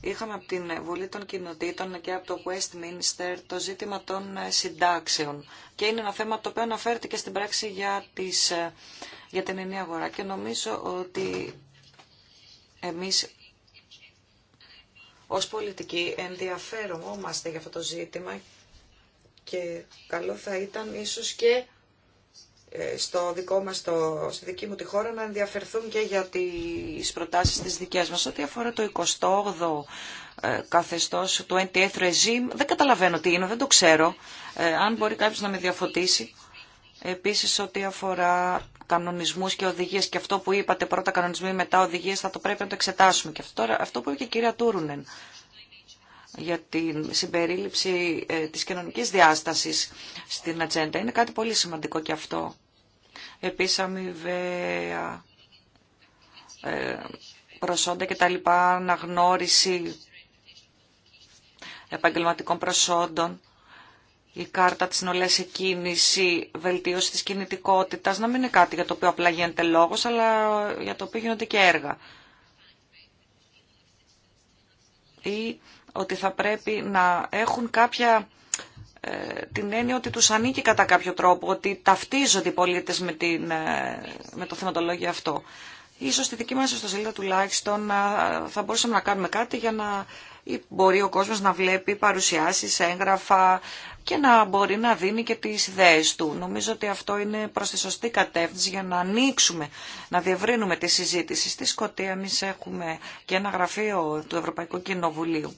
είχαμε από την Βουλή των Κοινοτήτων και από το Westminster το ζήτημα των συντάξεων. Και είναι ένα θέμα το οποίο αναφέρεται και στην πράξη για, τις, για την ενή αγορά. Και νομίζω ότι εμείς ως πολιτικοί ενδιαφέρομαστε για αυτό το ζήτημα και καλό θα ήταν ίσως και ε, στο δικό μας, το, στη δική μου τη χώρα να ενδιαφερθούν και για τις προτάσεις της δικιάς μας. Ό,τι αφορά το 28ο ε, καθεστώς του NTF regime, δεν καταλαβαίνω τι είναι, δεν το ξέρω. Ε, αν μπορεί κάποιος να με διαφωτίσει. Επίσης, ό,τι αφορά κανονισμούς και οδηγίες και αυτό που είπατε πρώτα κανονισμοί μετά οδηγίες θα το πρέπει να το εξετάσουμε. Και αυτό, αυτό που είπε και η κυρία Τούρουνεν για την συμπερίληψη ε, της κοινωνικής διάστασης στην ατζέντα είναι κάτι πολύ σημαντικό και αυτό. Επίσης αμοιβαία ε, προσόντα και τα λοιπά, αναγνώριση επαγγελματικών προσόντων η κάρτα της νολές κίνηση, βελτίωση της κινητικότητας, να μην είναι κάτι για το οποίο απλά γίνεται λόγος, αλλά για το οποίο γίνονται και έργα. Ή ότι θα πρέπει να έχουν κάποια ε, την έννοια ότι τους ανήκει κατά κάποιο τρόπο, ότι ταυτίζονται οι πολίτες με, την, ε, με το θεματολόγιο αυτό. Ίσως στη δική μας ιστοσελίδα τουλάχιστον ε, θα μπορούσαμε να κάνουμε κάτι για να ή μπορεί ο κόσμος να βλέπει παρουσιάσεις, έγγραφα, και να μπορεί να δίνει και τις ιδέες του. Νομίζω ότι αυτό είναι προς τη σωστή κατεύθυνση για να ανοίξουμε, να διευρύνουμε τη συζήτηση. Στη Σκοτία εμεί έχουμε και ένα γραφείο του Ευρωπαϊκού Κοινοβουλίου.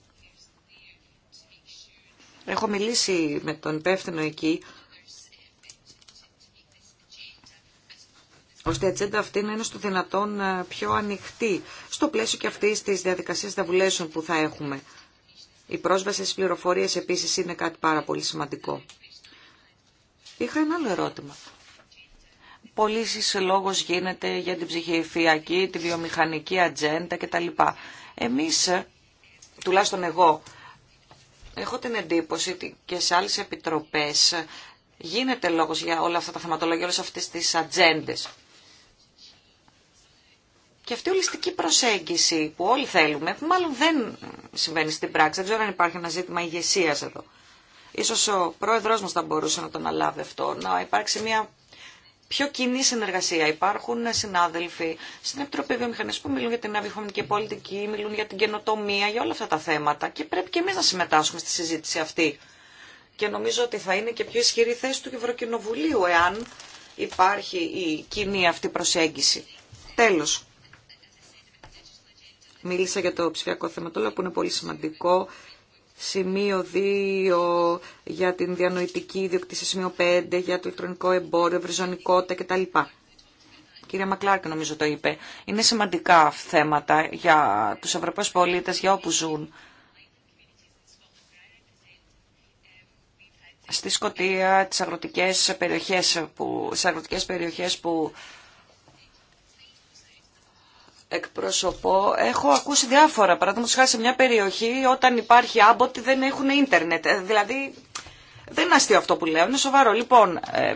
Έχω μιλήσει με τον υπεύθυνο εκεί, ώστε η ατζέντα αυτή να είναι στο δυνατόν ε, πιο ανοιχτή, στο πλαίσιο και αυτής της διαδικασίας δαβουλέσεων που θα έχουμε. Η πρόσβαση στις πληροφορίες επίσης είναι κάτι πάρα πολύ σημαντικό. Είχα ένα άλλο ερώτημα. Πολύς λόγος γίνεται για την ψυχιακή, τη βιομηχανική ατζέντα κτλ. Εμείς, τουλάχιστον εγώ, έχω την εντύπωση ότι και σε άλλες επιτροπές γίνεται λόγος για όλα αυτά τα θεματολόγια, όλες αυτές τις ατζέντε. Και αυτή η ολιστική προσέγγιση που όλοι θέλουμε, που μάλλον δεν συμβαίνει στην πράξη, δεν ξέρω αν υπάρχει ένα ζήτημα ηγεσία εδώ. Ίσως ο πρόεδρός μας θα μπορούσε να τον αλάβει αυτό, να υπάρξει μια πιο κοινή συνεργασία. Υπάρχουν συνάδελφοι στην Επιτροπή Βιομηχανία που μιλούν για την αβιχομική πολιτική, μιλούν για την καινοτομία, για όλα αυτά τα θέματα και πρέπει και εμεί να συμμετάσχουμε στη συζήτηση αυτή. Και νομίζω ότι θα είναι και πιο ισχυρή θέση του Ευρωκοινοβουλίου εάν υπάρχει η κοινή αυτή προσέγγιση. Τέλος. Μίλησα για το ψηφιακό θεματολόγιο που είναι πολύ σημαντικό. Σημείο 2 για την διανοητική ιδιοκτησία, σημείο 5 για το ηλεκτρονικό εμπόριο, ευρυζωνικότητα κτλ. Κυρία Μακλάρκ νομίζω το είπε. Είναι σημαντικά θέματα για τους Ευρωπαίους πολίτες, για όπου ζουν. στη Σκωτία, τις αγροτικές περιοχές που, αγροτικέ που εκπροσωπώ, έχω ακούσει διάφορα. Παραδείγματο χάρη σε μια περιοχή όταν υπάρχει άμποτη δεν έχουν ίντερνετ. Ε, δηλαδή δεν είναι αστείο αυτό που λέω, είναι σοβαρό. Λοιπόν, ε,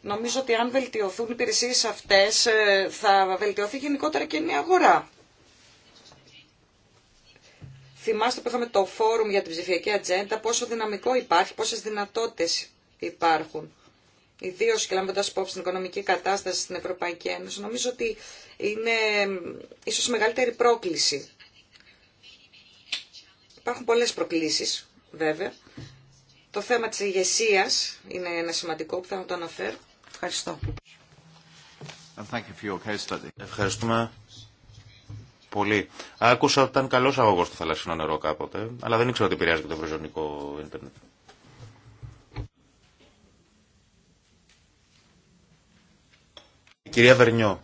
νομίζω ότι αν βελτιωθούν οι υπηρεσίε αυτέ ε, θα βελτιωθεί γενικότερα και η αγορά. Θυμάστε που είχαμε το φόρουμ για την ψηφιακή ατζέντα, πόσο δυναμικό υπάρχει, πόσες δυνατότητες υπάρχουν ιδίως και λάμβοντας υπόψη την οικονομική κατάσταση στην Ευρωπαϊκή Ένωση, νομίζω ότι είναι ίσως μεγαλύτερη πρόκληση. Υπάρχουν πολλές προκλήσεις, βέβαια. Το θέμα της ηγεσία είναι ένα σημαντικό που θα το αναφέρω. Ευχαριστώ. Ευχαριστούμε πολύ. Άκουσα ότι ήταν καλό αγώγος στο θαλασσινό νερό κάποτε, αλλά δεν ήξερα ότι επηρεάζει και το ευρωζωνικό ίντερνετ. Κυρία Βερνιό.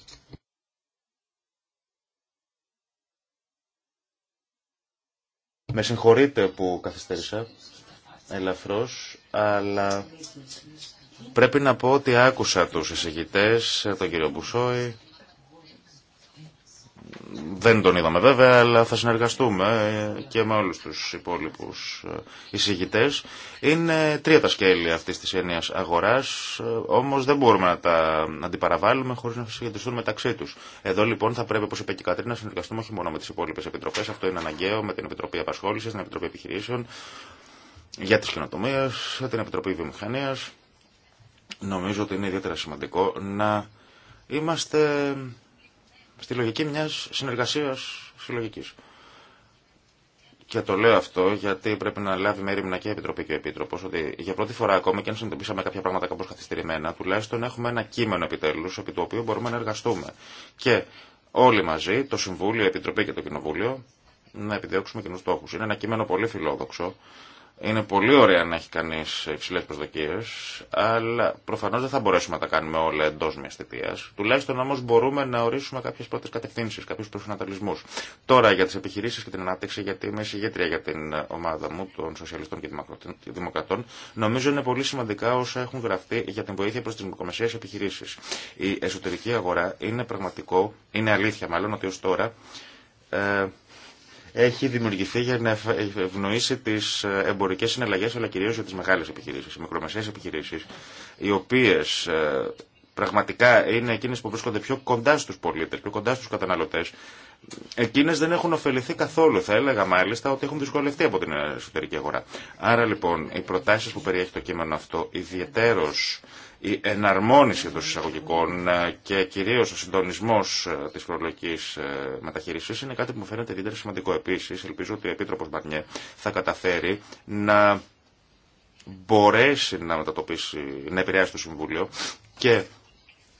Με συγχωρείτε που καθυστέρησα ελαφρώς, αλλά πρέπει να πω ότι άκουσα τους εισηγητές, τον κύριο Μπουσόη, δεν τον είδαμε βέβαια, αλλά θα συνεργαστούμε ε, και με όλους τους υπόλοιπους ε, εισηγητές. Είναι τρία τα σκέλη αυτής της έννοιας αγοράς, ε, όμως δεν μπορούμε να τα αντιπαραβάλλουμε χωρίς να συγκεντριστούν μεταξύ τους. Εδώ λοιπόν θα πρέπει, όπως είπε και η Κατρίνα, να συνεργαστούμε όχι μόνο με τις υπόλοιπες επιτροπές, αυτό είναι αναγκαίο, με την Επιτροπή Απασχόλησης, την Επιτροπή Επιχειρήσεων, για τις κοινοτομίες, την Επιτροπή Βιομηχανίας. Νομίζω ότι είναι ιδιαίτερα σημαντικό να είμαστε στη λογική μιας συνεργασίας συλλογικής. Και το λέω αυτό γιατί πρέπει να λάβει μέρη η επιτροπή και ο Επίτροπο ότι για πρώτη φορά, ακόμη και αν συνειδητοποιήσαμε κάποια πράγματα κάπω καθυστερημένα, τουλάχιστον έχουμε ένα κείμενο επιτέλου επί το οποίο μπορούμε να εργαστούμε. Και όλοι μαζί, το Συμβούλιο, η Επιτροπή και το Κοινοβούλιο, να επιδιώξουμε κοινού στόχου. Είναι ένα κείμενο πολύ φιλόδοξο είναι πολύ ωραία να έχει κανεί υψηλέ προσδοκίε, αλλά προφανώ δεν θα μπορέσουμε να τα κάνουμε όλα εντό μια θητεία. Τουλάχιστον όμω μπορούμε να ορίσουμε κάποιε πρώτε κατευθύνσει, κάποιου προσανατολισμού. Τώρα για τι επιχειρήσει και την ανάπτυξη, γιατί είμαι συγγέτρια για την ομάδα μου των Σοσιαλιστών και Δημοκρατών, νομίζω είναι πολύ σημαντικά όσα έχουν γραφτεί για την βοήθεια προ τι μικρομεσαίε επιχειρήσει. Η εσωτερική αγορά είναι πραγματικό, είναι αλήθεια μάλλον ότι ω τώρα. Ε, έχει δημιουργηθεί για να ευνοήσει τι ε, εμπορικέ συναλλαγέ, αλλά κυρίω για τι μεγάλε επιχειρήσει, οι μικρομεσαίε επιχειρήσει, οι οποίε ε, πραγματικά είναι εκείνε που βρίσκονται πιο κοντά στου πολίτε, πιο κοντά στου καταναλωτέ. Εκείνε δεν έχουν ωφεληθεί καθόλου. Θα έλεγα μάλιστα ότι έχουν δυσκολευτεί από την εσωτερική αγορά. Άρα λοιπόν οι προτάσει που περιέχει το κείμενο αυτό, ιδιαίτερω η εναρμόνιση των εισαγωγικών ε, και κυρίως ο συντονισμός ε, της φορολογικής ε, μεταχείρισης είναι κάτι που μου φαίνεται ιδιαίτερα σημαντικό. Επίσης, ελπίζω ότι ο Επίτροπος Μπαρνιέ θα καταφέρει να μπορέσει να μετατοπίσει, να επηρεάσει το Συμβούλιο και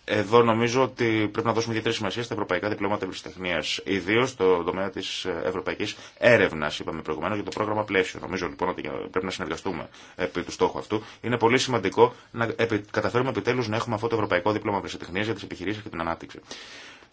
εδώ νομίζω ότι πρέπει να δώσουμε ιδιαίτερη σημασία στα ευρωπαϊκά διπλώματα ευρυστεχνία, ιδίω στον τομέα τη ευρωπαϊκή έρευνα, είπαμε προηγουμένω, για το πρόγραμμα πλαίσιο. Νομίζω λοιπόν ότι πρέπει να συνεργαστούμε επί του στόχου αυτού. Είναι πολύ σημαντικό να καταφέρουμε επιτέλου να έχουμε αυτό το ευρωπαϊκό δίπλωμα ευρυστεχνία για τι επιχειρήσει και την ανάπτυξη.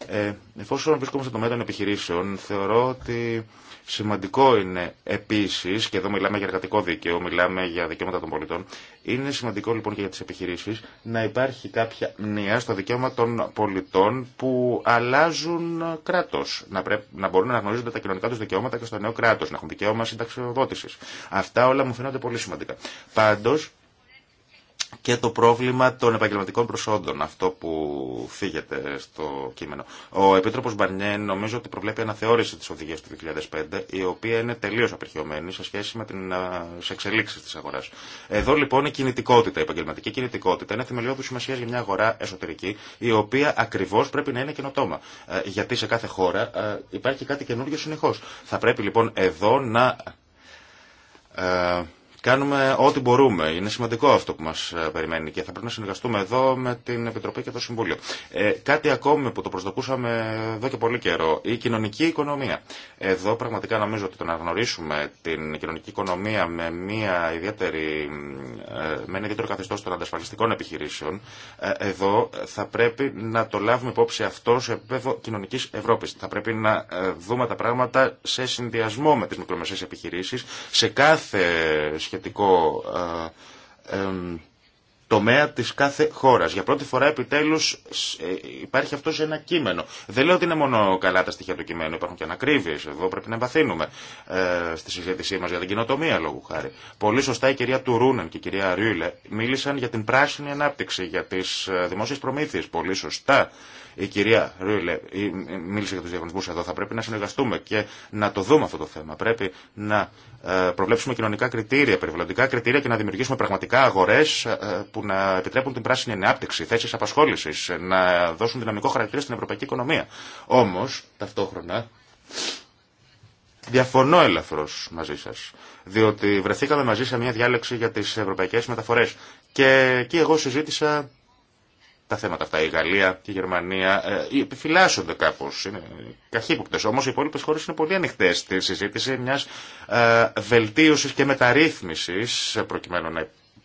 Ε, εφόσον βρισκόμαστε στο τομέα των επιχειρήσεων, θεωρώ ότι σημαντικό είναι επίση, και εδώ μιλάμε για εργατικό δίκαιο, μιλάμε για δικαιώματα των πολιτών, είναι σημαντικό λοιπόν και για τις επιχειρήσεις να υπάρχει κάποια μνήμα στο δικαίωμα των πολιτών που αλλάζουν κράτος. Να, να μπορούν να αναγνωρίζονται τα κοινωνικά τους δικαιώματα και στο νέο κράτος, να έχουν δικαίωμα συνταξιοδότησης. Αυτά όλα μου φαίνονται πολύ σημαντικά. Πάντως, και το πρόβλημα των επαγγελματικών προσόντων, αυτό που φύγεται στο κείμενο. Ο Επίτροπος Μπαρνιέ νομίζω ότι προβλέπει αναθεώρηση της οδηγίας του 2005, η οποία είναι τελείως απερχιωμένη σε σχέση με τις εξελίξεις της αγοράς. Εδώ λοιπόν η κινητικότητα, η επαγγελματική κινητικότητα είναι θεμελιώδου σημασία για μια αγορά εσωτερική, η οποία ακριβώς πρέπει να είναι καινοτόμα. Ε, γιατί σε κάθε χώρα ε, υπάρχει κάτι καινούργιο συνεχώς. Θα πρέπει λοιπόν εδώ να ε, Κάνουμε ό,τι μπορούμε. Είναι σημαντικό αυτό που μα ε, περιμένει και θα πρέπει να συνεργαστούμε εδώ με την Επιτροπή και το Συμβούλιο. Ε, κάτι ακόμη που το προσδοκούσαμε εδώ και πολύ καιρό, η κοινωνική οικονομία. Εδώ πραγματικά νομίζω ότι το να γνωρίσουμε την κοινωνική οικονομία με, μια ιδιαίτερη, ε, με ένα ιδιαίτερο καθεστώ των αντασφαλιστικών επιχειρήσεων, ε, εδώ θα πρέπει να το λάβουμε υπόψη αυτό σε επίπεδο κοινωνική Ευρώπη. Θα πρέπει να δούμε τα πράγματα σε συνδυασμό με τι μικρομεσαίε επιχειρήσει, σε κάθε σχετικό ε, τομέα της κάθε χώρας. Για πρώτη φορά επιτέλους ε, υπάρχει αυτό σε ένα κείμενο. Δεν λέω ότι είναι μόνο καλά τα στοιχεία του κειμένου, υπάρχουν και ανακρίβειες, Εδώ πρέπει να εμπαθύνουμε ε, στη συζήτησή μας για την κοινοτομία, λόγου χάρη. Πολύ σωστά η κυρία Τουρούνεν και η κυρία Ριούλε μίλησαν για την πράσινη ανάπτυξη, για τι δημόσιες προμήθειε. Πολύ σωστά η κυρία Ρούιλε μίλησε για του διαγωνισμού εδώ. Θα πρέπει να συνεργαστούμε και να το δούμε αυτό το θέμα. Πρέπει να ε, προβλέψουμε κοινωνικά κριτήρια, περιβαλλοντικά κριτήρια και να δημιουργήσουμε πραγματικά αγορέ ε, που να επιτρέπουν την πράσινη ανάπτυξη, θέσει απασχόληση, να δώσουν δυναμικό χαρακτήρα στην ευρωπαϊκή οικονομία. Όμω, ταυτόχρονα, Διαφωνώ ελαφρώ μαζί σα. Διότι βρεθήκαμε μαζί σε μια διάλεξη για τι ευρωπαϊκέ μεταφορέ. Και εκεί εγώ συζήτησα τα θέματα αυτά. Η Γαλλία και η Γερμανία ε, επιφυλάσσονται κάπω. Είναι καχύποπτε. Όμω οι υπόλοιπε χώρε είναι πολύ ανοιχτέ στη συζήτηση μια ε, βελτίωση και μεταρρύθμιση ε, προκειμένου να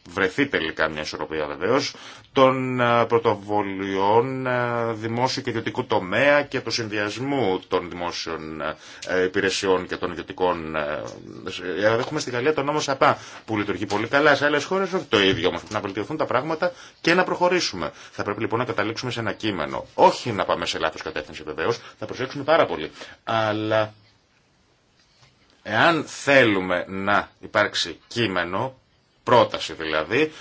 βρεθεί τελικά μια ισορροπία βεβαίω των ε, πρωτοβολιών ε, δημόσιου και ιδιωτικού τομέα και του συνδυασμού των δημόσιων ε, υπηρεσιών και των ιδιωτικών. Έχουμε στην Γαλλία τον νόμο ΣΑΠΑ που λειτουργεί πολύ καλά. Σε άλλε χώρε όχι το ίδιο όμω. να βελτιωθούν τα πράγματα και να προχωρήσουμε. Θα πρέπει λοιπόν να καταλήξουμε σε ένα κείμενο. Όχι να πάμε σε λάθο κατεύθυνση βεβαίω. Θα προσέξουμε πάρα πολύ. Αλλά εάν θέλουμε να υπάρξει κείμενο πρόταση δηλαδή,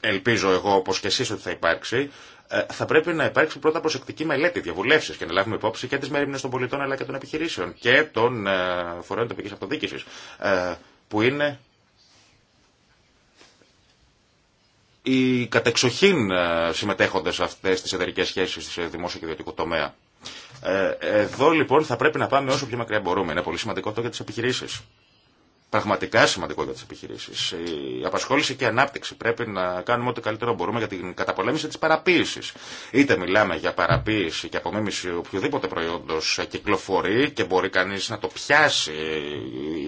ελπίζω εγώ όπως και εσείς ότι θα υπάρξει, ε, θα πρέπει να υπάρξει πρώτα προσεκτική μελέτη, διαβουλεύσει και να λάβουμε υπόψη και τι μέρημνε των πολιτών αλλά και των επιχειρήσεων και των ε, φορέων τοπική αυτοδιοίκηση. Ε, που είναι οι κατεξοχήν συμμετέχοντες σε αυτές τις εταιρικές σχέσεις σε δημόσιο και ιδιωτικό τομέα. Εδώ λοιπόν θα πρέπει να πάμε όσο πιο μακριά μπορούμε. Είναι πολύ σημαντικό αυτό για τι επιχειρήσει πραγματικά σημαντικό για τι επιχειρήσει. Η απασχόληση και η ανάπτυξη πρέπει να κάνουμε ό,τι καλύτερο μπορούμε για την καταπολέμηση τη παραποίηση. Είτε μιλάμε για παραποίηση και απομίμηση οποιοδήποτε προϊόντο κυκλοφορεί και μπορεί κανεί να το πιάσει.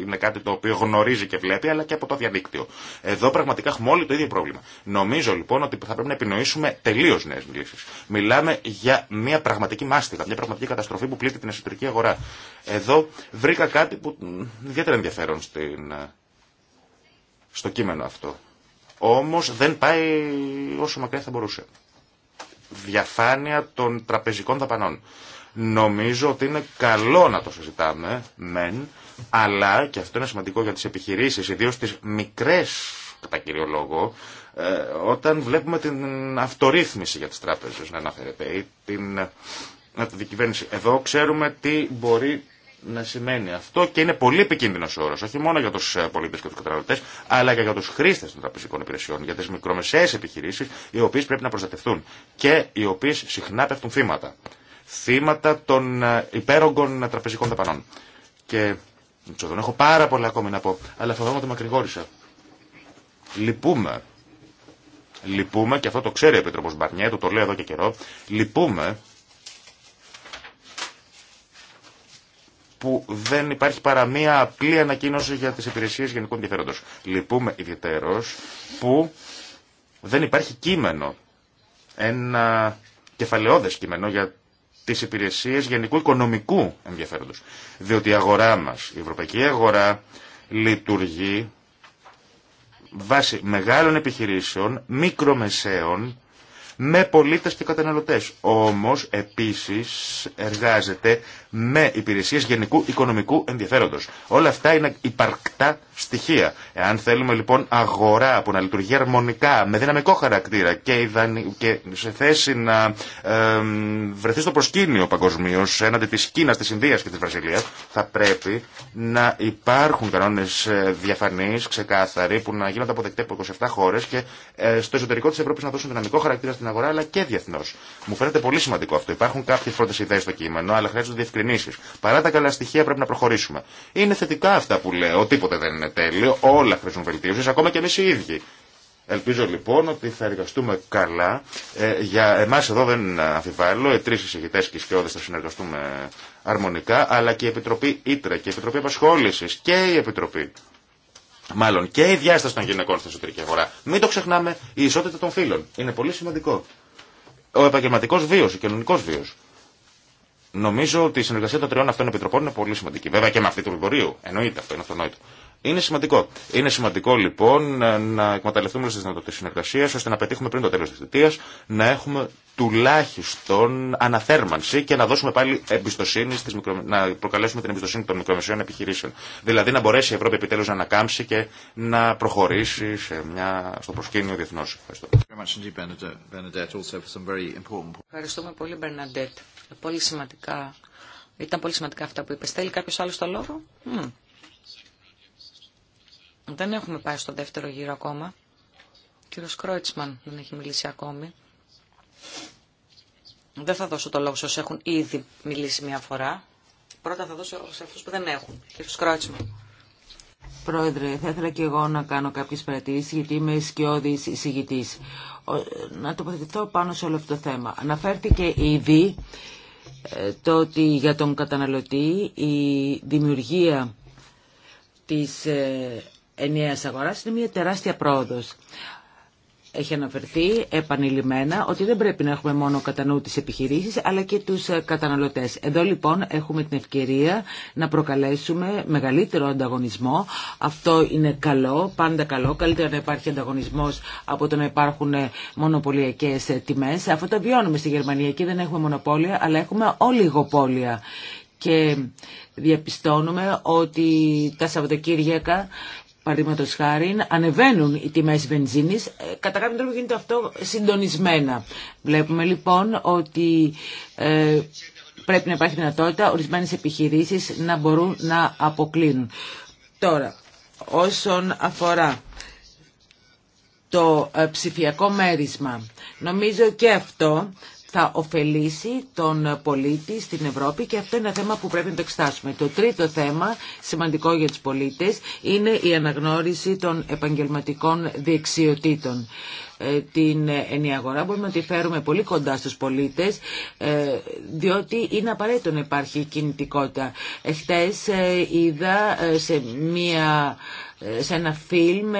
Είναι κάτι το οποίο γνωρίζει και βλέπει, αλλά και από το διαδίκτυο. Εδώ πραγματικά έχουμε όλοι το ίδιο πρόβλημα. Νομίζω λοιπόν ότι θα πρέπει να επινοήσουμε τελείω νέε λύσει. Μιλάμε για μια πραγματική μάστιγα, μια πραγματική καταστροφή που πλήττει την εσωτερική αγορά. Εδώ βρήκα κάτι που ιδιαίτερα ενδιαφέρον στη ε, στο κείμενο αυτό. Όμως δεν πάει όσο μακριά θα μπορούσε. Διαφάνεια των τραπεζικών δαπανών. Νομίζω ότι είναι καλό να το συζητάμε, μεν, αλλά, και αυτό είναι σημαντικό για τις επιχειρήσεις, ιδίως τις μικρές, κατά κύριο λόγο, ε, όταν βλέπουμε την αυτορύθμιση για τις τράπεζες να αναφέρεται, ή την, ε, να δικυβέρνηση. Εδώ ξέρουμε τι μπορεί να σημαίνει αυτό και είναι πολύ επικίνδυνο όρο, όχι μόνο για του ε, πολίτε και του καταναλωτέ, αλλά και για του χρήστε των τραπεζικών υπηρεσιών, για τι μικρομεσαίε επιχειρήσει, οι οποίε πρέπει να προστατευτούν και οι οποίε συχνά πέφτουν θύματα. Θύματα των ε, υπέρογκων τραπεζικών δαπανών. Και δεν έχω πάρα πολλά ακόμη να πω, αλλά φοβάμαι ότι μακρηγόρησα. Λυπούμε. Λυπούμε, και αυτό το ξέρει ο Επίτροπο Μπαρνιέ, το, το λέω εδώ και καιρό, λυπούμε που δεν υπάρχει παρά μία απλή ανακοίνωση για τις υπηρεσίες γενικού ενδιαφέροντος. Λυπούμε ιδιαίτερος που δεν υπάρχει κείμενο, ένα κεφαλαιόδες κείμενο για τις υπηρεσίες γενικού οικονομικού ενδιαφέροντος. Διότι η αγορά μας, η ευρωπαϊκή αγορά, λειτουργεί βάσει μεγάλων επιχειρήσεων, μικρομεσαίων, με πολίτες και καταναλωτές. Όμως επίσης εργάζεται με υπηρεσίες γενικού οικονομικού ενδιαφέροντος. Όλα αυτά είναι υπαρκτά στοιχεία. Εάν θέλουμε λοιπόν αγορά που να λειτουργεί αρμονικά, με δυναμικό χαρακτήρα και, και σε θέση να βρεθεί στο προσκήνιο παγκοσμίω έναντι της Κίνας, της Ινδίας και της Βραζιλίας, θα πρέπει να υπάρχουν κανόνες ε, διαφανείς, ξεκάθαροι, που να γίνονται αποδεκτέ από 27 χώρες και ε, στο εσωτερικό της Ευρώπης να δώσουν δυναμικό χαρακτήρα στην αγορά αλλά και διεθνώ. Μου φαίνεται πολύ σημαντικό αυτό. Υπάρχουν κάποιε πρώτε ιδέε στο κείμενο, αλλά χρειάζονται διευκρινήσει. Παρά τα καλά στοιχεία πρέπει να προχωρήσουμε. Είναι θετικά αυτά που λέω, τίποτε δεν είναι τέλειο, όλα χρειάζονται βελτίωση, ακόμα και εμεί οι ίδιοι. Ελπίζω λοιπόν ότι θα εργαστούμε καλά. Ε, για εμά εδώ δεν αμφιβάλλω. Οι τρει εισηγητέ και οι σκιώδε θα συνεργαστούμε αρμονικά, αλλά και η Επιτροπή Ήτρα και η Επιτροπή Απασχόληση και η Επιτροπή Μάλλον και η διάσταση των γυναικών στην εσωτερική αγορά. Μην το ξεχνάμε, η ισότητα των φύλων. Είναι πολύ σημαντικό. Ο επαγγελματικό βίο, ο κοινωνικό βίο. Νομίζω ότι η συνεργασία των τριών αυτών επιτροπών είναι πολύ σημαντική. Βέβαια και με αυτή του εμπορίου. Εννοείται αυτό, είναι αυτονόητο. Είναι σημαντικό. Είναι σημαντικό λοιπόν να εκμεταλλευτούμε τι δυνατότητε συνεργασία ώστε να πετύχουμε πριν το τέλο τη θητεία να έχουμε τουλάχιστον αναθέρμανση και να δώσουμε πάλι εμπιστοσύνη στις να προκαλέσουμε την εμπιστοσύνη των μικρομεσαίων επιχειρήσεων. Δηλαδή να μπορέσει η Ευρώπη επιτέλου να ανακάμψει και να προχωρήσει σε μια... στο προσκήνιο διεθνώ. Ευχαριστώ. Ευχαριστούμε πολύ, Μπερναντέτ. Πολύ σημαντικά. Ήταν πολύ σημαντικά αυτά που είπε. Θέλει κάποιο άλλο το λόγο. Δεν έχουμε πάει στο δεύτερο γύρο ακόμα. Ο κύριος Κρόιτσμαν δεν έχει μιλήσει ακόμη. Δεν θα δώσω το λόγο σε όσους έχουν ήδη μιλήσει μια φορά. Πρώτα θα δώσω σε αυτούς που δεν έχουν. Κύριο Κρόιτσμαν. Πρόεδρε, θα ήθελα και εγώ να κάνω κάποιε παρατηρήσει, γιατί είμαι σκιώδη εισηγητή. Να τοποθετηθώ πάνω σε όλο αυτό το θέμα. Αναφέρθηκε ήδη ε, το ότι για τον καταναλωτή η δημιουργία της ε, ενιαίας αγορά είναι μια τεράστια πρόοδο. Έχει αναφερθεί επανειλημμένα ότι δεν πρέπει να έχουμε μόνο κατά νου τις επιχειρήσεις αλλά και τους ε, καταναλωτές. Εδώ λοιπόν έχουμε την ευκαιρία να προκαλέσουμε μεγαλύτερο ανταγωνισμό. Αυτό είναι καλό, πάντα καλό. Καλύτερα να υπάρχει ανταγωνισμός από το να υπάρχουν ε, μονοπωλιακές ε, τιμές. Αυτό το βιώνουμε στη Γερμανία. Εκεί δεν έχουμε μονοπόλια αλλά έχουμε ολιγοπόλια. Και διαπιστώνουμε ότι τα Σαββατοκύριακα παραδείγματο χάρη, ανεβαίνουν οι τιμέ βενζίνη. Ε, κατά κάποιο τρόπο γίνεται αυτό συντονισμένα. Βλέπουμε λοιπόν ότι ε, πρέπει να υπάρχει δυνατότητα ορισμένε επιχειρήσει να μπορούν να αποκλίνουν. Τώρα, όσον αφορά το ε, ψηφιακό μέρισμα, νομίζω και αυτό θα ωφελήσει τον πολίτη στην Ευρώπη και αυτό είναι ένα θέμα που πρέπει να το εξετάσουμε. Το τρίτο θέμα, σημαντικό για τους πολίτες, είναι η αναγνώριση των επαγγελματικών δεξιοτήτων. Ε, την ενιαγορά αγορά μπορούμε να τη φέρουμε πολύ κοντά στους πολίτες ε, διότι είναι απαραίτητο να υπάρχει κινητικότητα. Εχθές ε, είδα σε μία σε ένα φιλμ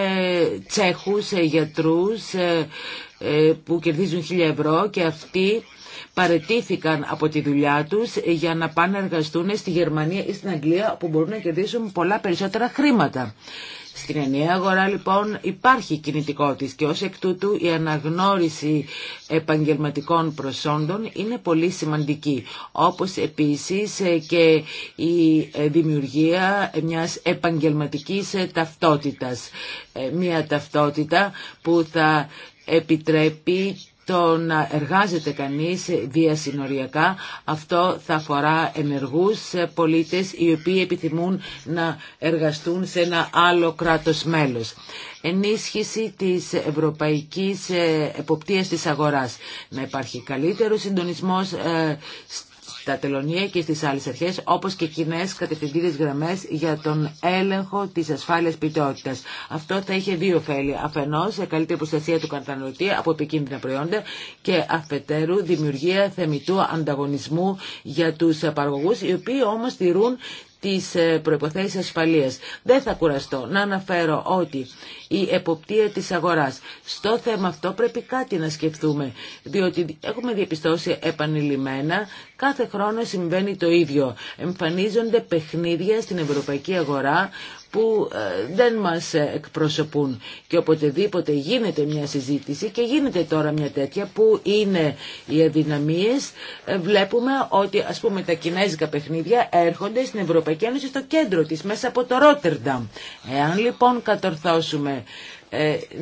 τσέχους γιατρούς ε, που κερδίζουν 1000 ευρώ και αυτοί παρετήθηκαν από τη δουλειά τους για να πάνε να εργαστούν στη Γερμανία ή στην Αγγλία που μπορούν να κερδίσουν πολλά περισσότερα χρήματα. Στην ενιαία αγορά λοιπόν υπάρχει κινητικότητα και ως εκ τούτου η αναγνώριση επαγγελματικών προσόντων είναι πολύ σημαντική. Όπως επίσης ε, και η ε, δημιουργία μιας επαγγελματικής ταυτότητας. Μια ταυτότητα που θα επιτρέπει το να εργάζεται κανείς διασυνοριακά. Αυτό θα αφορά ενεργούς πολίτες οι οποίοι επιθυμούν να εργαστούν σε ένα άλλο κράτος μέλος. Ενίσχυση της ευρωπαϊκής ε, εποπτείας της αγοράς. Να υπάρχει καλύτερο συντονισμός ε, τα τελωνία και στις άλλες αρχές, όπως και κοινέ κατευθυντήρες γραμμές για τον έλεγχο της ασφάλειας ποιότητας. Αυτό θα είχε δύο ωφέλη. Αφενός, καλύτερη προστασία του καταναλωτή από επικίνδυνα προϊόντα και αφετέρου δημιουργία θεμητού ανταγωνισμού για τους παραγωγούς, οι οποίοι όμως τηρούν τις ε, προϋποθέσεις ασφαλείας. Δεν θα κουραστώ να αναφέρω ότι η εποπτεία της αγοράς στο θέμα αυτό πρέπει κάτι να σκεφτούμε, διότι έχουμε διαπιστώσει επανειλημμένα κάθε χρόνο συμβαίνει το ίδιο. Εμφανίζονται παιχνίδια στην ευρωπαϊκή αγορά που ε, δεν μας ε, εκπροσωπούν. Και οποτεδήποτε γίνεται μια συζήτηση και γίνεται τώρα μια τέτοια που είναι οι αδυναμίες, ε, βλέπουμε ότι ας πούμε τα κινέζικα παιχνίδια έρχονται στην Ευρωπαϊκή Ένωση στο κέντρο της, μέσα από το Ρότερνταμ. Εάν λοιπόν κατορθώσουμε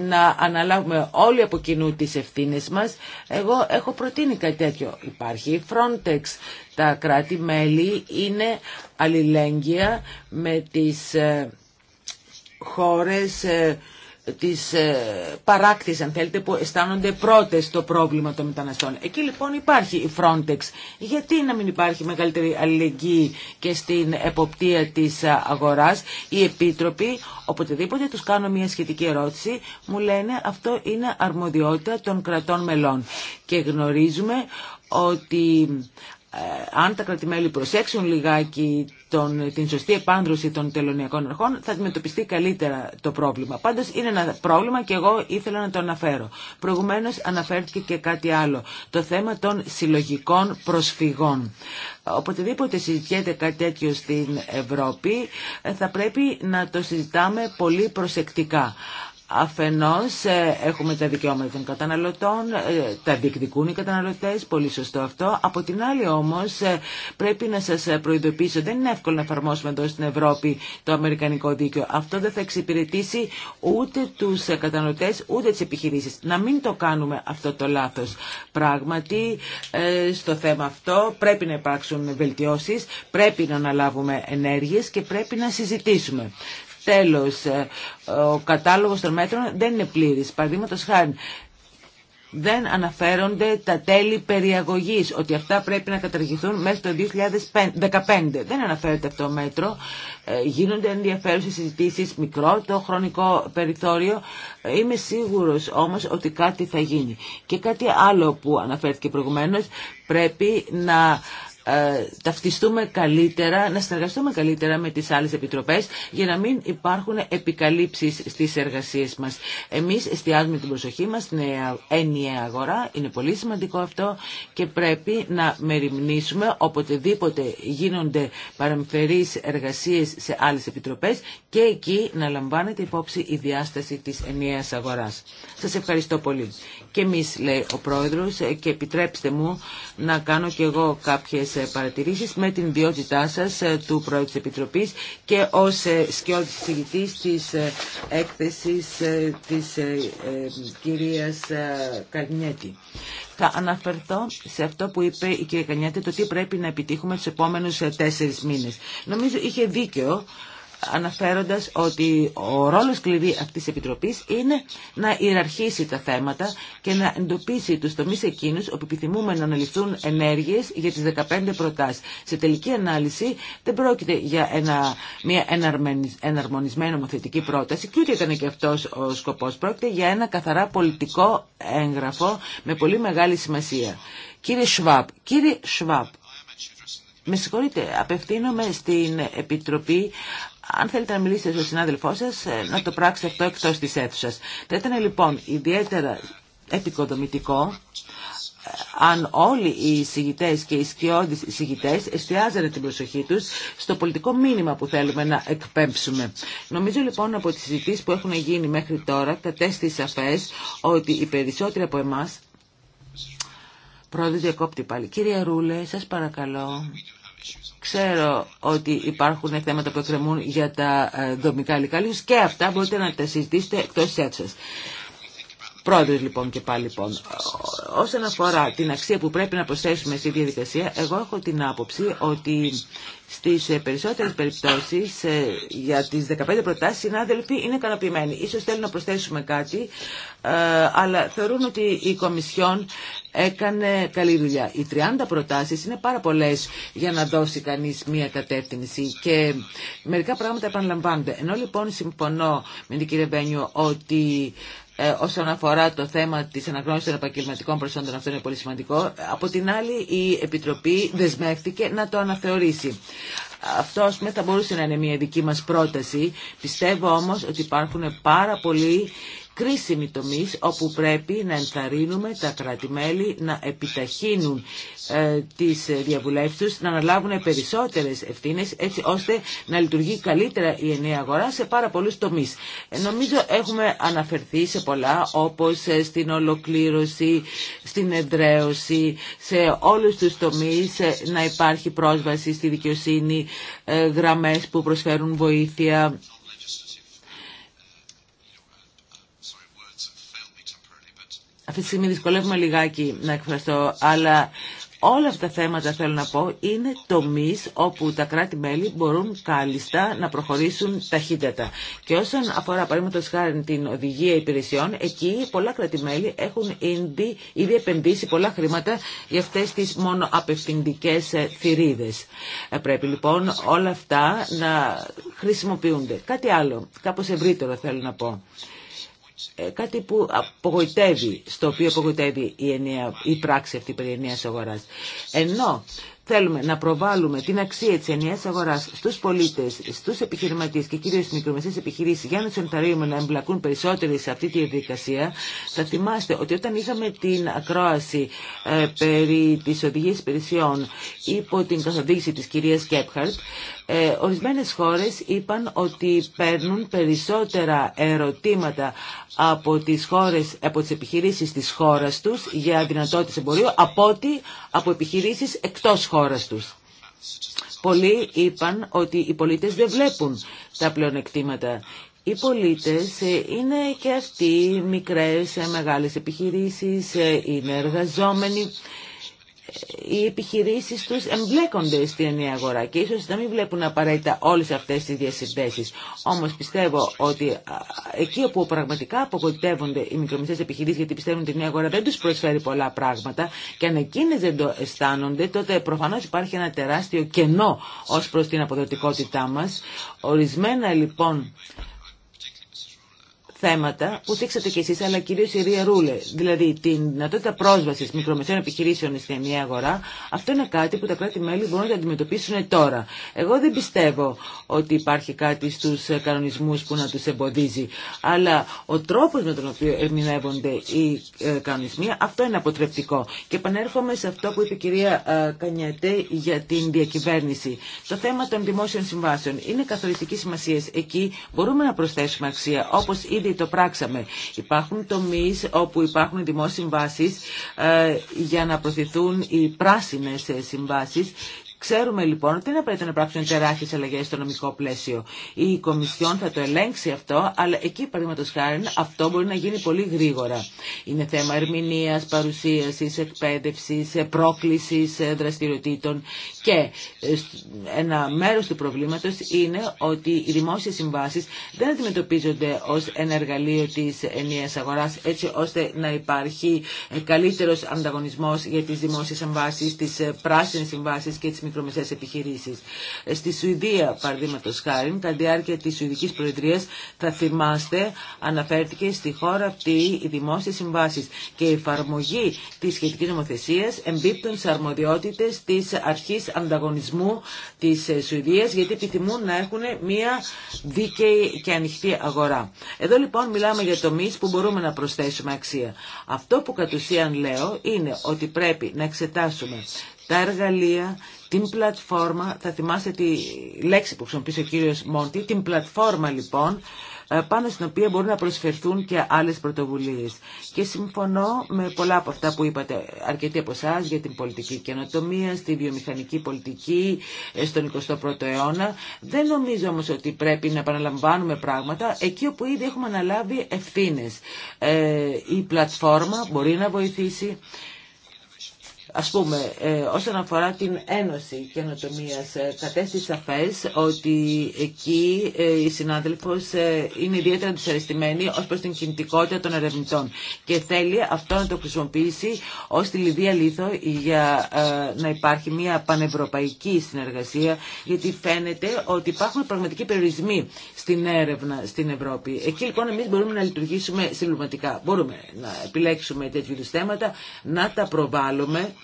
να αναλάβουμε όλοι από κοινού τις ευθύνες μας. Εγώ έχω προτείνει κάτι τέτοιο. Υπάρχει η Frontex. Τα κράτη-μέλη είναι αλληλέγγυα με τις χώρες ε, τις ε, παράκτης αν θέλετε που αισθάνονται πρώτες το πρόβλημα των μεταναστών. Εκεί λοιπόν υπάρχει η Frontex. Γιατί να μην υπάρχει μεγαλύτερη αλληλεγγύη και στην εποπτεία της αγοράς. Οι επίτροποι οποτεδήποτε τους κάνω μια σχετική ερώτηση μου λένε αυτό είναι αρμοδιότητα των κρατών μελών. Και γνωρίζουμε ότι ε, αν τα κρατημέλη προσέξουν λιγάκι τον, την σωστή επάνδρωση των τελωνιακών αρχών θα αντιμετωπιστεί καλύτερα το πρόβλημα. Πάντως είναι ένα πρόβλημα και εγώ ήθελα να το αναφέρω. Προηγουμένως αναφέρθηκε και κάτι άλλο. Το θέμα των συλλογικών προσφυγών. Οποτεδήποτε συζητιέται κάτι τέτοιο στην Ευρώπη ε, θα πρέπει να το συζητάμε πολύ προσεκτικά. Αφενός ε, έχουμε τα δικαιώματα των καταναλωτών, ε, τα διεκδικούν οι καταναλωτές, πολύ σωστό αυτό. Από την άλλη όμως ε, πρέπει να σας προειδοποιήσω, δεν είναι εύκολο να εφαρμόσουμε εδώ στην Ευρώπη το αμερικανικό δίκαιο. Αυτό δεν θα εξυπηρετήσει ούτε τους καταναλωτές ούτε τις επιχειρήσεις. Να μην το κάνουμε αυτό το λάθος. Πράγματι στο θέμα αυτό πρέπει να υπάρξουν βελτιώσεις, πρέπει να αναλάβουμε ενέργειες και πρέπει να συζητήσουμε. Τέλος, ε, ο κατάλογος των μέτρων δεν είναι πλήρης. Παραδείγματο χάρη, δεν αναφέρονται τα τέλη περιαγωγής, ότι αυτά πρέπει να καταργηθούν μέσα το 2015. Δεν αναφέρεται αυτό το μέτρο. Ε, γίνονται ενδιαφέρουσες συζητήσεις, μικρό το χρονικό περιθώριο. Ε, είμαι σίγουρος όμως ότι κάτι θα γίνει. Και κάτι άλλο που αναφέρθηκε προηγουμένως, πρέπει να ε, ταυτιστούμε καλύτερα, να συνεργαστούμε καλύτερα με τις άλλες επιτροπές για να μην υπάρχουν επικαλύψεις στις εργασίες μας. Εμείς εστιάζουμε την προσοχή μας στην ενιαία αγορά, είναι πολύ σημαντικό αυτό και πρέπει να μεριμνήσουμε οποτεδήποτε γίνονται παραμφερείς εργασίες σε άλλες επιτροπές και εκεί να λαμβάνεται υπόψη η διάσταση της ενιαίας αγοράς. Σας ευχαριστώ πολύ. Και εμείς, λέει ο Πρόεδρος, ε, και επιτρέψτε μου να κάνω κι εγώ τις ε, παρατηρήσεις με την ιδιότητά σας ε, του Πρόεδρου της Επιτροπής και ως ε, σκιώδης συγητής της έκθεσης της κυρίας Καρνιέτη. Θα αναφερθώ σε αυτό που είπε η κυρία Καρνιέτη, το τι πρέπει να επιτύχουμε τους επόμενους τέσσερις μήνες. Νομίζω είχε δίκαιο αναφέροντας ότι ο ρόλος κλειδί αυτής της Επιτροπής είναι να ιεραρχήσει τα θέματα και να εντοπίσει τους τομείς εκείνους όπου επιθυμούμε να αναλυθούν ενέργειες για τις 15 προτάσεις. Σε τελική ανάλυση δεν πρόκειται για ένα, μια εναρμονισμένη νομοθετική πρόταση και ούτε ήταν και αυτός ο σκοπός. Πρόκειται για ένα καθαρά πολιτικό έγγραφο με πολύ μεγάλη σημασία. Κύριε Σβάπ, κύριε Σβάπ, με συγχωρείτε, απευθύνομαι στην Επιτροπή αν θέλετε να μιλήσετε στον συνάδελφό σα ε, να το πράξετε αυτό εκτό τη αίθουσα. Θα ήταν λοιπόν ιδιαίτερα επικοδομητικό ε, αν όλοι οι συγητέ και οι σκιώδει συγητέ εστιάζανε την προσοχή του στο πολιτικό μήνυμα που θέλουμε να εκπέμψουμε. Νομίζω λοιπόν από τι συζητήσει που έχουν γίνει μέχρι τώρα κατέστη σαφέ ότι οι περισσότεροι από εμά, Πρόεδρε διακόπτη πάλι. Κύριε Ρούλε, σα παρακαλώ. Ξέρω ότι υπάρχουν θέματα που εκκρεμούν για τα ε, δομικά υλικά. Και αυτά μπορείτε να τα συζητήσετε εκτός της Πρόεδρος λοιπόν και πάλι λοιπόν, όσον αφορά την αξία που πρέπει να προσθέσουμε στη διαδικασία, εγώ έχω την άποψη ότι στις ε, περισσότερες περιπτώσεις ε, για τις 15 προτάσεις συνάδελφοι είναι ικανοποιημένοι. Ίσως θέλουν να προσθέσουμε κάτι, ε, αλλά θεωρούν ότι η Κομισιόν έκανε καλή δουλειά. Οι 30 προτάσεις είναι πάρα πολλές για να δώσει κανείς μία κατεύθυνση και μερικά πράγματα επαναλαμβάνονται. Ενώ λοιπόν συμφωνώ με την κυρία ότι ε, όσον αφορά το θέμα της αναγνώρισης των επαγγελματικών προσόντων. Αυτό είναι πολύ σημαντικό. Από την άλλη η Επιτροπή δεσμεύτηκε να το αναθεωρήσει. Αυτό ας πούμε, θα μπορούσε να είναι μια δική μας πρόταση. Πιστεύω όμως ότι υπάρχουν πάρα πολλοί κρίσιμη τομής όπου πρέπει να ενθαρρύνουμε τα κρατη να επιταχύνουν ε, τις διαβουλεύσεις, να αναλάβουν περισσότερες ευθύνες έτσι ώστε να λειτουργεί καλύτερα η ενιαία αγορά σε πάρα πολλούς τομείς. Ε, νομίζω έχουμε αναφερθεί σε πολλά όπως ε, στην ολοκλήρωση, στην εδραίωση, σε όλους τους τομείς ε, να υπάρχει πρόσβαση στη δικαιοσύνη, γραμμές που προσφέρουν βοήθεια Αυτή τη στιγμή δυσκολεύουμε λιγάκι να εκφραστώ, αλλά όλα αυτά τα θέματα θέλω να πω είναι τομεί όπου τα κράτη-μέλη μπορούν κάλλιστα να προχωρήσουν ταχύτατα. Και όσον αφορά παραδείγματο χάρη την οδηγία υπηρεσιών, εκεί πολλά κράτη-μέλη έχουν ήδη, ήδη επενδύσει πολλά χρήματα για αυτέ τι μόνο απευθυντικέ ε, θηρίδε. Ε, πρέπει λοιπόν όλα αυτά να χρησιμοποιούνται. Κάτι άλλο, κάπω ευρύτερο θέλω να πω. Ε, κάτι που απογοητεύει, στο οποίο απογοητεύει η, ενιαία, η πράξη αυτή περί ενιαίας αγοράς. Ενώ θέλουμε να προβάλλουμε την αξία της ενιαίας αγοράς στους πολίτες, στους επιχειρηματίες και κυρίως στις μικρομεσαίες επιχειρήσεις για να τους ενθαρρύνουμε να εμπλακούν περισσότεροι σε αυτή τη διαδικασία. Θα θυμάστε ότι όταν είχαμε την ακρόαση ε, περί της οδηγίας υπηρεσιών υπό την καθοδήγηση της κυρίας Κέπχαρτ, ε, ορισμένες χώρες είπαν ότι παίρνουν περισσότερα ερωτήματα από τις, χώρες, από τις επιχειρήσεις της χώρας τους για δυνατότητες εμπορίου από ότι από επιχειρήσεις εκτός χώρας τους. Πολλοί είπαν ότι οι πολίτες δεν βλέπουν τα πλεονεκτήματα. Οι πολίτες ε, είναι και αυτοί μικρές, ε, μεγάλες επιχειρήσεις, ε, είναι εργαζόμενοι οι επιχειρήσει τους εμπλέκονται στην ενιαία αγορά και ίσω να μην βλέπουν απαραίτητα όλες αυτές τις διασυνδέσεις. Όμως πιστεύω ότι εκεί όπου πραγματικά απογοητεύονται οι μικρομεσαίε επιχειρήσεις γιατί πιστεύουν ότι η νέα αγορά δεν τους προσφέρει πολλά πράγματα και αν εκείνες δεν το αισθάνονται τότε προφανώ υπάρχει ένα τεράστιο κενό ω προ την αποδοτικότητά μα. Ορισμένα λοιπόν θέματα που δείξατε κι εσεί, αλλά κυρίω η Ρία Ρούλε, δηλαδή την δυνατότητα πρόσβαση μικρομεσαίων επιχειρήσεων στην ενιαία αγορά, αυτό είναι κάτι που τα κράτη-μέλη μπορούν να αντιμετωπίσουν τώρα. Εγώ δεν πιστεύω ότι υπάρχει κάτι στου κανονισμού που να του εμποδίζει, αλλά ο τρόπο με τον οποίο ερμηνεύονται οι ε, κανονισμοί, αυτό είναι αποτρεπτικό. Και επανέρχομαι σε αυτό που είπε η κυρία ε, Κανιατέ για την διακυβέρνηση. Το θέμα των δημόσιων συμβάσεων είναι καθοριστική σημασία. Εκεί μπορούμε να προσθέσουμε αξία, όπω ήδη το πράξαμε. Υπάρχουν τομεί όπου υπάρχουν δημόσιες συμβάσεις ε, για να προωθηθούν οι πράσινε ε, συμβάσεις Ξέρουμε λοιπόν ότι δεν απαραίτητο να πράξουν τεράστιε αλλαγέ στο νομικό πλαίσιο. Η Κομισιόν θα το ελέγξει αυτό, αλλά εκεί παραδείγματο χάρη αυτό μπορεί να γίνει πολύ γρήγορα. Είναι θέμα ερμηνεία, παρουσίαση, εκπαίδευση, πρόκληση δραστηριοτήτων και ε, ένα μέρο του προβλήματο είναι ότι οι δημόσιε συμβάσει δεν αντιμετωπίζονται ω ένα εργαλείο τη ενιαία αγορά έτσι ώστε να υπάρχει ε, καλύτερο ανταγωνισμό για τι δημόσιε συμβάσει, τι ε, πράσινε συμβάσει και τι μικρομεσαίε επιχειρήσει. Ε, στη Σουηδία, παραδείγματο χάρη, κατά διάρκεια τη Σουηδική Προεδρίας, θα θυμάστε, αναφέρθηκε στη χώρα αυτή οι δημόσιε συμβάσει και η εφαρμογή τη σχετική νομοθεσία εμπίπτουν σε αρμοδιότητε τη αρχή ανταγωνισμού τη ε, Σουηδία, γιατί επιθυμούν να έχουν μια δίκαιη και ανοιχτή αγορά. Εδώ λοιπόν μιλάμε για τομεί που μπορούμε να προσθέσουμε αξία. Αυτό που κατ' ουσίαν λέω είναι ότι πρέπει να εξετάσουμε τα εργαλεία την πλατφόρμα, θα θυμάστε τη λέξη που χρησιμοποιήσε ο κύριος Μόντι, την πλατφόρμα λοιπόν, ε, πάνω στην οποία μπορούν να προσφερθούν και άλλες πρωτοβουλίες. Και συμφωνώ με πολλά από αυτά που είπατε αρκετοί από εσά για την πολιτική καινοτομία, στη βιομηχανική πολιτική ε, στον 21ο αιώνα. Δεν νομίζω όμως ότι πρέπει να επαναλαμβάνουμε πράγματα εκεί όπου ήδη έχουμε αναλάβει ευθύνες. Ε, η πλατφόρμα μπορεί να βοηθήσει Ας πούμε, ε, όσον αφορά την Ένωση Καινοτομίας, ε, κατέστη σαφέ ότι εκεί οι ε, συνάδελφος είναι ιδιαίτερα δυσαρεστημένοι ως προς την κινητικότητα των ερευνητών και θέλει αυτό να το χρησιμοποιήσει ως τη λιβύα Λίθο για να υπάρχει μια πανευρωπαϊκή συνεργασία γιατί φαίνεται ότι υπάρχουν πραγματικοί περιορισμοί στην έρευνα στην Ευρώπη. Εκεί λοιπόν εμείς μπορούμε να λειτουργήσουμε συλλογματικά. Μπορούμε να επιλέξουμε τέτοιου θέματα, να τα προβάλλουμε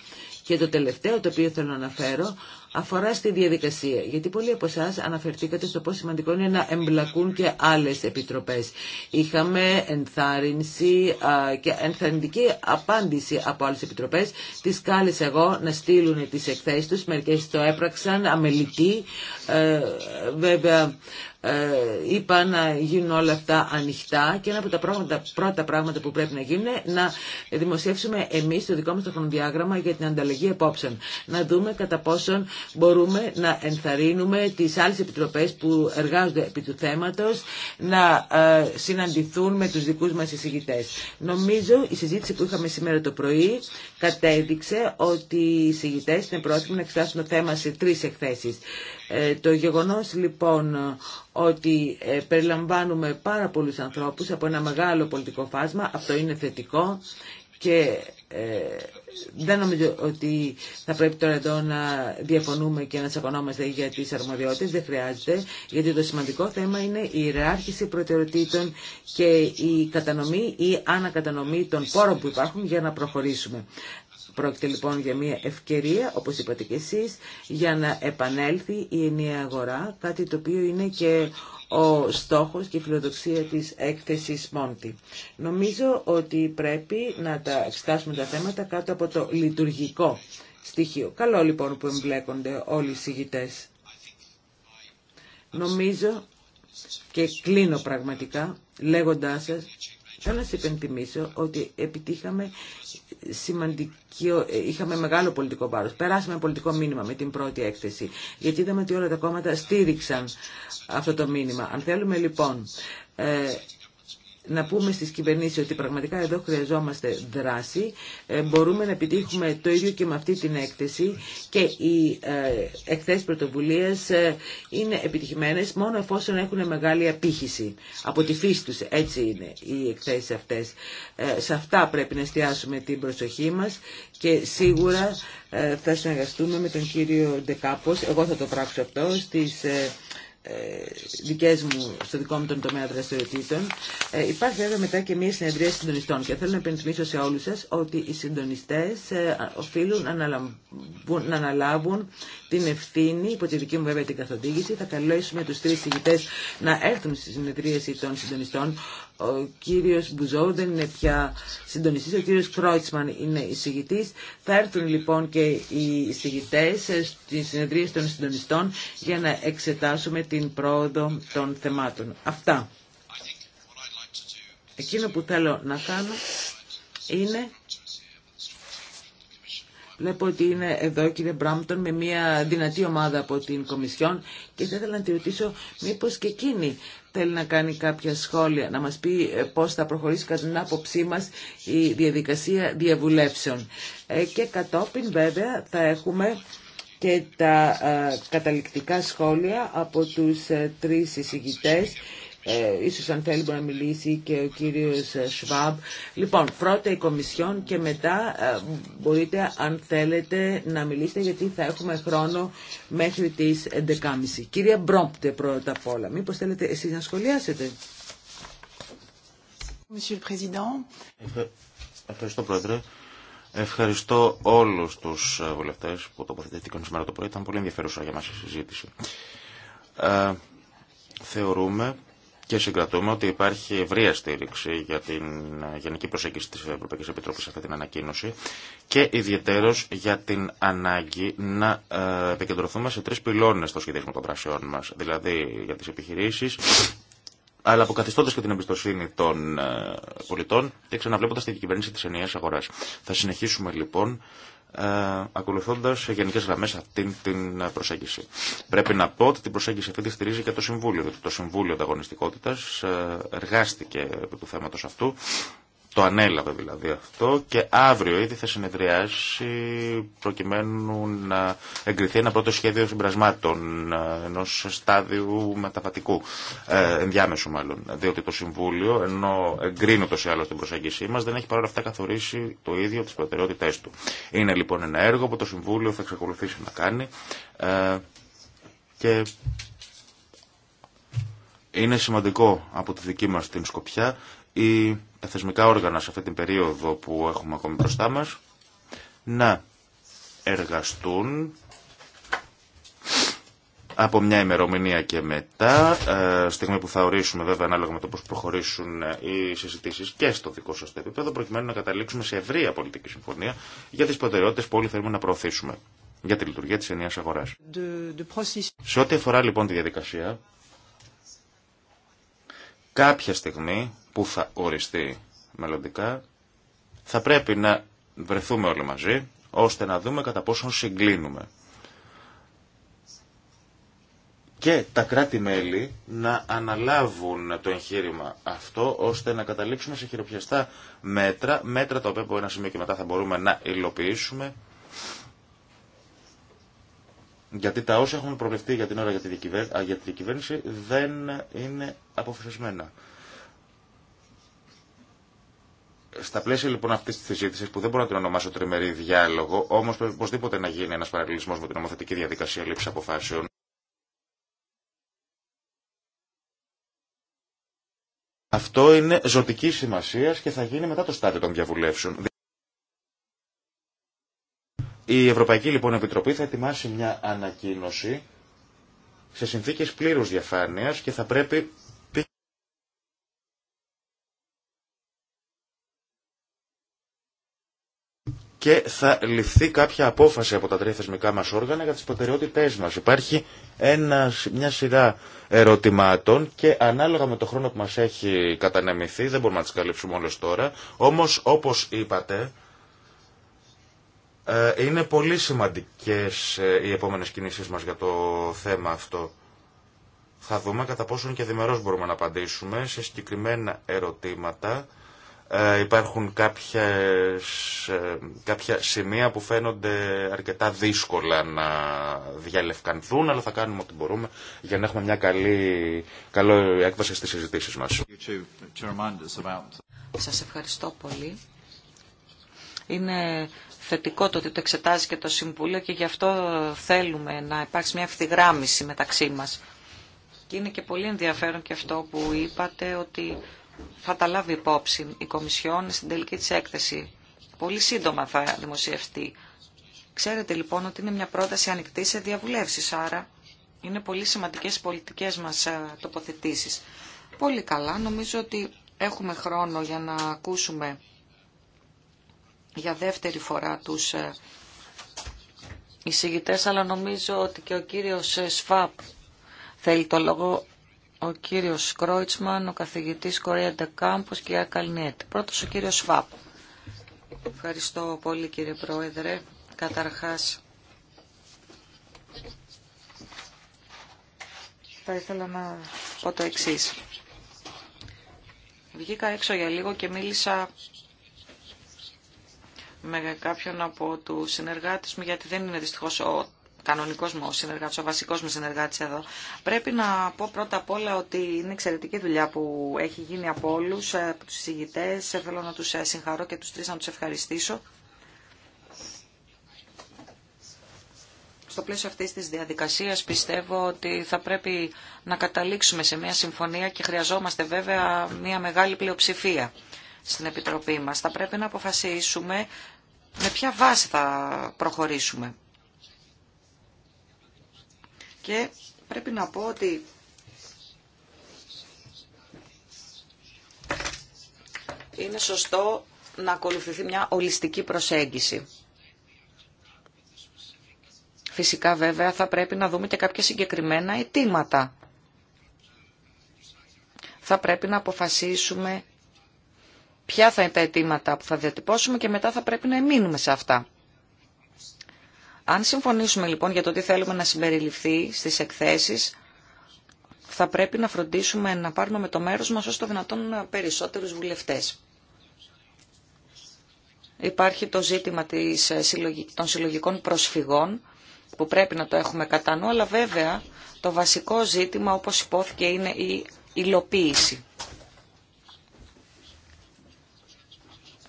και το τελευταίο το οποίο θέλω να αναφέρω αφορά στη διαδικασία. Γιατί πολλοί από εσά αναφερθήκατε στο πόσο σημαντικό είναι να εμπλακούν και άλλε επιτροπέ. Είχαμε ενθάρρυνση και ενθαρρυντική απάντηση από άλλε επιτροπέ. Τι κάλεσα εγώ να στείλουν τι εκθέσει του. Μερικέ το έπραξαν αμελητοί. Ε, βέβαια, ε, είπα να γίνουν όλα αυτά ανοιχτά και ένα από τα πράγματα, πρώτα πράγματα που πρέπει να γίνουν να δημοσιεύσουμε εμείς το δικό μας το χρονοδιάγραμμα για την ανταλλαγή απόψεων. Να δούμε κατά πόσον μπορούμε να ενθαρρύνουμε τις άλλες επιτροπές που εργάζονται επί του θέματος να ε, συναντηθούν με τους δικούς μας εισηγητές. Νομίζω η συζήτηση που είχαμε σήμερα το πρωί κατέδειξε ότι οι εισηγητές είναι πρόθυμοι να εξετάσουν το θέμα σε τρεις εκθέσεις. Ε, το γεγονός λοιπόν ότι ε, περιλαμβάνουμε πάρα πολλούς ανθρώπους από ένα μεγάλο πολιτικό φάσμα, αυτό είναι θετικό και ε, δεν νομίζω ότι θα πρέπει τώρα εδώ να διαφωνούμε και να τσακωνόμαστε για τις αρμοδιότητες, δεν χρειάζεται, γιατί το σημαντικό θέμα είναι η ιεράρχηση προτεραιοτήτων και η κατανομή ή ανακατανομή των πόρων που υπάρχουν για να προχωρήσουμε. Πρόκειται λοιπόν για μια ευκαιρία, όπως είπατε και εσείς, για να επανέλθει η ενιαία αγορά, κάτι το οποίο είναι και ο στόχος και η φιλοδοξία της έκθεσης Μόντι. Νομίζω ότι πρέπει να τα εξετάσουμε τα θέματα κάτω από το λειτουργικό στοιχείο. Καλό λοιπόν που εμπλέκονται όλοι οι συγητές. Νομίζω και κλείνω πραγματικά λέγοντάς σας Θέλω να σας υπενθυμίσω ότι επιτύχαμε σημαντικό, είχαμε μεγάλο πολιτικό βάρος. Περάσαμε πολιτικό μήνυμα με την πρώτη έκθεση, γιατί είδαμε ότι όλα τα κόμματα στήριξαν αυτό το μήνυμα. Αν θέλουμε λοιπόν ε, να πούμε στις κυβερνήσεις ότι πραγματικά εδώ χρειαζόμαστε δράση, ε, μπορούμε να επιτύχουμε το ίδιο και με αυτή την έκθεση και οι ε, εκθέσεις πρωτοβουλίας ε, είναι επιτυχημένες μόνο εφόσον έχουν μεγάλη απήχηση. Από τη φύση τους έτσι είναι οι εκθέσεις αυτές. Σε αυτά πρέπει να εστιάσουμε την προσοχή μας και σίγουρα θα συνεργαστούμε με τον κύριο Ντεκάπος, εγώ θα το πράξω αυτό, στις ε, δικές μου, στο δικό μου τον τομέα δραστηριοτήτων. Ε, υπάρχει βέβαια μετά και μια συνεδρία συντονιστών και θέλω να επενθυμίσω σε όλους σας ότι οι συντονιστές ε, οφείλουν να αναλάβουν την ευθύνη υπό τη δική μου βέβαια την καθοδήγηση. Θα καλέσουμε τους τρεις συγητές να έρθουν στη συνεδρίαση των συντονιστών ο κύριος Μπουζόου δεν είναι πια συντονιστής, ο κύριος Κρόιτσμαν είναι εισηγητής. Θα έρθουν λοιπόν και οι εισηγητές στις συνεδρίες των συντονιστών για να εξετάσουμε την πρόοδο των θεμάτων. Αυτά. Εκείνο που θέλω να κάνω είναι Βλέπω ότι είναι εδώ κύριε Μπράμπτον με μια δυνατή ομάδα από την Κομισιόν και θα ήθελα να τη ρωτήσω μήπως και εκείνη θέλει να κάνει κάποια σχόλια, να μας πει ε, πώς θα προχωρήσει κατά την άποψή μας η διαδικασία διαβουλεύσεων. Ε, και κατόπιν βέβαια θα έχουμε και τα ε, καταληκτικά σχόλια από τους τρεις εισηγητές ε, ίσως αν θέλει να μιλήσει και ο κύριος Σβάμπ. Ε, λοιπόν, πρώτα η Κομισιόν και μετά ε, μπορείτε αν θέλετε να μιλήσετε γιατί θα έχουμε χρόνο μέχρι τις 11.30. Κυρία Μπρόμπτε πρώτα απ' όλα. Μήπως θέλετε εσείς να σχολιάσετε. Ευχαριστώ Πρόεδρε. Ευχαριστώ όλους τους ε, βουλευτές που τοποθετήθηκαν σήμερα το πρωί. Ήταν πολύ ενδιαφέρουσα για μας η συζήτηση. θεωρούμε και συγκρατούμε ότι υπάρχει ευρεία στήριξη για την γενική προσέγγιση της Ευρωπαϊκής Επιτροπής σε αυτή την ανακοίνωση και ιδιαίτερος για την ανάγκη να ε, επικεντρωθούμε σε τρεις πυλώνες στο σχεδιασμό των δράσεών μας, δηλαδή για τις επιχειρήσεις, αλλά αποκαθιστώντα και την εμπιστοσύνη των ε, πολιτών και ξαναβλέποντα την κυβέρνηση τη ενιαία αγορά. Θα συνεχίσουμε λοιπόν ε, ακολουθώντα σε γενικέ γραμμέ αυτή την ε, προσέγγιση. Πρέπει να πω ότι την προσέγγιση αυτή τη στηρίζει και το Συμβούλιο, διότι το Συμβούλιο Ανταγωνιστικότητα ε, εργάστηκε επί του θέματο αυτού το ανέλαβε δηλαδή αυτό και αύριο ήδη θα συνεδριάσει προκειμένου να εγκριθεί ένα πρώτο σχέδιο συμπρασμάτων ενό στάδιου μεταβατικού, ε, ενδιάμεσου μάλλον. Διότι το Συμβούλιο, ενώ εγκρίνει το ή άλλω την προσέγγιση μα, δεν έχει παρόλα αυτά καθορίσει το ίδιο τι προτεραιότητέ του. Είναι λοιπόν ένα έργο που το Συμβούλιο θα εξακολουθήσει να κάνει ε, και είναι σημαντικό από τη δική μα την Σκοπιά η θεσμικά όργανα σε αυτή την περίοδο που έχουμε ακόμη μπροστά μας να εργαστούν από μια ημερομηνία και μετά, ε, στιγμή που θα ορίσουμε βέβαια ανάλογα με το πώς προχωρήσουν ε, οι συζητήσεις και στο δικό σας επίπεδο, προκειμένου να καταλήξουμε σε ευρεία πολιτική συμφωνία για τις προτεραιότητες που όλοι θέλουμε να προωθήσουμε για τη λειτουργία της ενιαίας αγοράς. Σε ό,τι αφορά λοιπόν τη διαδικασία, κάποια στιγμή που θα οριστεί μελλοντικά, θα πρέπει να βρεθούμε όλοι μαζί, ώστε να δούμε κατά πόσον συγκλίνουμε. Και τα κράτη-μέλη να αναλάβουν το εγχείρημα αυτό, ώστε να καταλήξουμε σε χειροπιαστά μέτρα, μέτρα τα οποία από ένα σημείο και μετά θα μπορούμε να υλοποιήσουμε, γιατί τα όσα έχουν προβλεφτεί για την ώρα για τη, διακυβέρνηση δεν είναι αποφασισμένα. Στα πλαίσια λοιπόν αυτή τη συζήτηση, που δεν μπορώ να την ονομάσω τριμερή διάλογο, όμω πρέπει οπωσδήποτε να γίνει ένα παραλληλισμό με την νομοθετική διαδικασία λήψη αποφάσεων. Αυτό είναι ζωτική σημασία και θα γίνει μετά το στάδιο των διαβουλεύσεων. Η Ευρωπαϊκή λοιπόν Επιτροπή θα ετοιμάσει μια ανακοίνωση σε συνθήκε πλήρους διαφάνεια και θα πρέπει και θα ληφθεί κάποια απόφαση από τα τρία θεσμικά μας όργανα για τις προτεραιότητές μας. Υπάρχει ένα, μια σειρά ερωτημάτων και ανάλογα με το χρόνο που μας έχει κατανεμηθεί, δεν μπορούμε να τις καλύψουμε όλες τώρα, όμως όπως είπατε, ε, είναι πολύ σημαντικές ε, οι επόμενες κινήσεις μας για το θέμα αυτό. Θα δούμε κατά πόσον και δημερός μπορούμε να απαντήσουμε σε συγκεκριμένα ερωτήματα ε, υπάρχουν ε, κάποια σημεία που φαίνονται αρκετά δύσκολα να διαλευκανθούν, αλλά θα κάνουμε ό,τι μπορούμε για να έχουμε μια καλή, καλό έκβαση στις συζητήσεις μας. Σας ευχαριστώ πολύ. Είναι θετικό το ότι το εξετάζει και το Συμβούλιο και γι' αυτό θέλουμε να υπάρξει μια ευθυγράμμιση μεταξύ μας. Και είναι και πολύ ενδιαφέρον και αυτό που είπατε ότι θα τα λάβει υπόψη η Κομισιόν στην τελική της έκθεση. Πολύ σύντομα θα δημοσιευτεί. Ξέρετε λοιπόν ότι είναι μια πρόταση ανοιχτή σε διαβουλεύσεις, άρα είναι πολύ σημαντικές οι πολιτικές μας ε, τοποθετήσεις. Πολύ καλά, νομίζω ότι έχουμε χρόνο για να ακούσουμε για δεύτερη φορά τους ε, εισηγητές, αλλά νομίζω ότι και ο κύριος ε, Σφάπ θέλει το λόγο ο κύριος Κρόιτσμαν, ο καθηγητής Κορέα Ντεκάμπος και η Ακαλνιέτ. Πρώτος ο κύριος Σβάπ. Ευχαριστώ πολύ κύριε Πρόεδρε. Καταρχάς, θα ήθελα να πω το εξή. Βγήκα έξω για λίγο και μίλησα με κάποιον από τους συνεργάτες μου, γιατί δεν είναι δυστυχώς ο κανονικός μου συνεργάτης, ο βασικός μου συνεργάτης εδώ. Πρέπει να πω πρώτα απ' όλα ότι είναι εξαιρετική δουλειά που έχει γίνει από όλους, ε, από τους συγητές. Ε, θέλω να τους ε, συγχαρώ και τους τρεις να τους ευχαριστήσω. στο πλαίσιο αυτής της διαδικασίας πιστεύω ότι θα πρέπει να καταλήξουμε σε μια συμφωνία και χρειαζόμαστε βέβαια μια μεγάλη πλειοψηφία στην Επιτροπή μας. Θα πρέπει να αποφασίσουμε με ποια βάση θα προχωρήσουμε. Και πρέπει να πω ότι είναι σωστό να ακολουθηθεί μια ολιστική προσέγγιση. Φυσικά βέβαια θα πρέπει να δούμε και κάποια συγκεκριμένα αιτήματα. Θα πρέπει να αποφασίσουμε ποια θα είναι τα αιτήματα που θα διατυπώσουμε και μετά θα πρέπει να εμείνουμε σε αυτά. Αν συμφωνήσουμε λοιπόν για το τι θέλουμε να συμπεριληφθεί στις εκθέσεις, θα πρέπει να φροντίσουμε να πάρουμε με το μέρος μας όσο το δυνατόν περισσότερους βουλευτές. Υπάρχει το ζήτημα ε, των συλλογικών προσφυγών, που πρέπει να το έχουμε κατά νου, αλλά βέβαια το βασικό ζήτημα, όπως υπόθηκε, είναι η υλοποίηση.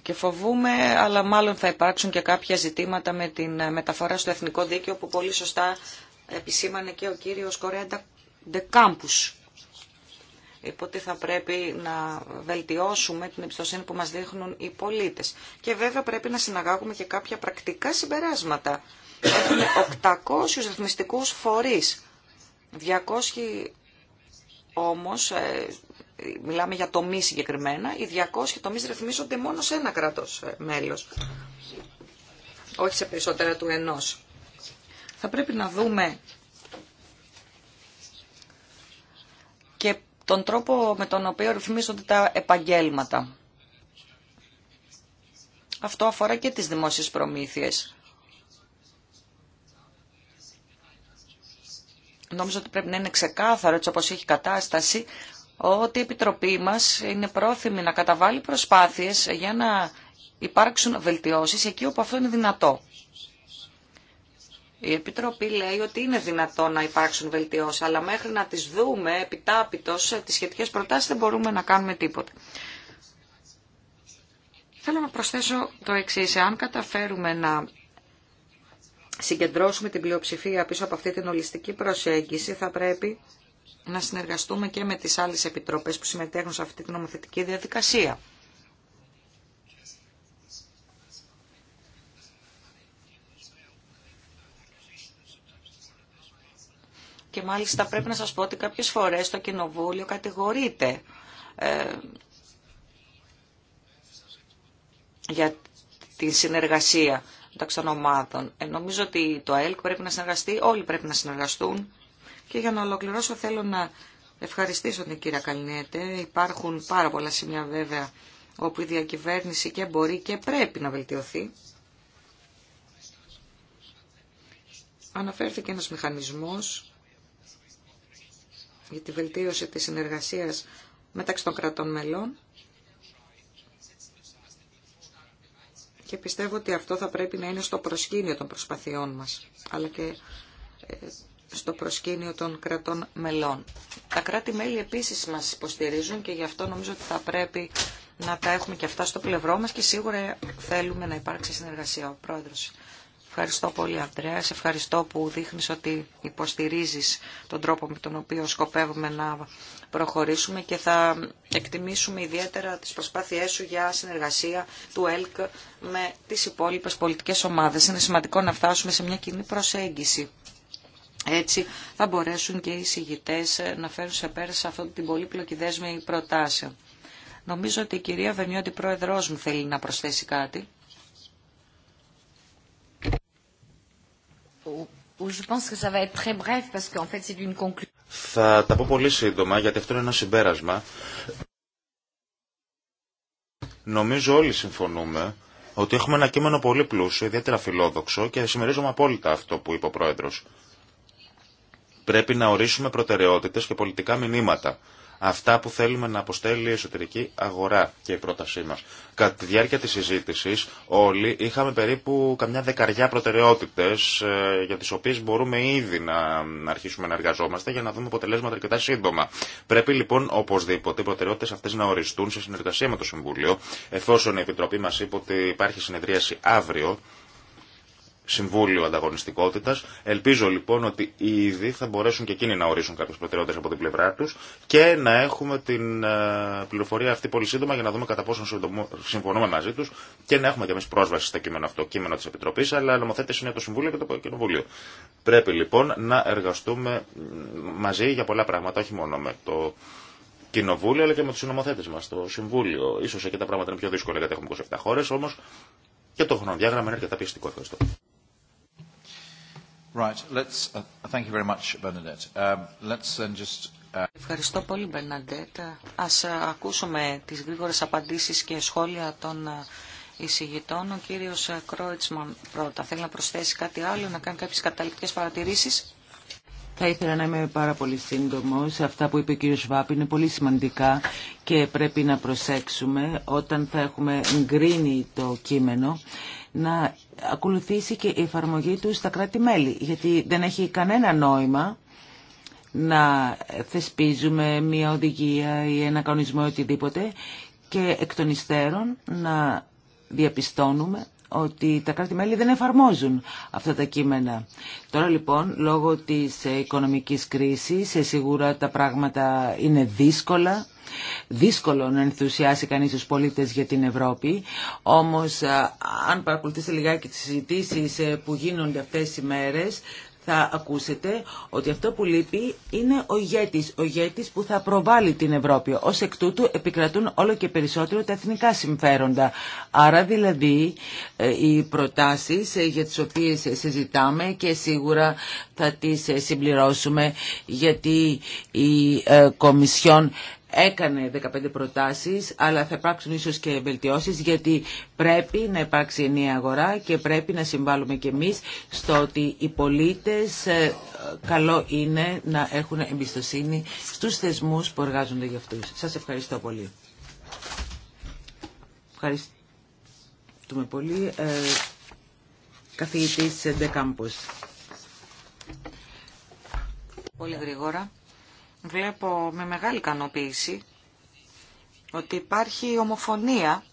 Και φοβούμε, αλλά μάλλον θα υπάρξουν και κάποια ζητήματα με την ε, μεταφορά στο εθνικό δίκαιο που πολύ σωστά επισήμανε και ο κύριος Κορέντα Ντεκάμπους. ότι θα πρέπει να βελτιώσουμε την εμπιστοσύνη που μας δείχνουν οι πολίτες. Και βέβαια πρέπει να συναγάγουμε και κάποια πρακτικά συμπεράσματα. Έχουμε 800 ρυθμιστικούς φορείς. 200 όμως ε, μιλάμε για τομείς συγκεκριμένα, οι 200 τομείς ρυθμίζονται μόνο σε ένα κράτος ε, μέλος, όχι σε περισσότερα του ενός. Θα πρέπει να δούμε και τον τρόπο με τον οποίο ρυθμίζονται τα επαγγέλματα. Αυτό αφορά και τις δημόσιες προμήθειες. Νομίζω ότι πρέπει να είναι ξεκάθαρο έτσι όπως έχει κατάσταση ότι η Επιτροπή μας είναι πρόθυμη να καταβάλει προσπάθειες για να υπάρξουν βελτιώσεις εκεί όπου αυτό είναι δυνατό. Η Επιτροπή λέει ότι είναι δυνατό να υπάρξουν βελτιώσεις, αλλά μέχρι να τις δούμε επιτάπητος τις σχετικές προτάσεις δεν μπορούμε να κάνουμε τίποτα. Θέλω να προσθέσω το εξής. Αν καταφέρουμε να συγκεντρώσουμε την πλειοψηφία πίσω από αυτή την ολιστική προσέγγιση, θα πρέπει να συνεργαστούμε και με τις άλλες επιτροπές που συμμετέχουν σε αυτή την νομοθετική διαδικασία. Και μάλιστα πρέπει να σας πω ότι κάποιες φορές το Κοινοβούλιο κατηγορείται ε, για τη συνεργασία μεταξύ των ομάδων. Ε, νομίζω ότι το ΑΕΛΚ πρέπει να συνεργαστεί, όλοι πρέπει να συνεργαστούν και για να ολοκληρώσω θέλω να ευχαριστήσω την κυρία Καλνιέτε. Υπάρχουν πάρα πολλά σημεία βέβαια όπου η διακυβέρνηση και μπορεί και πρέπει να βελτιωθεί. Αναφέρθηκε ένας μηχανισμός για τη βελτίωση της συνεργασίας μεταξύ των κρατών μελών και πιστεύω ότι αυτό θα πρέπει να είναι στο προσκήνιο των προσπαθειών μας, αλλά και ε, στο προσκήνιο των κρατών μελών. Τα κράτη-μέλη επίσης μας υποστηρίζουν και γι' αυτό νομίζω ότι θα πρέπει να τα έχουμε και αυτά στο πλευρό μας και σίγουρα θέλουμε να υπάρξει συνεργασία. Ο Πρόεδρος, ευχαριστώ πολύ Αντρέα, σε ευχαριστώ που δείχνεις ότι υποστηρίζεις τον τρόπο με τον οποίο σκοπεύουμε να προχωρήσουμε και θα εκτιμήσουμε ιδιαίτερα τις προσπάθειές σου για συνεργασία του ΕΛΚ με τις υπόλοιπες πολιτικές ομάδες. Είναι σημαντικό να φτάσουμε σε μια κοινή προσέγγιση έτσι θα μπορέσουν και οι συγητέ να φέρουν σε πέρα σε αυτή την πολύπλοκη δέσμη προτάσεων. Νομίζω ότι η κυρία Βενιώτη, πρόεδρός μου, θέλει να προσθέσει κάτι. Θα τα πω πολύ σύντομα, γιατί αυτό είναι ένα συμπέρασμα. Νομίζω όλοι συμφωνούμε ότι έχουμε ένα κείμενο πολύ πλούσιο, ιδιαίτερα φιλόδοξο και συμμερίζομαι απόλυτα αυτό που είπε ο Πρόεδρος. Πρέπει να ορίσουμε προτεραιότητες και πολιτικά μηνύματα. Αυτά που θέλουμε να αποστέλει η εσωτερική αγορά και η πρότασή μας. Κατά τη διάρκεια της συζήτησης όλοι είχαμε περίπου καμιά δεκαριά προτεραιότητες ε, για τις οποίες μπορούμε ήδη να αρχίσουμε να εργαζόμαστε για να δούμε αποτελέσματα αρκετά σύντομα. Πρέπει λοιπόν οπωσδήποτε οι προτεραιότητες αυτές να οριστούν σε συνεργασία με το Συμβούλιο εφόσον η Επιτροπή μας είπε ότι υπάρχει συνεδρίαση αύριο Συμβούλιο Ανταγωνιστικότητα. Ελπίζω λοιπόν ότι οι ήδη θα μπορέσουν και εκείνοι να ορίσουν κάποιε προτεραιότητε από την πλευρά του και να έχουμε την ε, πληροφορία αυτή πολύ σύντομα για να δούμε κατά πόσο συμφωνούμε μαζί του και να έχουμε κι εμεί πρόσβαση στο κείμενο αυτό, κείμενο τη Επιτροπή. Αλλά νομοθέτε είναι το Συμβούλιο και το Κοινοβούλιο. Πρέπει λοιπόν να εργαστούμε μαζί για πολλά πράγματα, όχι μόνο με το Κοινοβούλιο, αλλά και με του νομοθέτε μα, το Συμβούλιο. σω εκεί τα πράγματα είναι πιο δύσκολα γιατί έχουμε 27 χώρε, όμω και το χρονοδιάγραμμα είναι αρκετά πιεστικό. Ευχαριστώ. Ευχαριστώ πολύ, Μπερναντέτ. Ας ε, ακούσουμε τις γρήγορες απαντήσεις και σχόλια των ε, εισηγητών. Ο κύριος ε, Κρόιτσμαν πρώτα. Θέλει να προσθέσει κάτι άλλο, να κάνει κάποιες καταληκτικές παρατηρήσεις. Θα ήθελα να είμαι πάρα πολύ σύντομο. αυτά που είπε ο κύριος Βάπη είναι πολύ σημαντικά και πρέπει να προσέξουμε όταν θα έχουμε γκρίνει το κείμενο να ακολουθήσει και η εφαρμογή του στα κράτη-μέλη. Γιατί δεν έχει κανένα νόημα να θεσπίζουμε μια οδηγία ή ένα κανονισμό ή οτιδήποτε και εκ των υστέρων να διαπιστώνουμε ότι τα κράτη-μέλη δεν εφαρμόζουν αυτά τα κείμενα. Τώρα λοιπόν, λόγω της οικονομικής κρίσης, ε, σίγουρα τα πράγματα είναι δύσκολα. Δύσκολο να ενθουσιάσει κανείς τους πολίτες για την Ευρώπη, όμως ε, αν παρακολουθήσετε λιγάκι τις συζητήσεις ε, που γίνονται αυτές οι μέρες, θα ακούσετε ότι αυτό που λείπει είναι ο ηγέτης, ο που θα προβάλλει την Ευρώπη. Ως εκ τούτου επικρατούν όλο και περισσότερο τα εθνικά συμφέροντα. Άρα δηλαδή ε, οι προτάσεις ε, για τις οποίες ε, συζητάμε και σίγουρα θα τις συμπληρώσουμε γιατί η Κομισιόν έκανε 15 προτάσεις, αλλά θα υπάρξουν ίσως και βελτιώσεις, γιατί πρέπει να υπάρξει ενιαία αγορά και πρέπει να συμβάλλουμε κι εμείς στο ότι οι πολίτες ε, καλό είναι να έχουν εμπιστοσύνη στους θεσμούς που εργάζονται για αυτούς. Σας ευχαριστώ πολύ. Ευχαριστούμε πολύ. Ε, καθηγητής Ντεκάμπος. Πολύ γρήγορα βλέπω με μεγάλη ικανοποίηση ότι υπάρχει ομοφωνία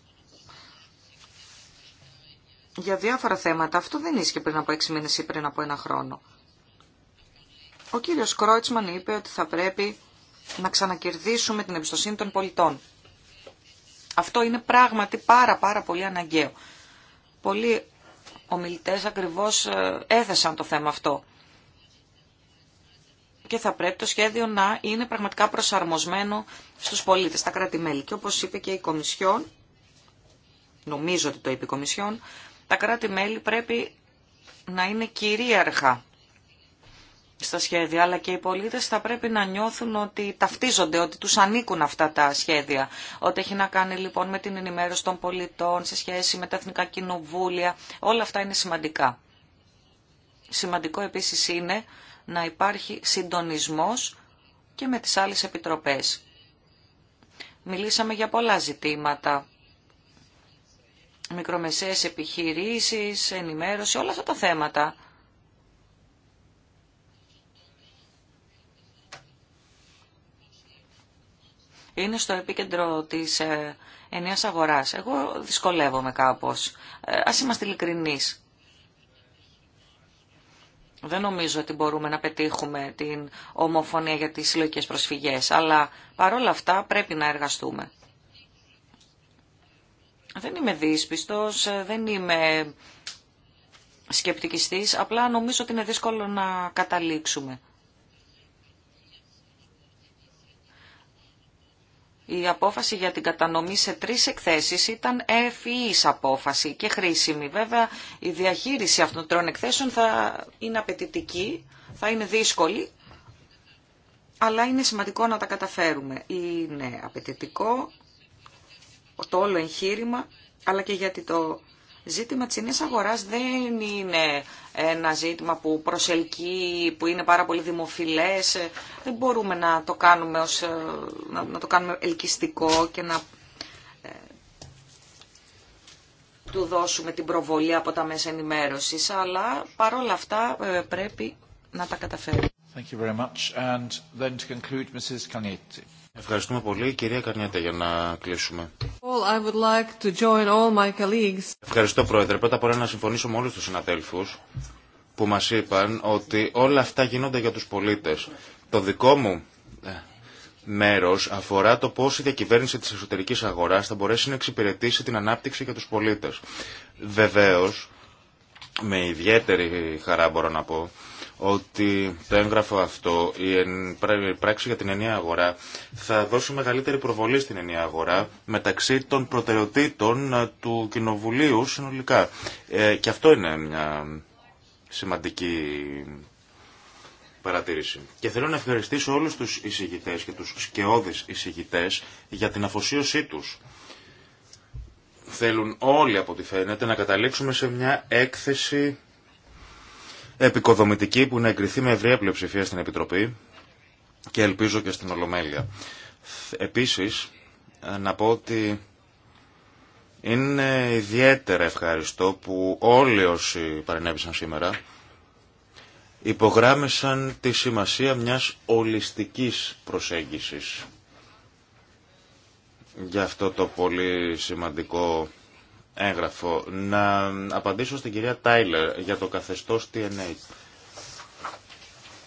για διάφορα θέματα. Αυτό δεν ίσχυε πριν από έξι μήνες ή πριν από ένα χρόνο. Ο κύριος Κρόιτσμαν είπε ότι θα πρέπει να ξανακερδίσουμε την εμπιστοσύνη των πολιτών. Αυτό είναι πράγματι πάρα πάρα πολύ αναγκαίο. Πολλοί ομιλητές ακριβώς ε, έθεσαν το θέμα αυτό και θα πρέπει το σχέδιο να είναι πραγματικά προσαρμοσμένο στους πολίτες, στα κράτη-μέλη. Και όπως είπε και η Κομισιόν, νομίζω ότι το είπε η Κομισιόν, τα κράτη-μέλη πρέπει να είναι κυρίαρχα στα σχέδια, αλλά και οι πολίτες θα πρέπει να νιώθουν ότι ταυτίζονται, ότι τους ανήκουν αυτά τα σχέδια. Ό,τι έχει να κάνει λοιπόν με την ενημέρωση των πολιτών, σε σχέση με τα εθνικά κοινοβούλια, όλα αυτά είναι σημαντικά. Σημαντικό επίσης είναι να υπάρχει συντονισμός και με τις άλλες επιτροπές. Μιλήσαμε για πολλά ζητήματα. Μικρομεσαίες επιχειρήσεις, ενημέρωση, όλα αυτά τα θέματα. είναι στο επίκεντρο της ε, ενιαίας αγοράς. Εγώ δυσκολεύομαι κάπως. Ε, ας είμαστε ειλικρινείς. Δεν νομίζω ότι μπορούμε να πετύχουμε την ομοφωνία για τις συλλογικέ προσφυγές, αλλά παρόλα αυτά πρέπει να εργαστούμε. Δεν είμαι δύσπιστος, δεν είμαι σκεπτικιστής, απλά νομίζω ότι είναι δύσκολο να καταλήξουμε. η απόφαση για την κατανομή σε τρεις εκθέσεις ήταν ευφυής απόφαση και χρήσιμη. Βέβαια, η διαχείριση αυτών των τρων εκθέσεων θα είναι απαιτητική, θα είναι δύσκολη, αλλά είναι σημαντικό να τα καταφέρουμε. Είναι απαιτητικό το όλο εγχείρημα, αλλά και γιατί το ζήτημα της ενίας αγοράς δεν είναι ένα ζήτημα που προσελκύει, που είναι πάρα πολύ δημοφιλές. Δεν μπορούμε να το κάνουμε, ως, ε, να, το κάνουμε ελκυστικό και να ε, του δώσουμε την προβολή από τα μέσα ενημέρωσης, αλλά παρόλα αυτά ε, πρέπει να τα καταφέρουμε. Thank you very much. And then to conclude, Mrs. Ευχαριστούμε πολύ. Κυρία Καρνιέτα, για να κλείσουμε. I would like to join all my Ευχαριστώ, Πρόεδρε. Πρώτα απ' όλα να συμφωνήσω με όλους τους συναδέλφους που μας είπαν ότι όλα αυτά γίνονται για τους πολίτες. Το δικό μου ε, μέρος αφορά το πώς η διακυβέρνηση της εσωτερική αγοράς θα μπορέσει να εξυπηρετήσει την ανάπτυξη για τους πολίτες. Βεβαίως, με ιδιαίτερη χαρά μπορώ να πω, ότι το έγγραφο αυτό, η πράξη για την ενιαία αγορά, θα δώσει μεγαλύτερη προβολή στην ενιαία αγορά μεταξύ των προτεραιοτήτων ε, του Κοινοβουλίου συνολικά. Ε, και αυτό είναι μια σημαντική παρατήρηση. Και θέλω να ευχαριστήσω όλους τους εισηγητές και τους σκεώδεις εισηγητές για την αφοσίωσή τους θέλουν όλοι από ό,τι φαίνεται να καταλήξουμε σε μια έκθεση επικοδομητική που να εγκριθεί με ευρία πλειοψηφία στην Επιτροπή και ελπίζω και στην Ολομέλεια. Επίσης, να πω ότι είναι ιδιαίτερα ευχαριστώ που όλοι όσοι παρενέβησαν σήμερα υπογράμμισαν τη σημασία μιας ολιστικής προσέγγισης για αυτό το πολύ σημαντικό έγγραφο. Να απαντήσω στην κυρία Τάιλερ για το καθεστώς TNA.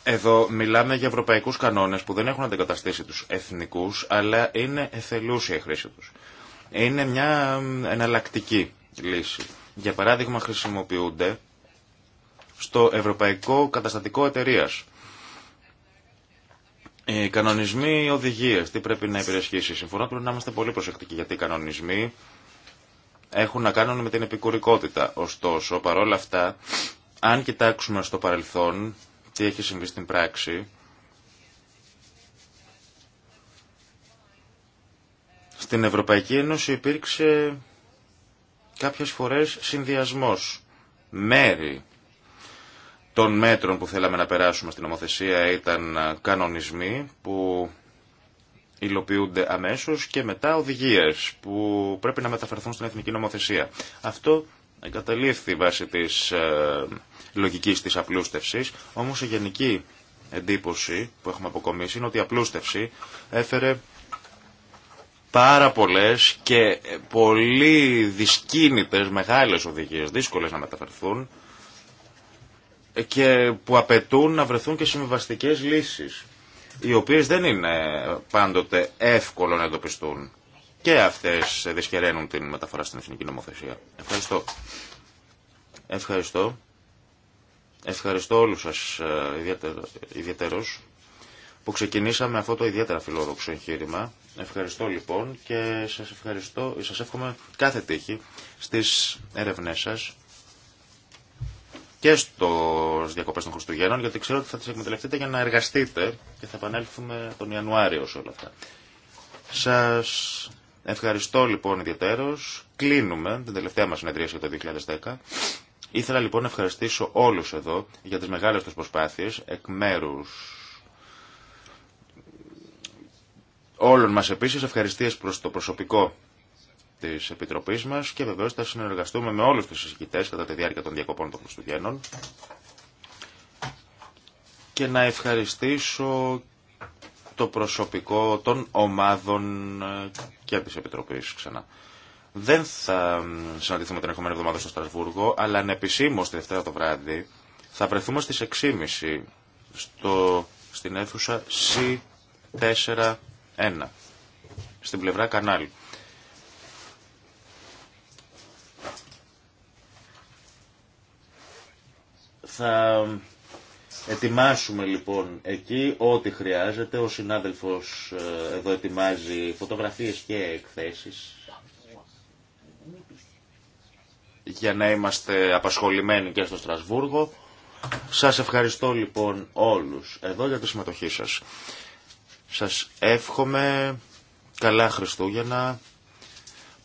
Εδώ μιλάμε για ευρωπαϊκούς κανόνες που δεν έχουν αντικαταστήσει τους εθνικούς, αλλά είναι εθελούσια η χρήση τους. Είναι μια εναλλακτική λύση. Για παράδειγμα χρησιμοποιούνται στο Ευρωπαϊκό Καταστατικό εταιρεία. Οι κανονισμοί, οι οδηγίε, τι πρέπει να υπηρεσχύσει. Συμφωνώ πρέπει να είμαστε πολύ προσεκτικοί γιατί οι κανονισμοί έχουν να κάνουν με την επικουρικότητα. Ωστόσο, παρόλα αυτά, αν κοιτάξουμε στο παρελθόν τι έχει συμβεί στην πράξη, στην Ευρωπαϊκή Ένωση υπήρξε κάποιες φορές συνδυασμός. Μέρη των μέτρων που θέλαμε να περάσουμε στην νομοθεσία ήταν κανονισμοί που υλοποιούνται αμέσως και μετά οδηγίε που πρέπει να μεταφερθούν στην εθνική νομοθεσία. Αυτό εγκαταλείφθη βάσει της ε, λογικής της απλούστευσης, όμως η γενική εντύπωση που έχουμε αποκομίσει είναι ότι η απλούστευση έφερε πάρα πολλέ και πολύ δυσκίνητες μεγάλες οδηγίε, δύσκολες να μεταφερθούν και που απαιτούν να βρεθούν και συμβαστικές λύσεις οι οποίες δεν είναι πάντοτε εύκολο να εντοπιστούν. Και αυτές δυσχεραίνουν την μεταφορά στην εθνική νομοθεσία. Ευχαριστώ. Ευχαριστώ. Ευχαριστώ όλους σας ε, ιδιαίτερος που ξεκινήσαμε αυτό το ιδιαίτερα φιλόδοξο εγχείρημα. Ευχαριστώ λοιπόν και σας, ευχαριστώ, σας εύχομαι κάθε τύχη στις έρευνές σας και στο διακοπές των Χριστουγέννων, γιατί ξέρω ότι θα τις εκμεταλλευτείτε για να εργαστείτε και θα επανέλθουμε τον Ιανουάριο σε όλα αυτά. Σας ευχαριστώ λοιπόν ιδιαίτερος. Κλείνουμε την τελευταία μας συνεδρίαση για το 2010. Ήθελα λοιπόν να ευχαριστήσω όλους εδώ για τις μεγάλες τους προσπάθειες εκ μέρου. όλων μας επίσης ευχαριστίες προς το προσωπικό Τη επιτροπή μα και βεβαίω θα συνεργαστούμε με όλου του συζητητέ κατά τη διάρκεια των διακοπών των Χριστουγέννων και να ευχαριστήσω το προσωπικό των ομάδων και τη Επιτροπή ξανά. Δεν θα συναντηθούμε την ερχόμενη εβδομάδα στο Στρασβούργο, αλλά ανεπισήμω τη Δευτέρα το βράδυ θα βρεθούμε στις 6.30 στο, στην αίθουσα C41 1 στην πλευρά κανάλι. Θα ετοιμάσουμε λοιπόν εκεί ό,τι χρειάζεται. Ο συνάδελφος ε, εδώ ετοιμάζει φωτογραφίες και εκθέσεις για να είμαστε απασχολημένοι και στο Στρασβούργο. Σας ευχαριστώ λοιπόν όλους εδώ για τη συμμετοχή σας. Σας εύχομαι καλά Χριστούγεννα,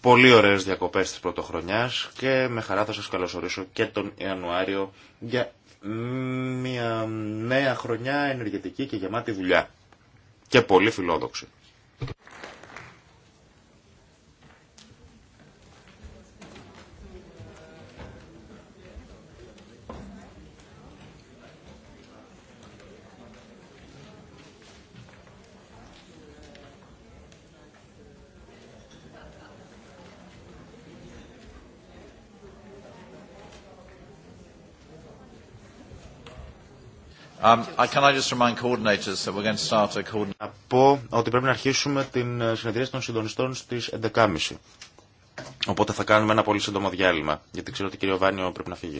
πολύ ωραίες διακοπές της πρωτοχρονιάς και με χαρά θα σας καλωσορίσω και τον Ιανουάριο για μια νέα χρονιά ενεργετική και γεμάτη δουλειά. Και πολύ φιλόδοξη. Να πω ότι πρέπει να αρχίσουμε την ε, συνεδρία των συντονιστών στις 11.30. Οπότε θα κάνουμε ένα πολύ σύντομο διάλειμμα, γιατί ξέρω ότι ο κύριο Βάνιο πρέπει να φύγει.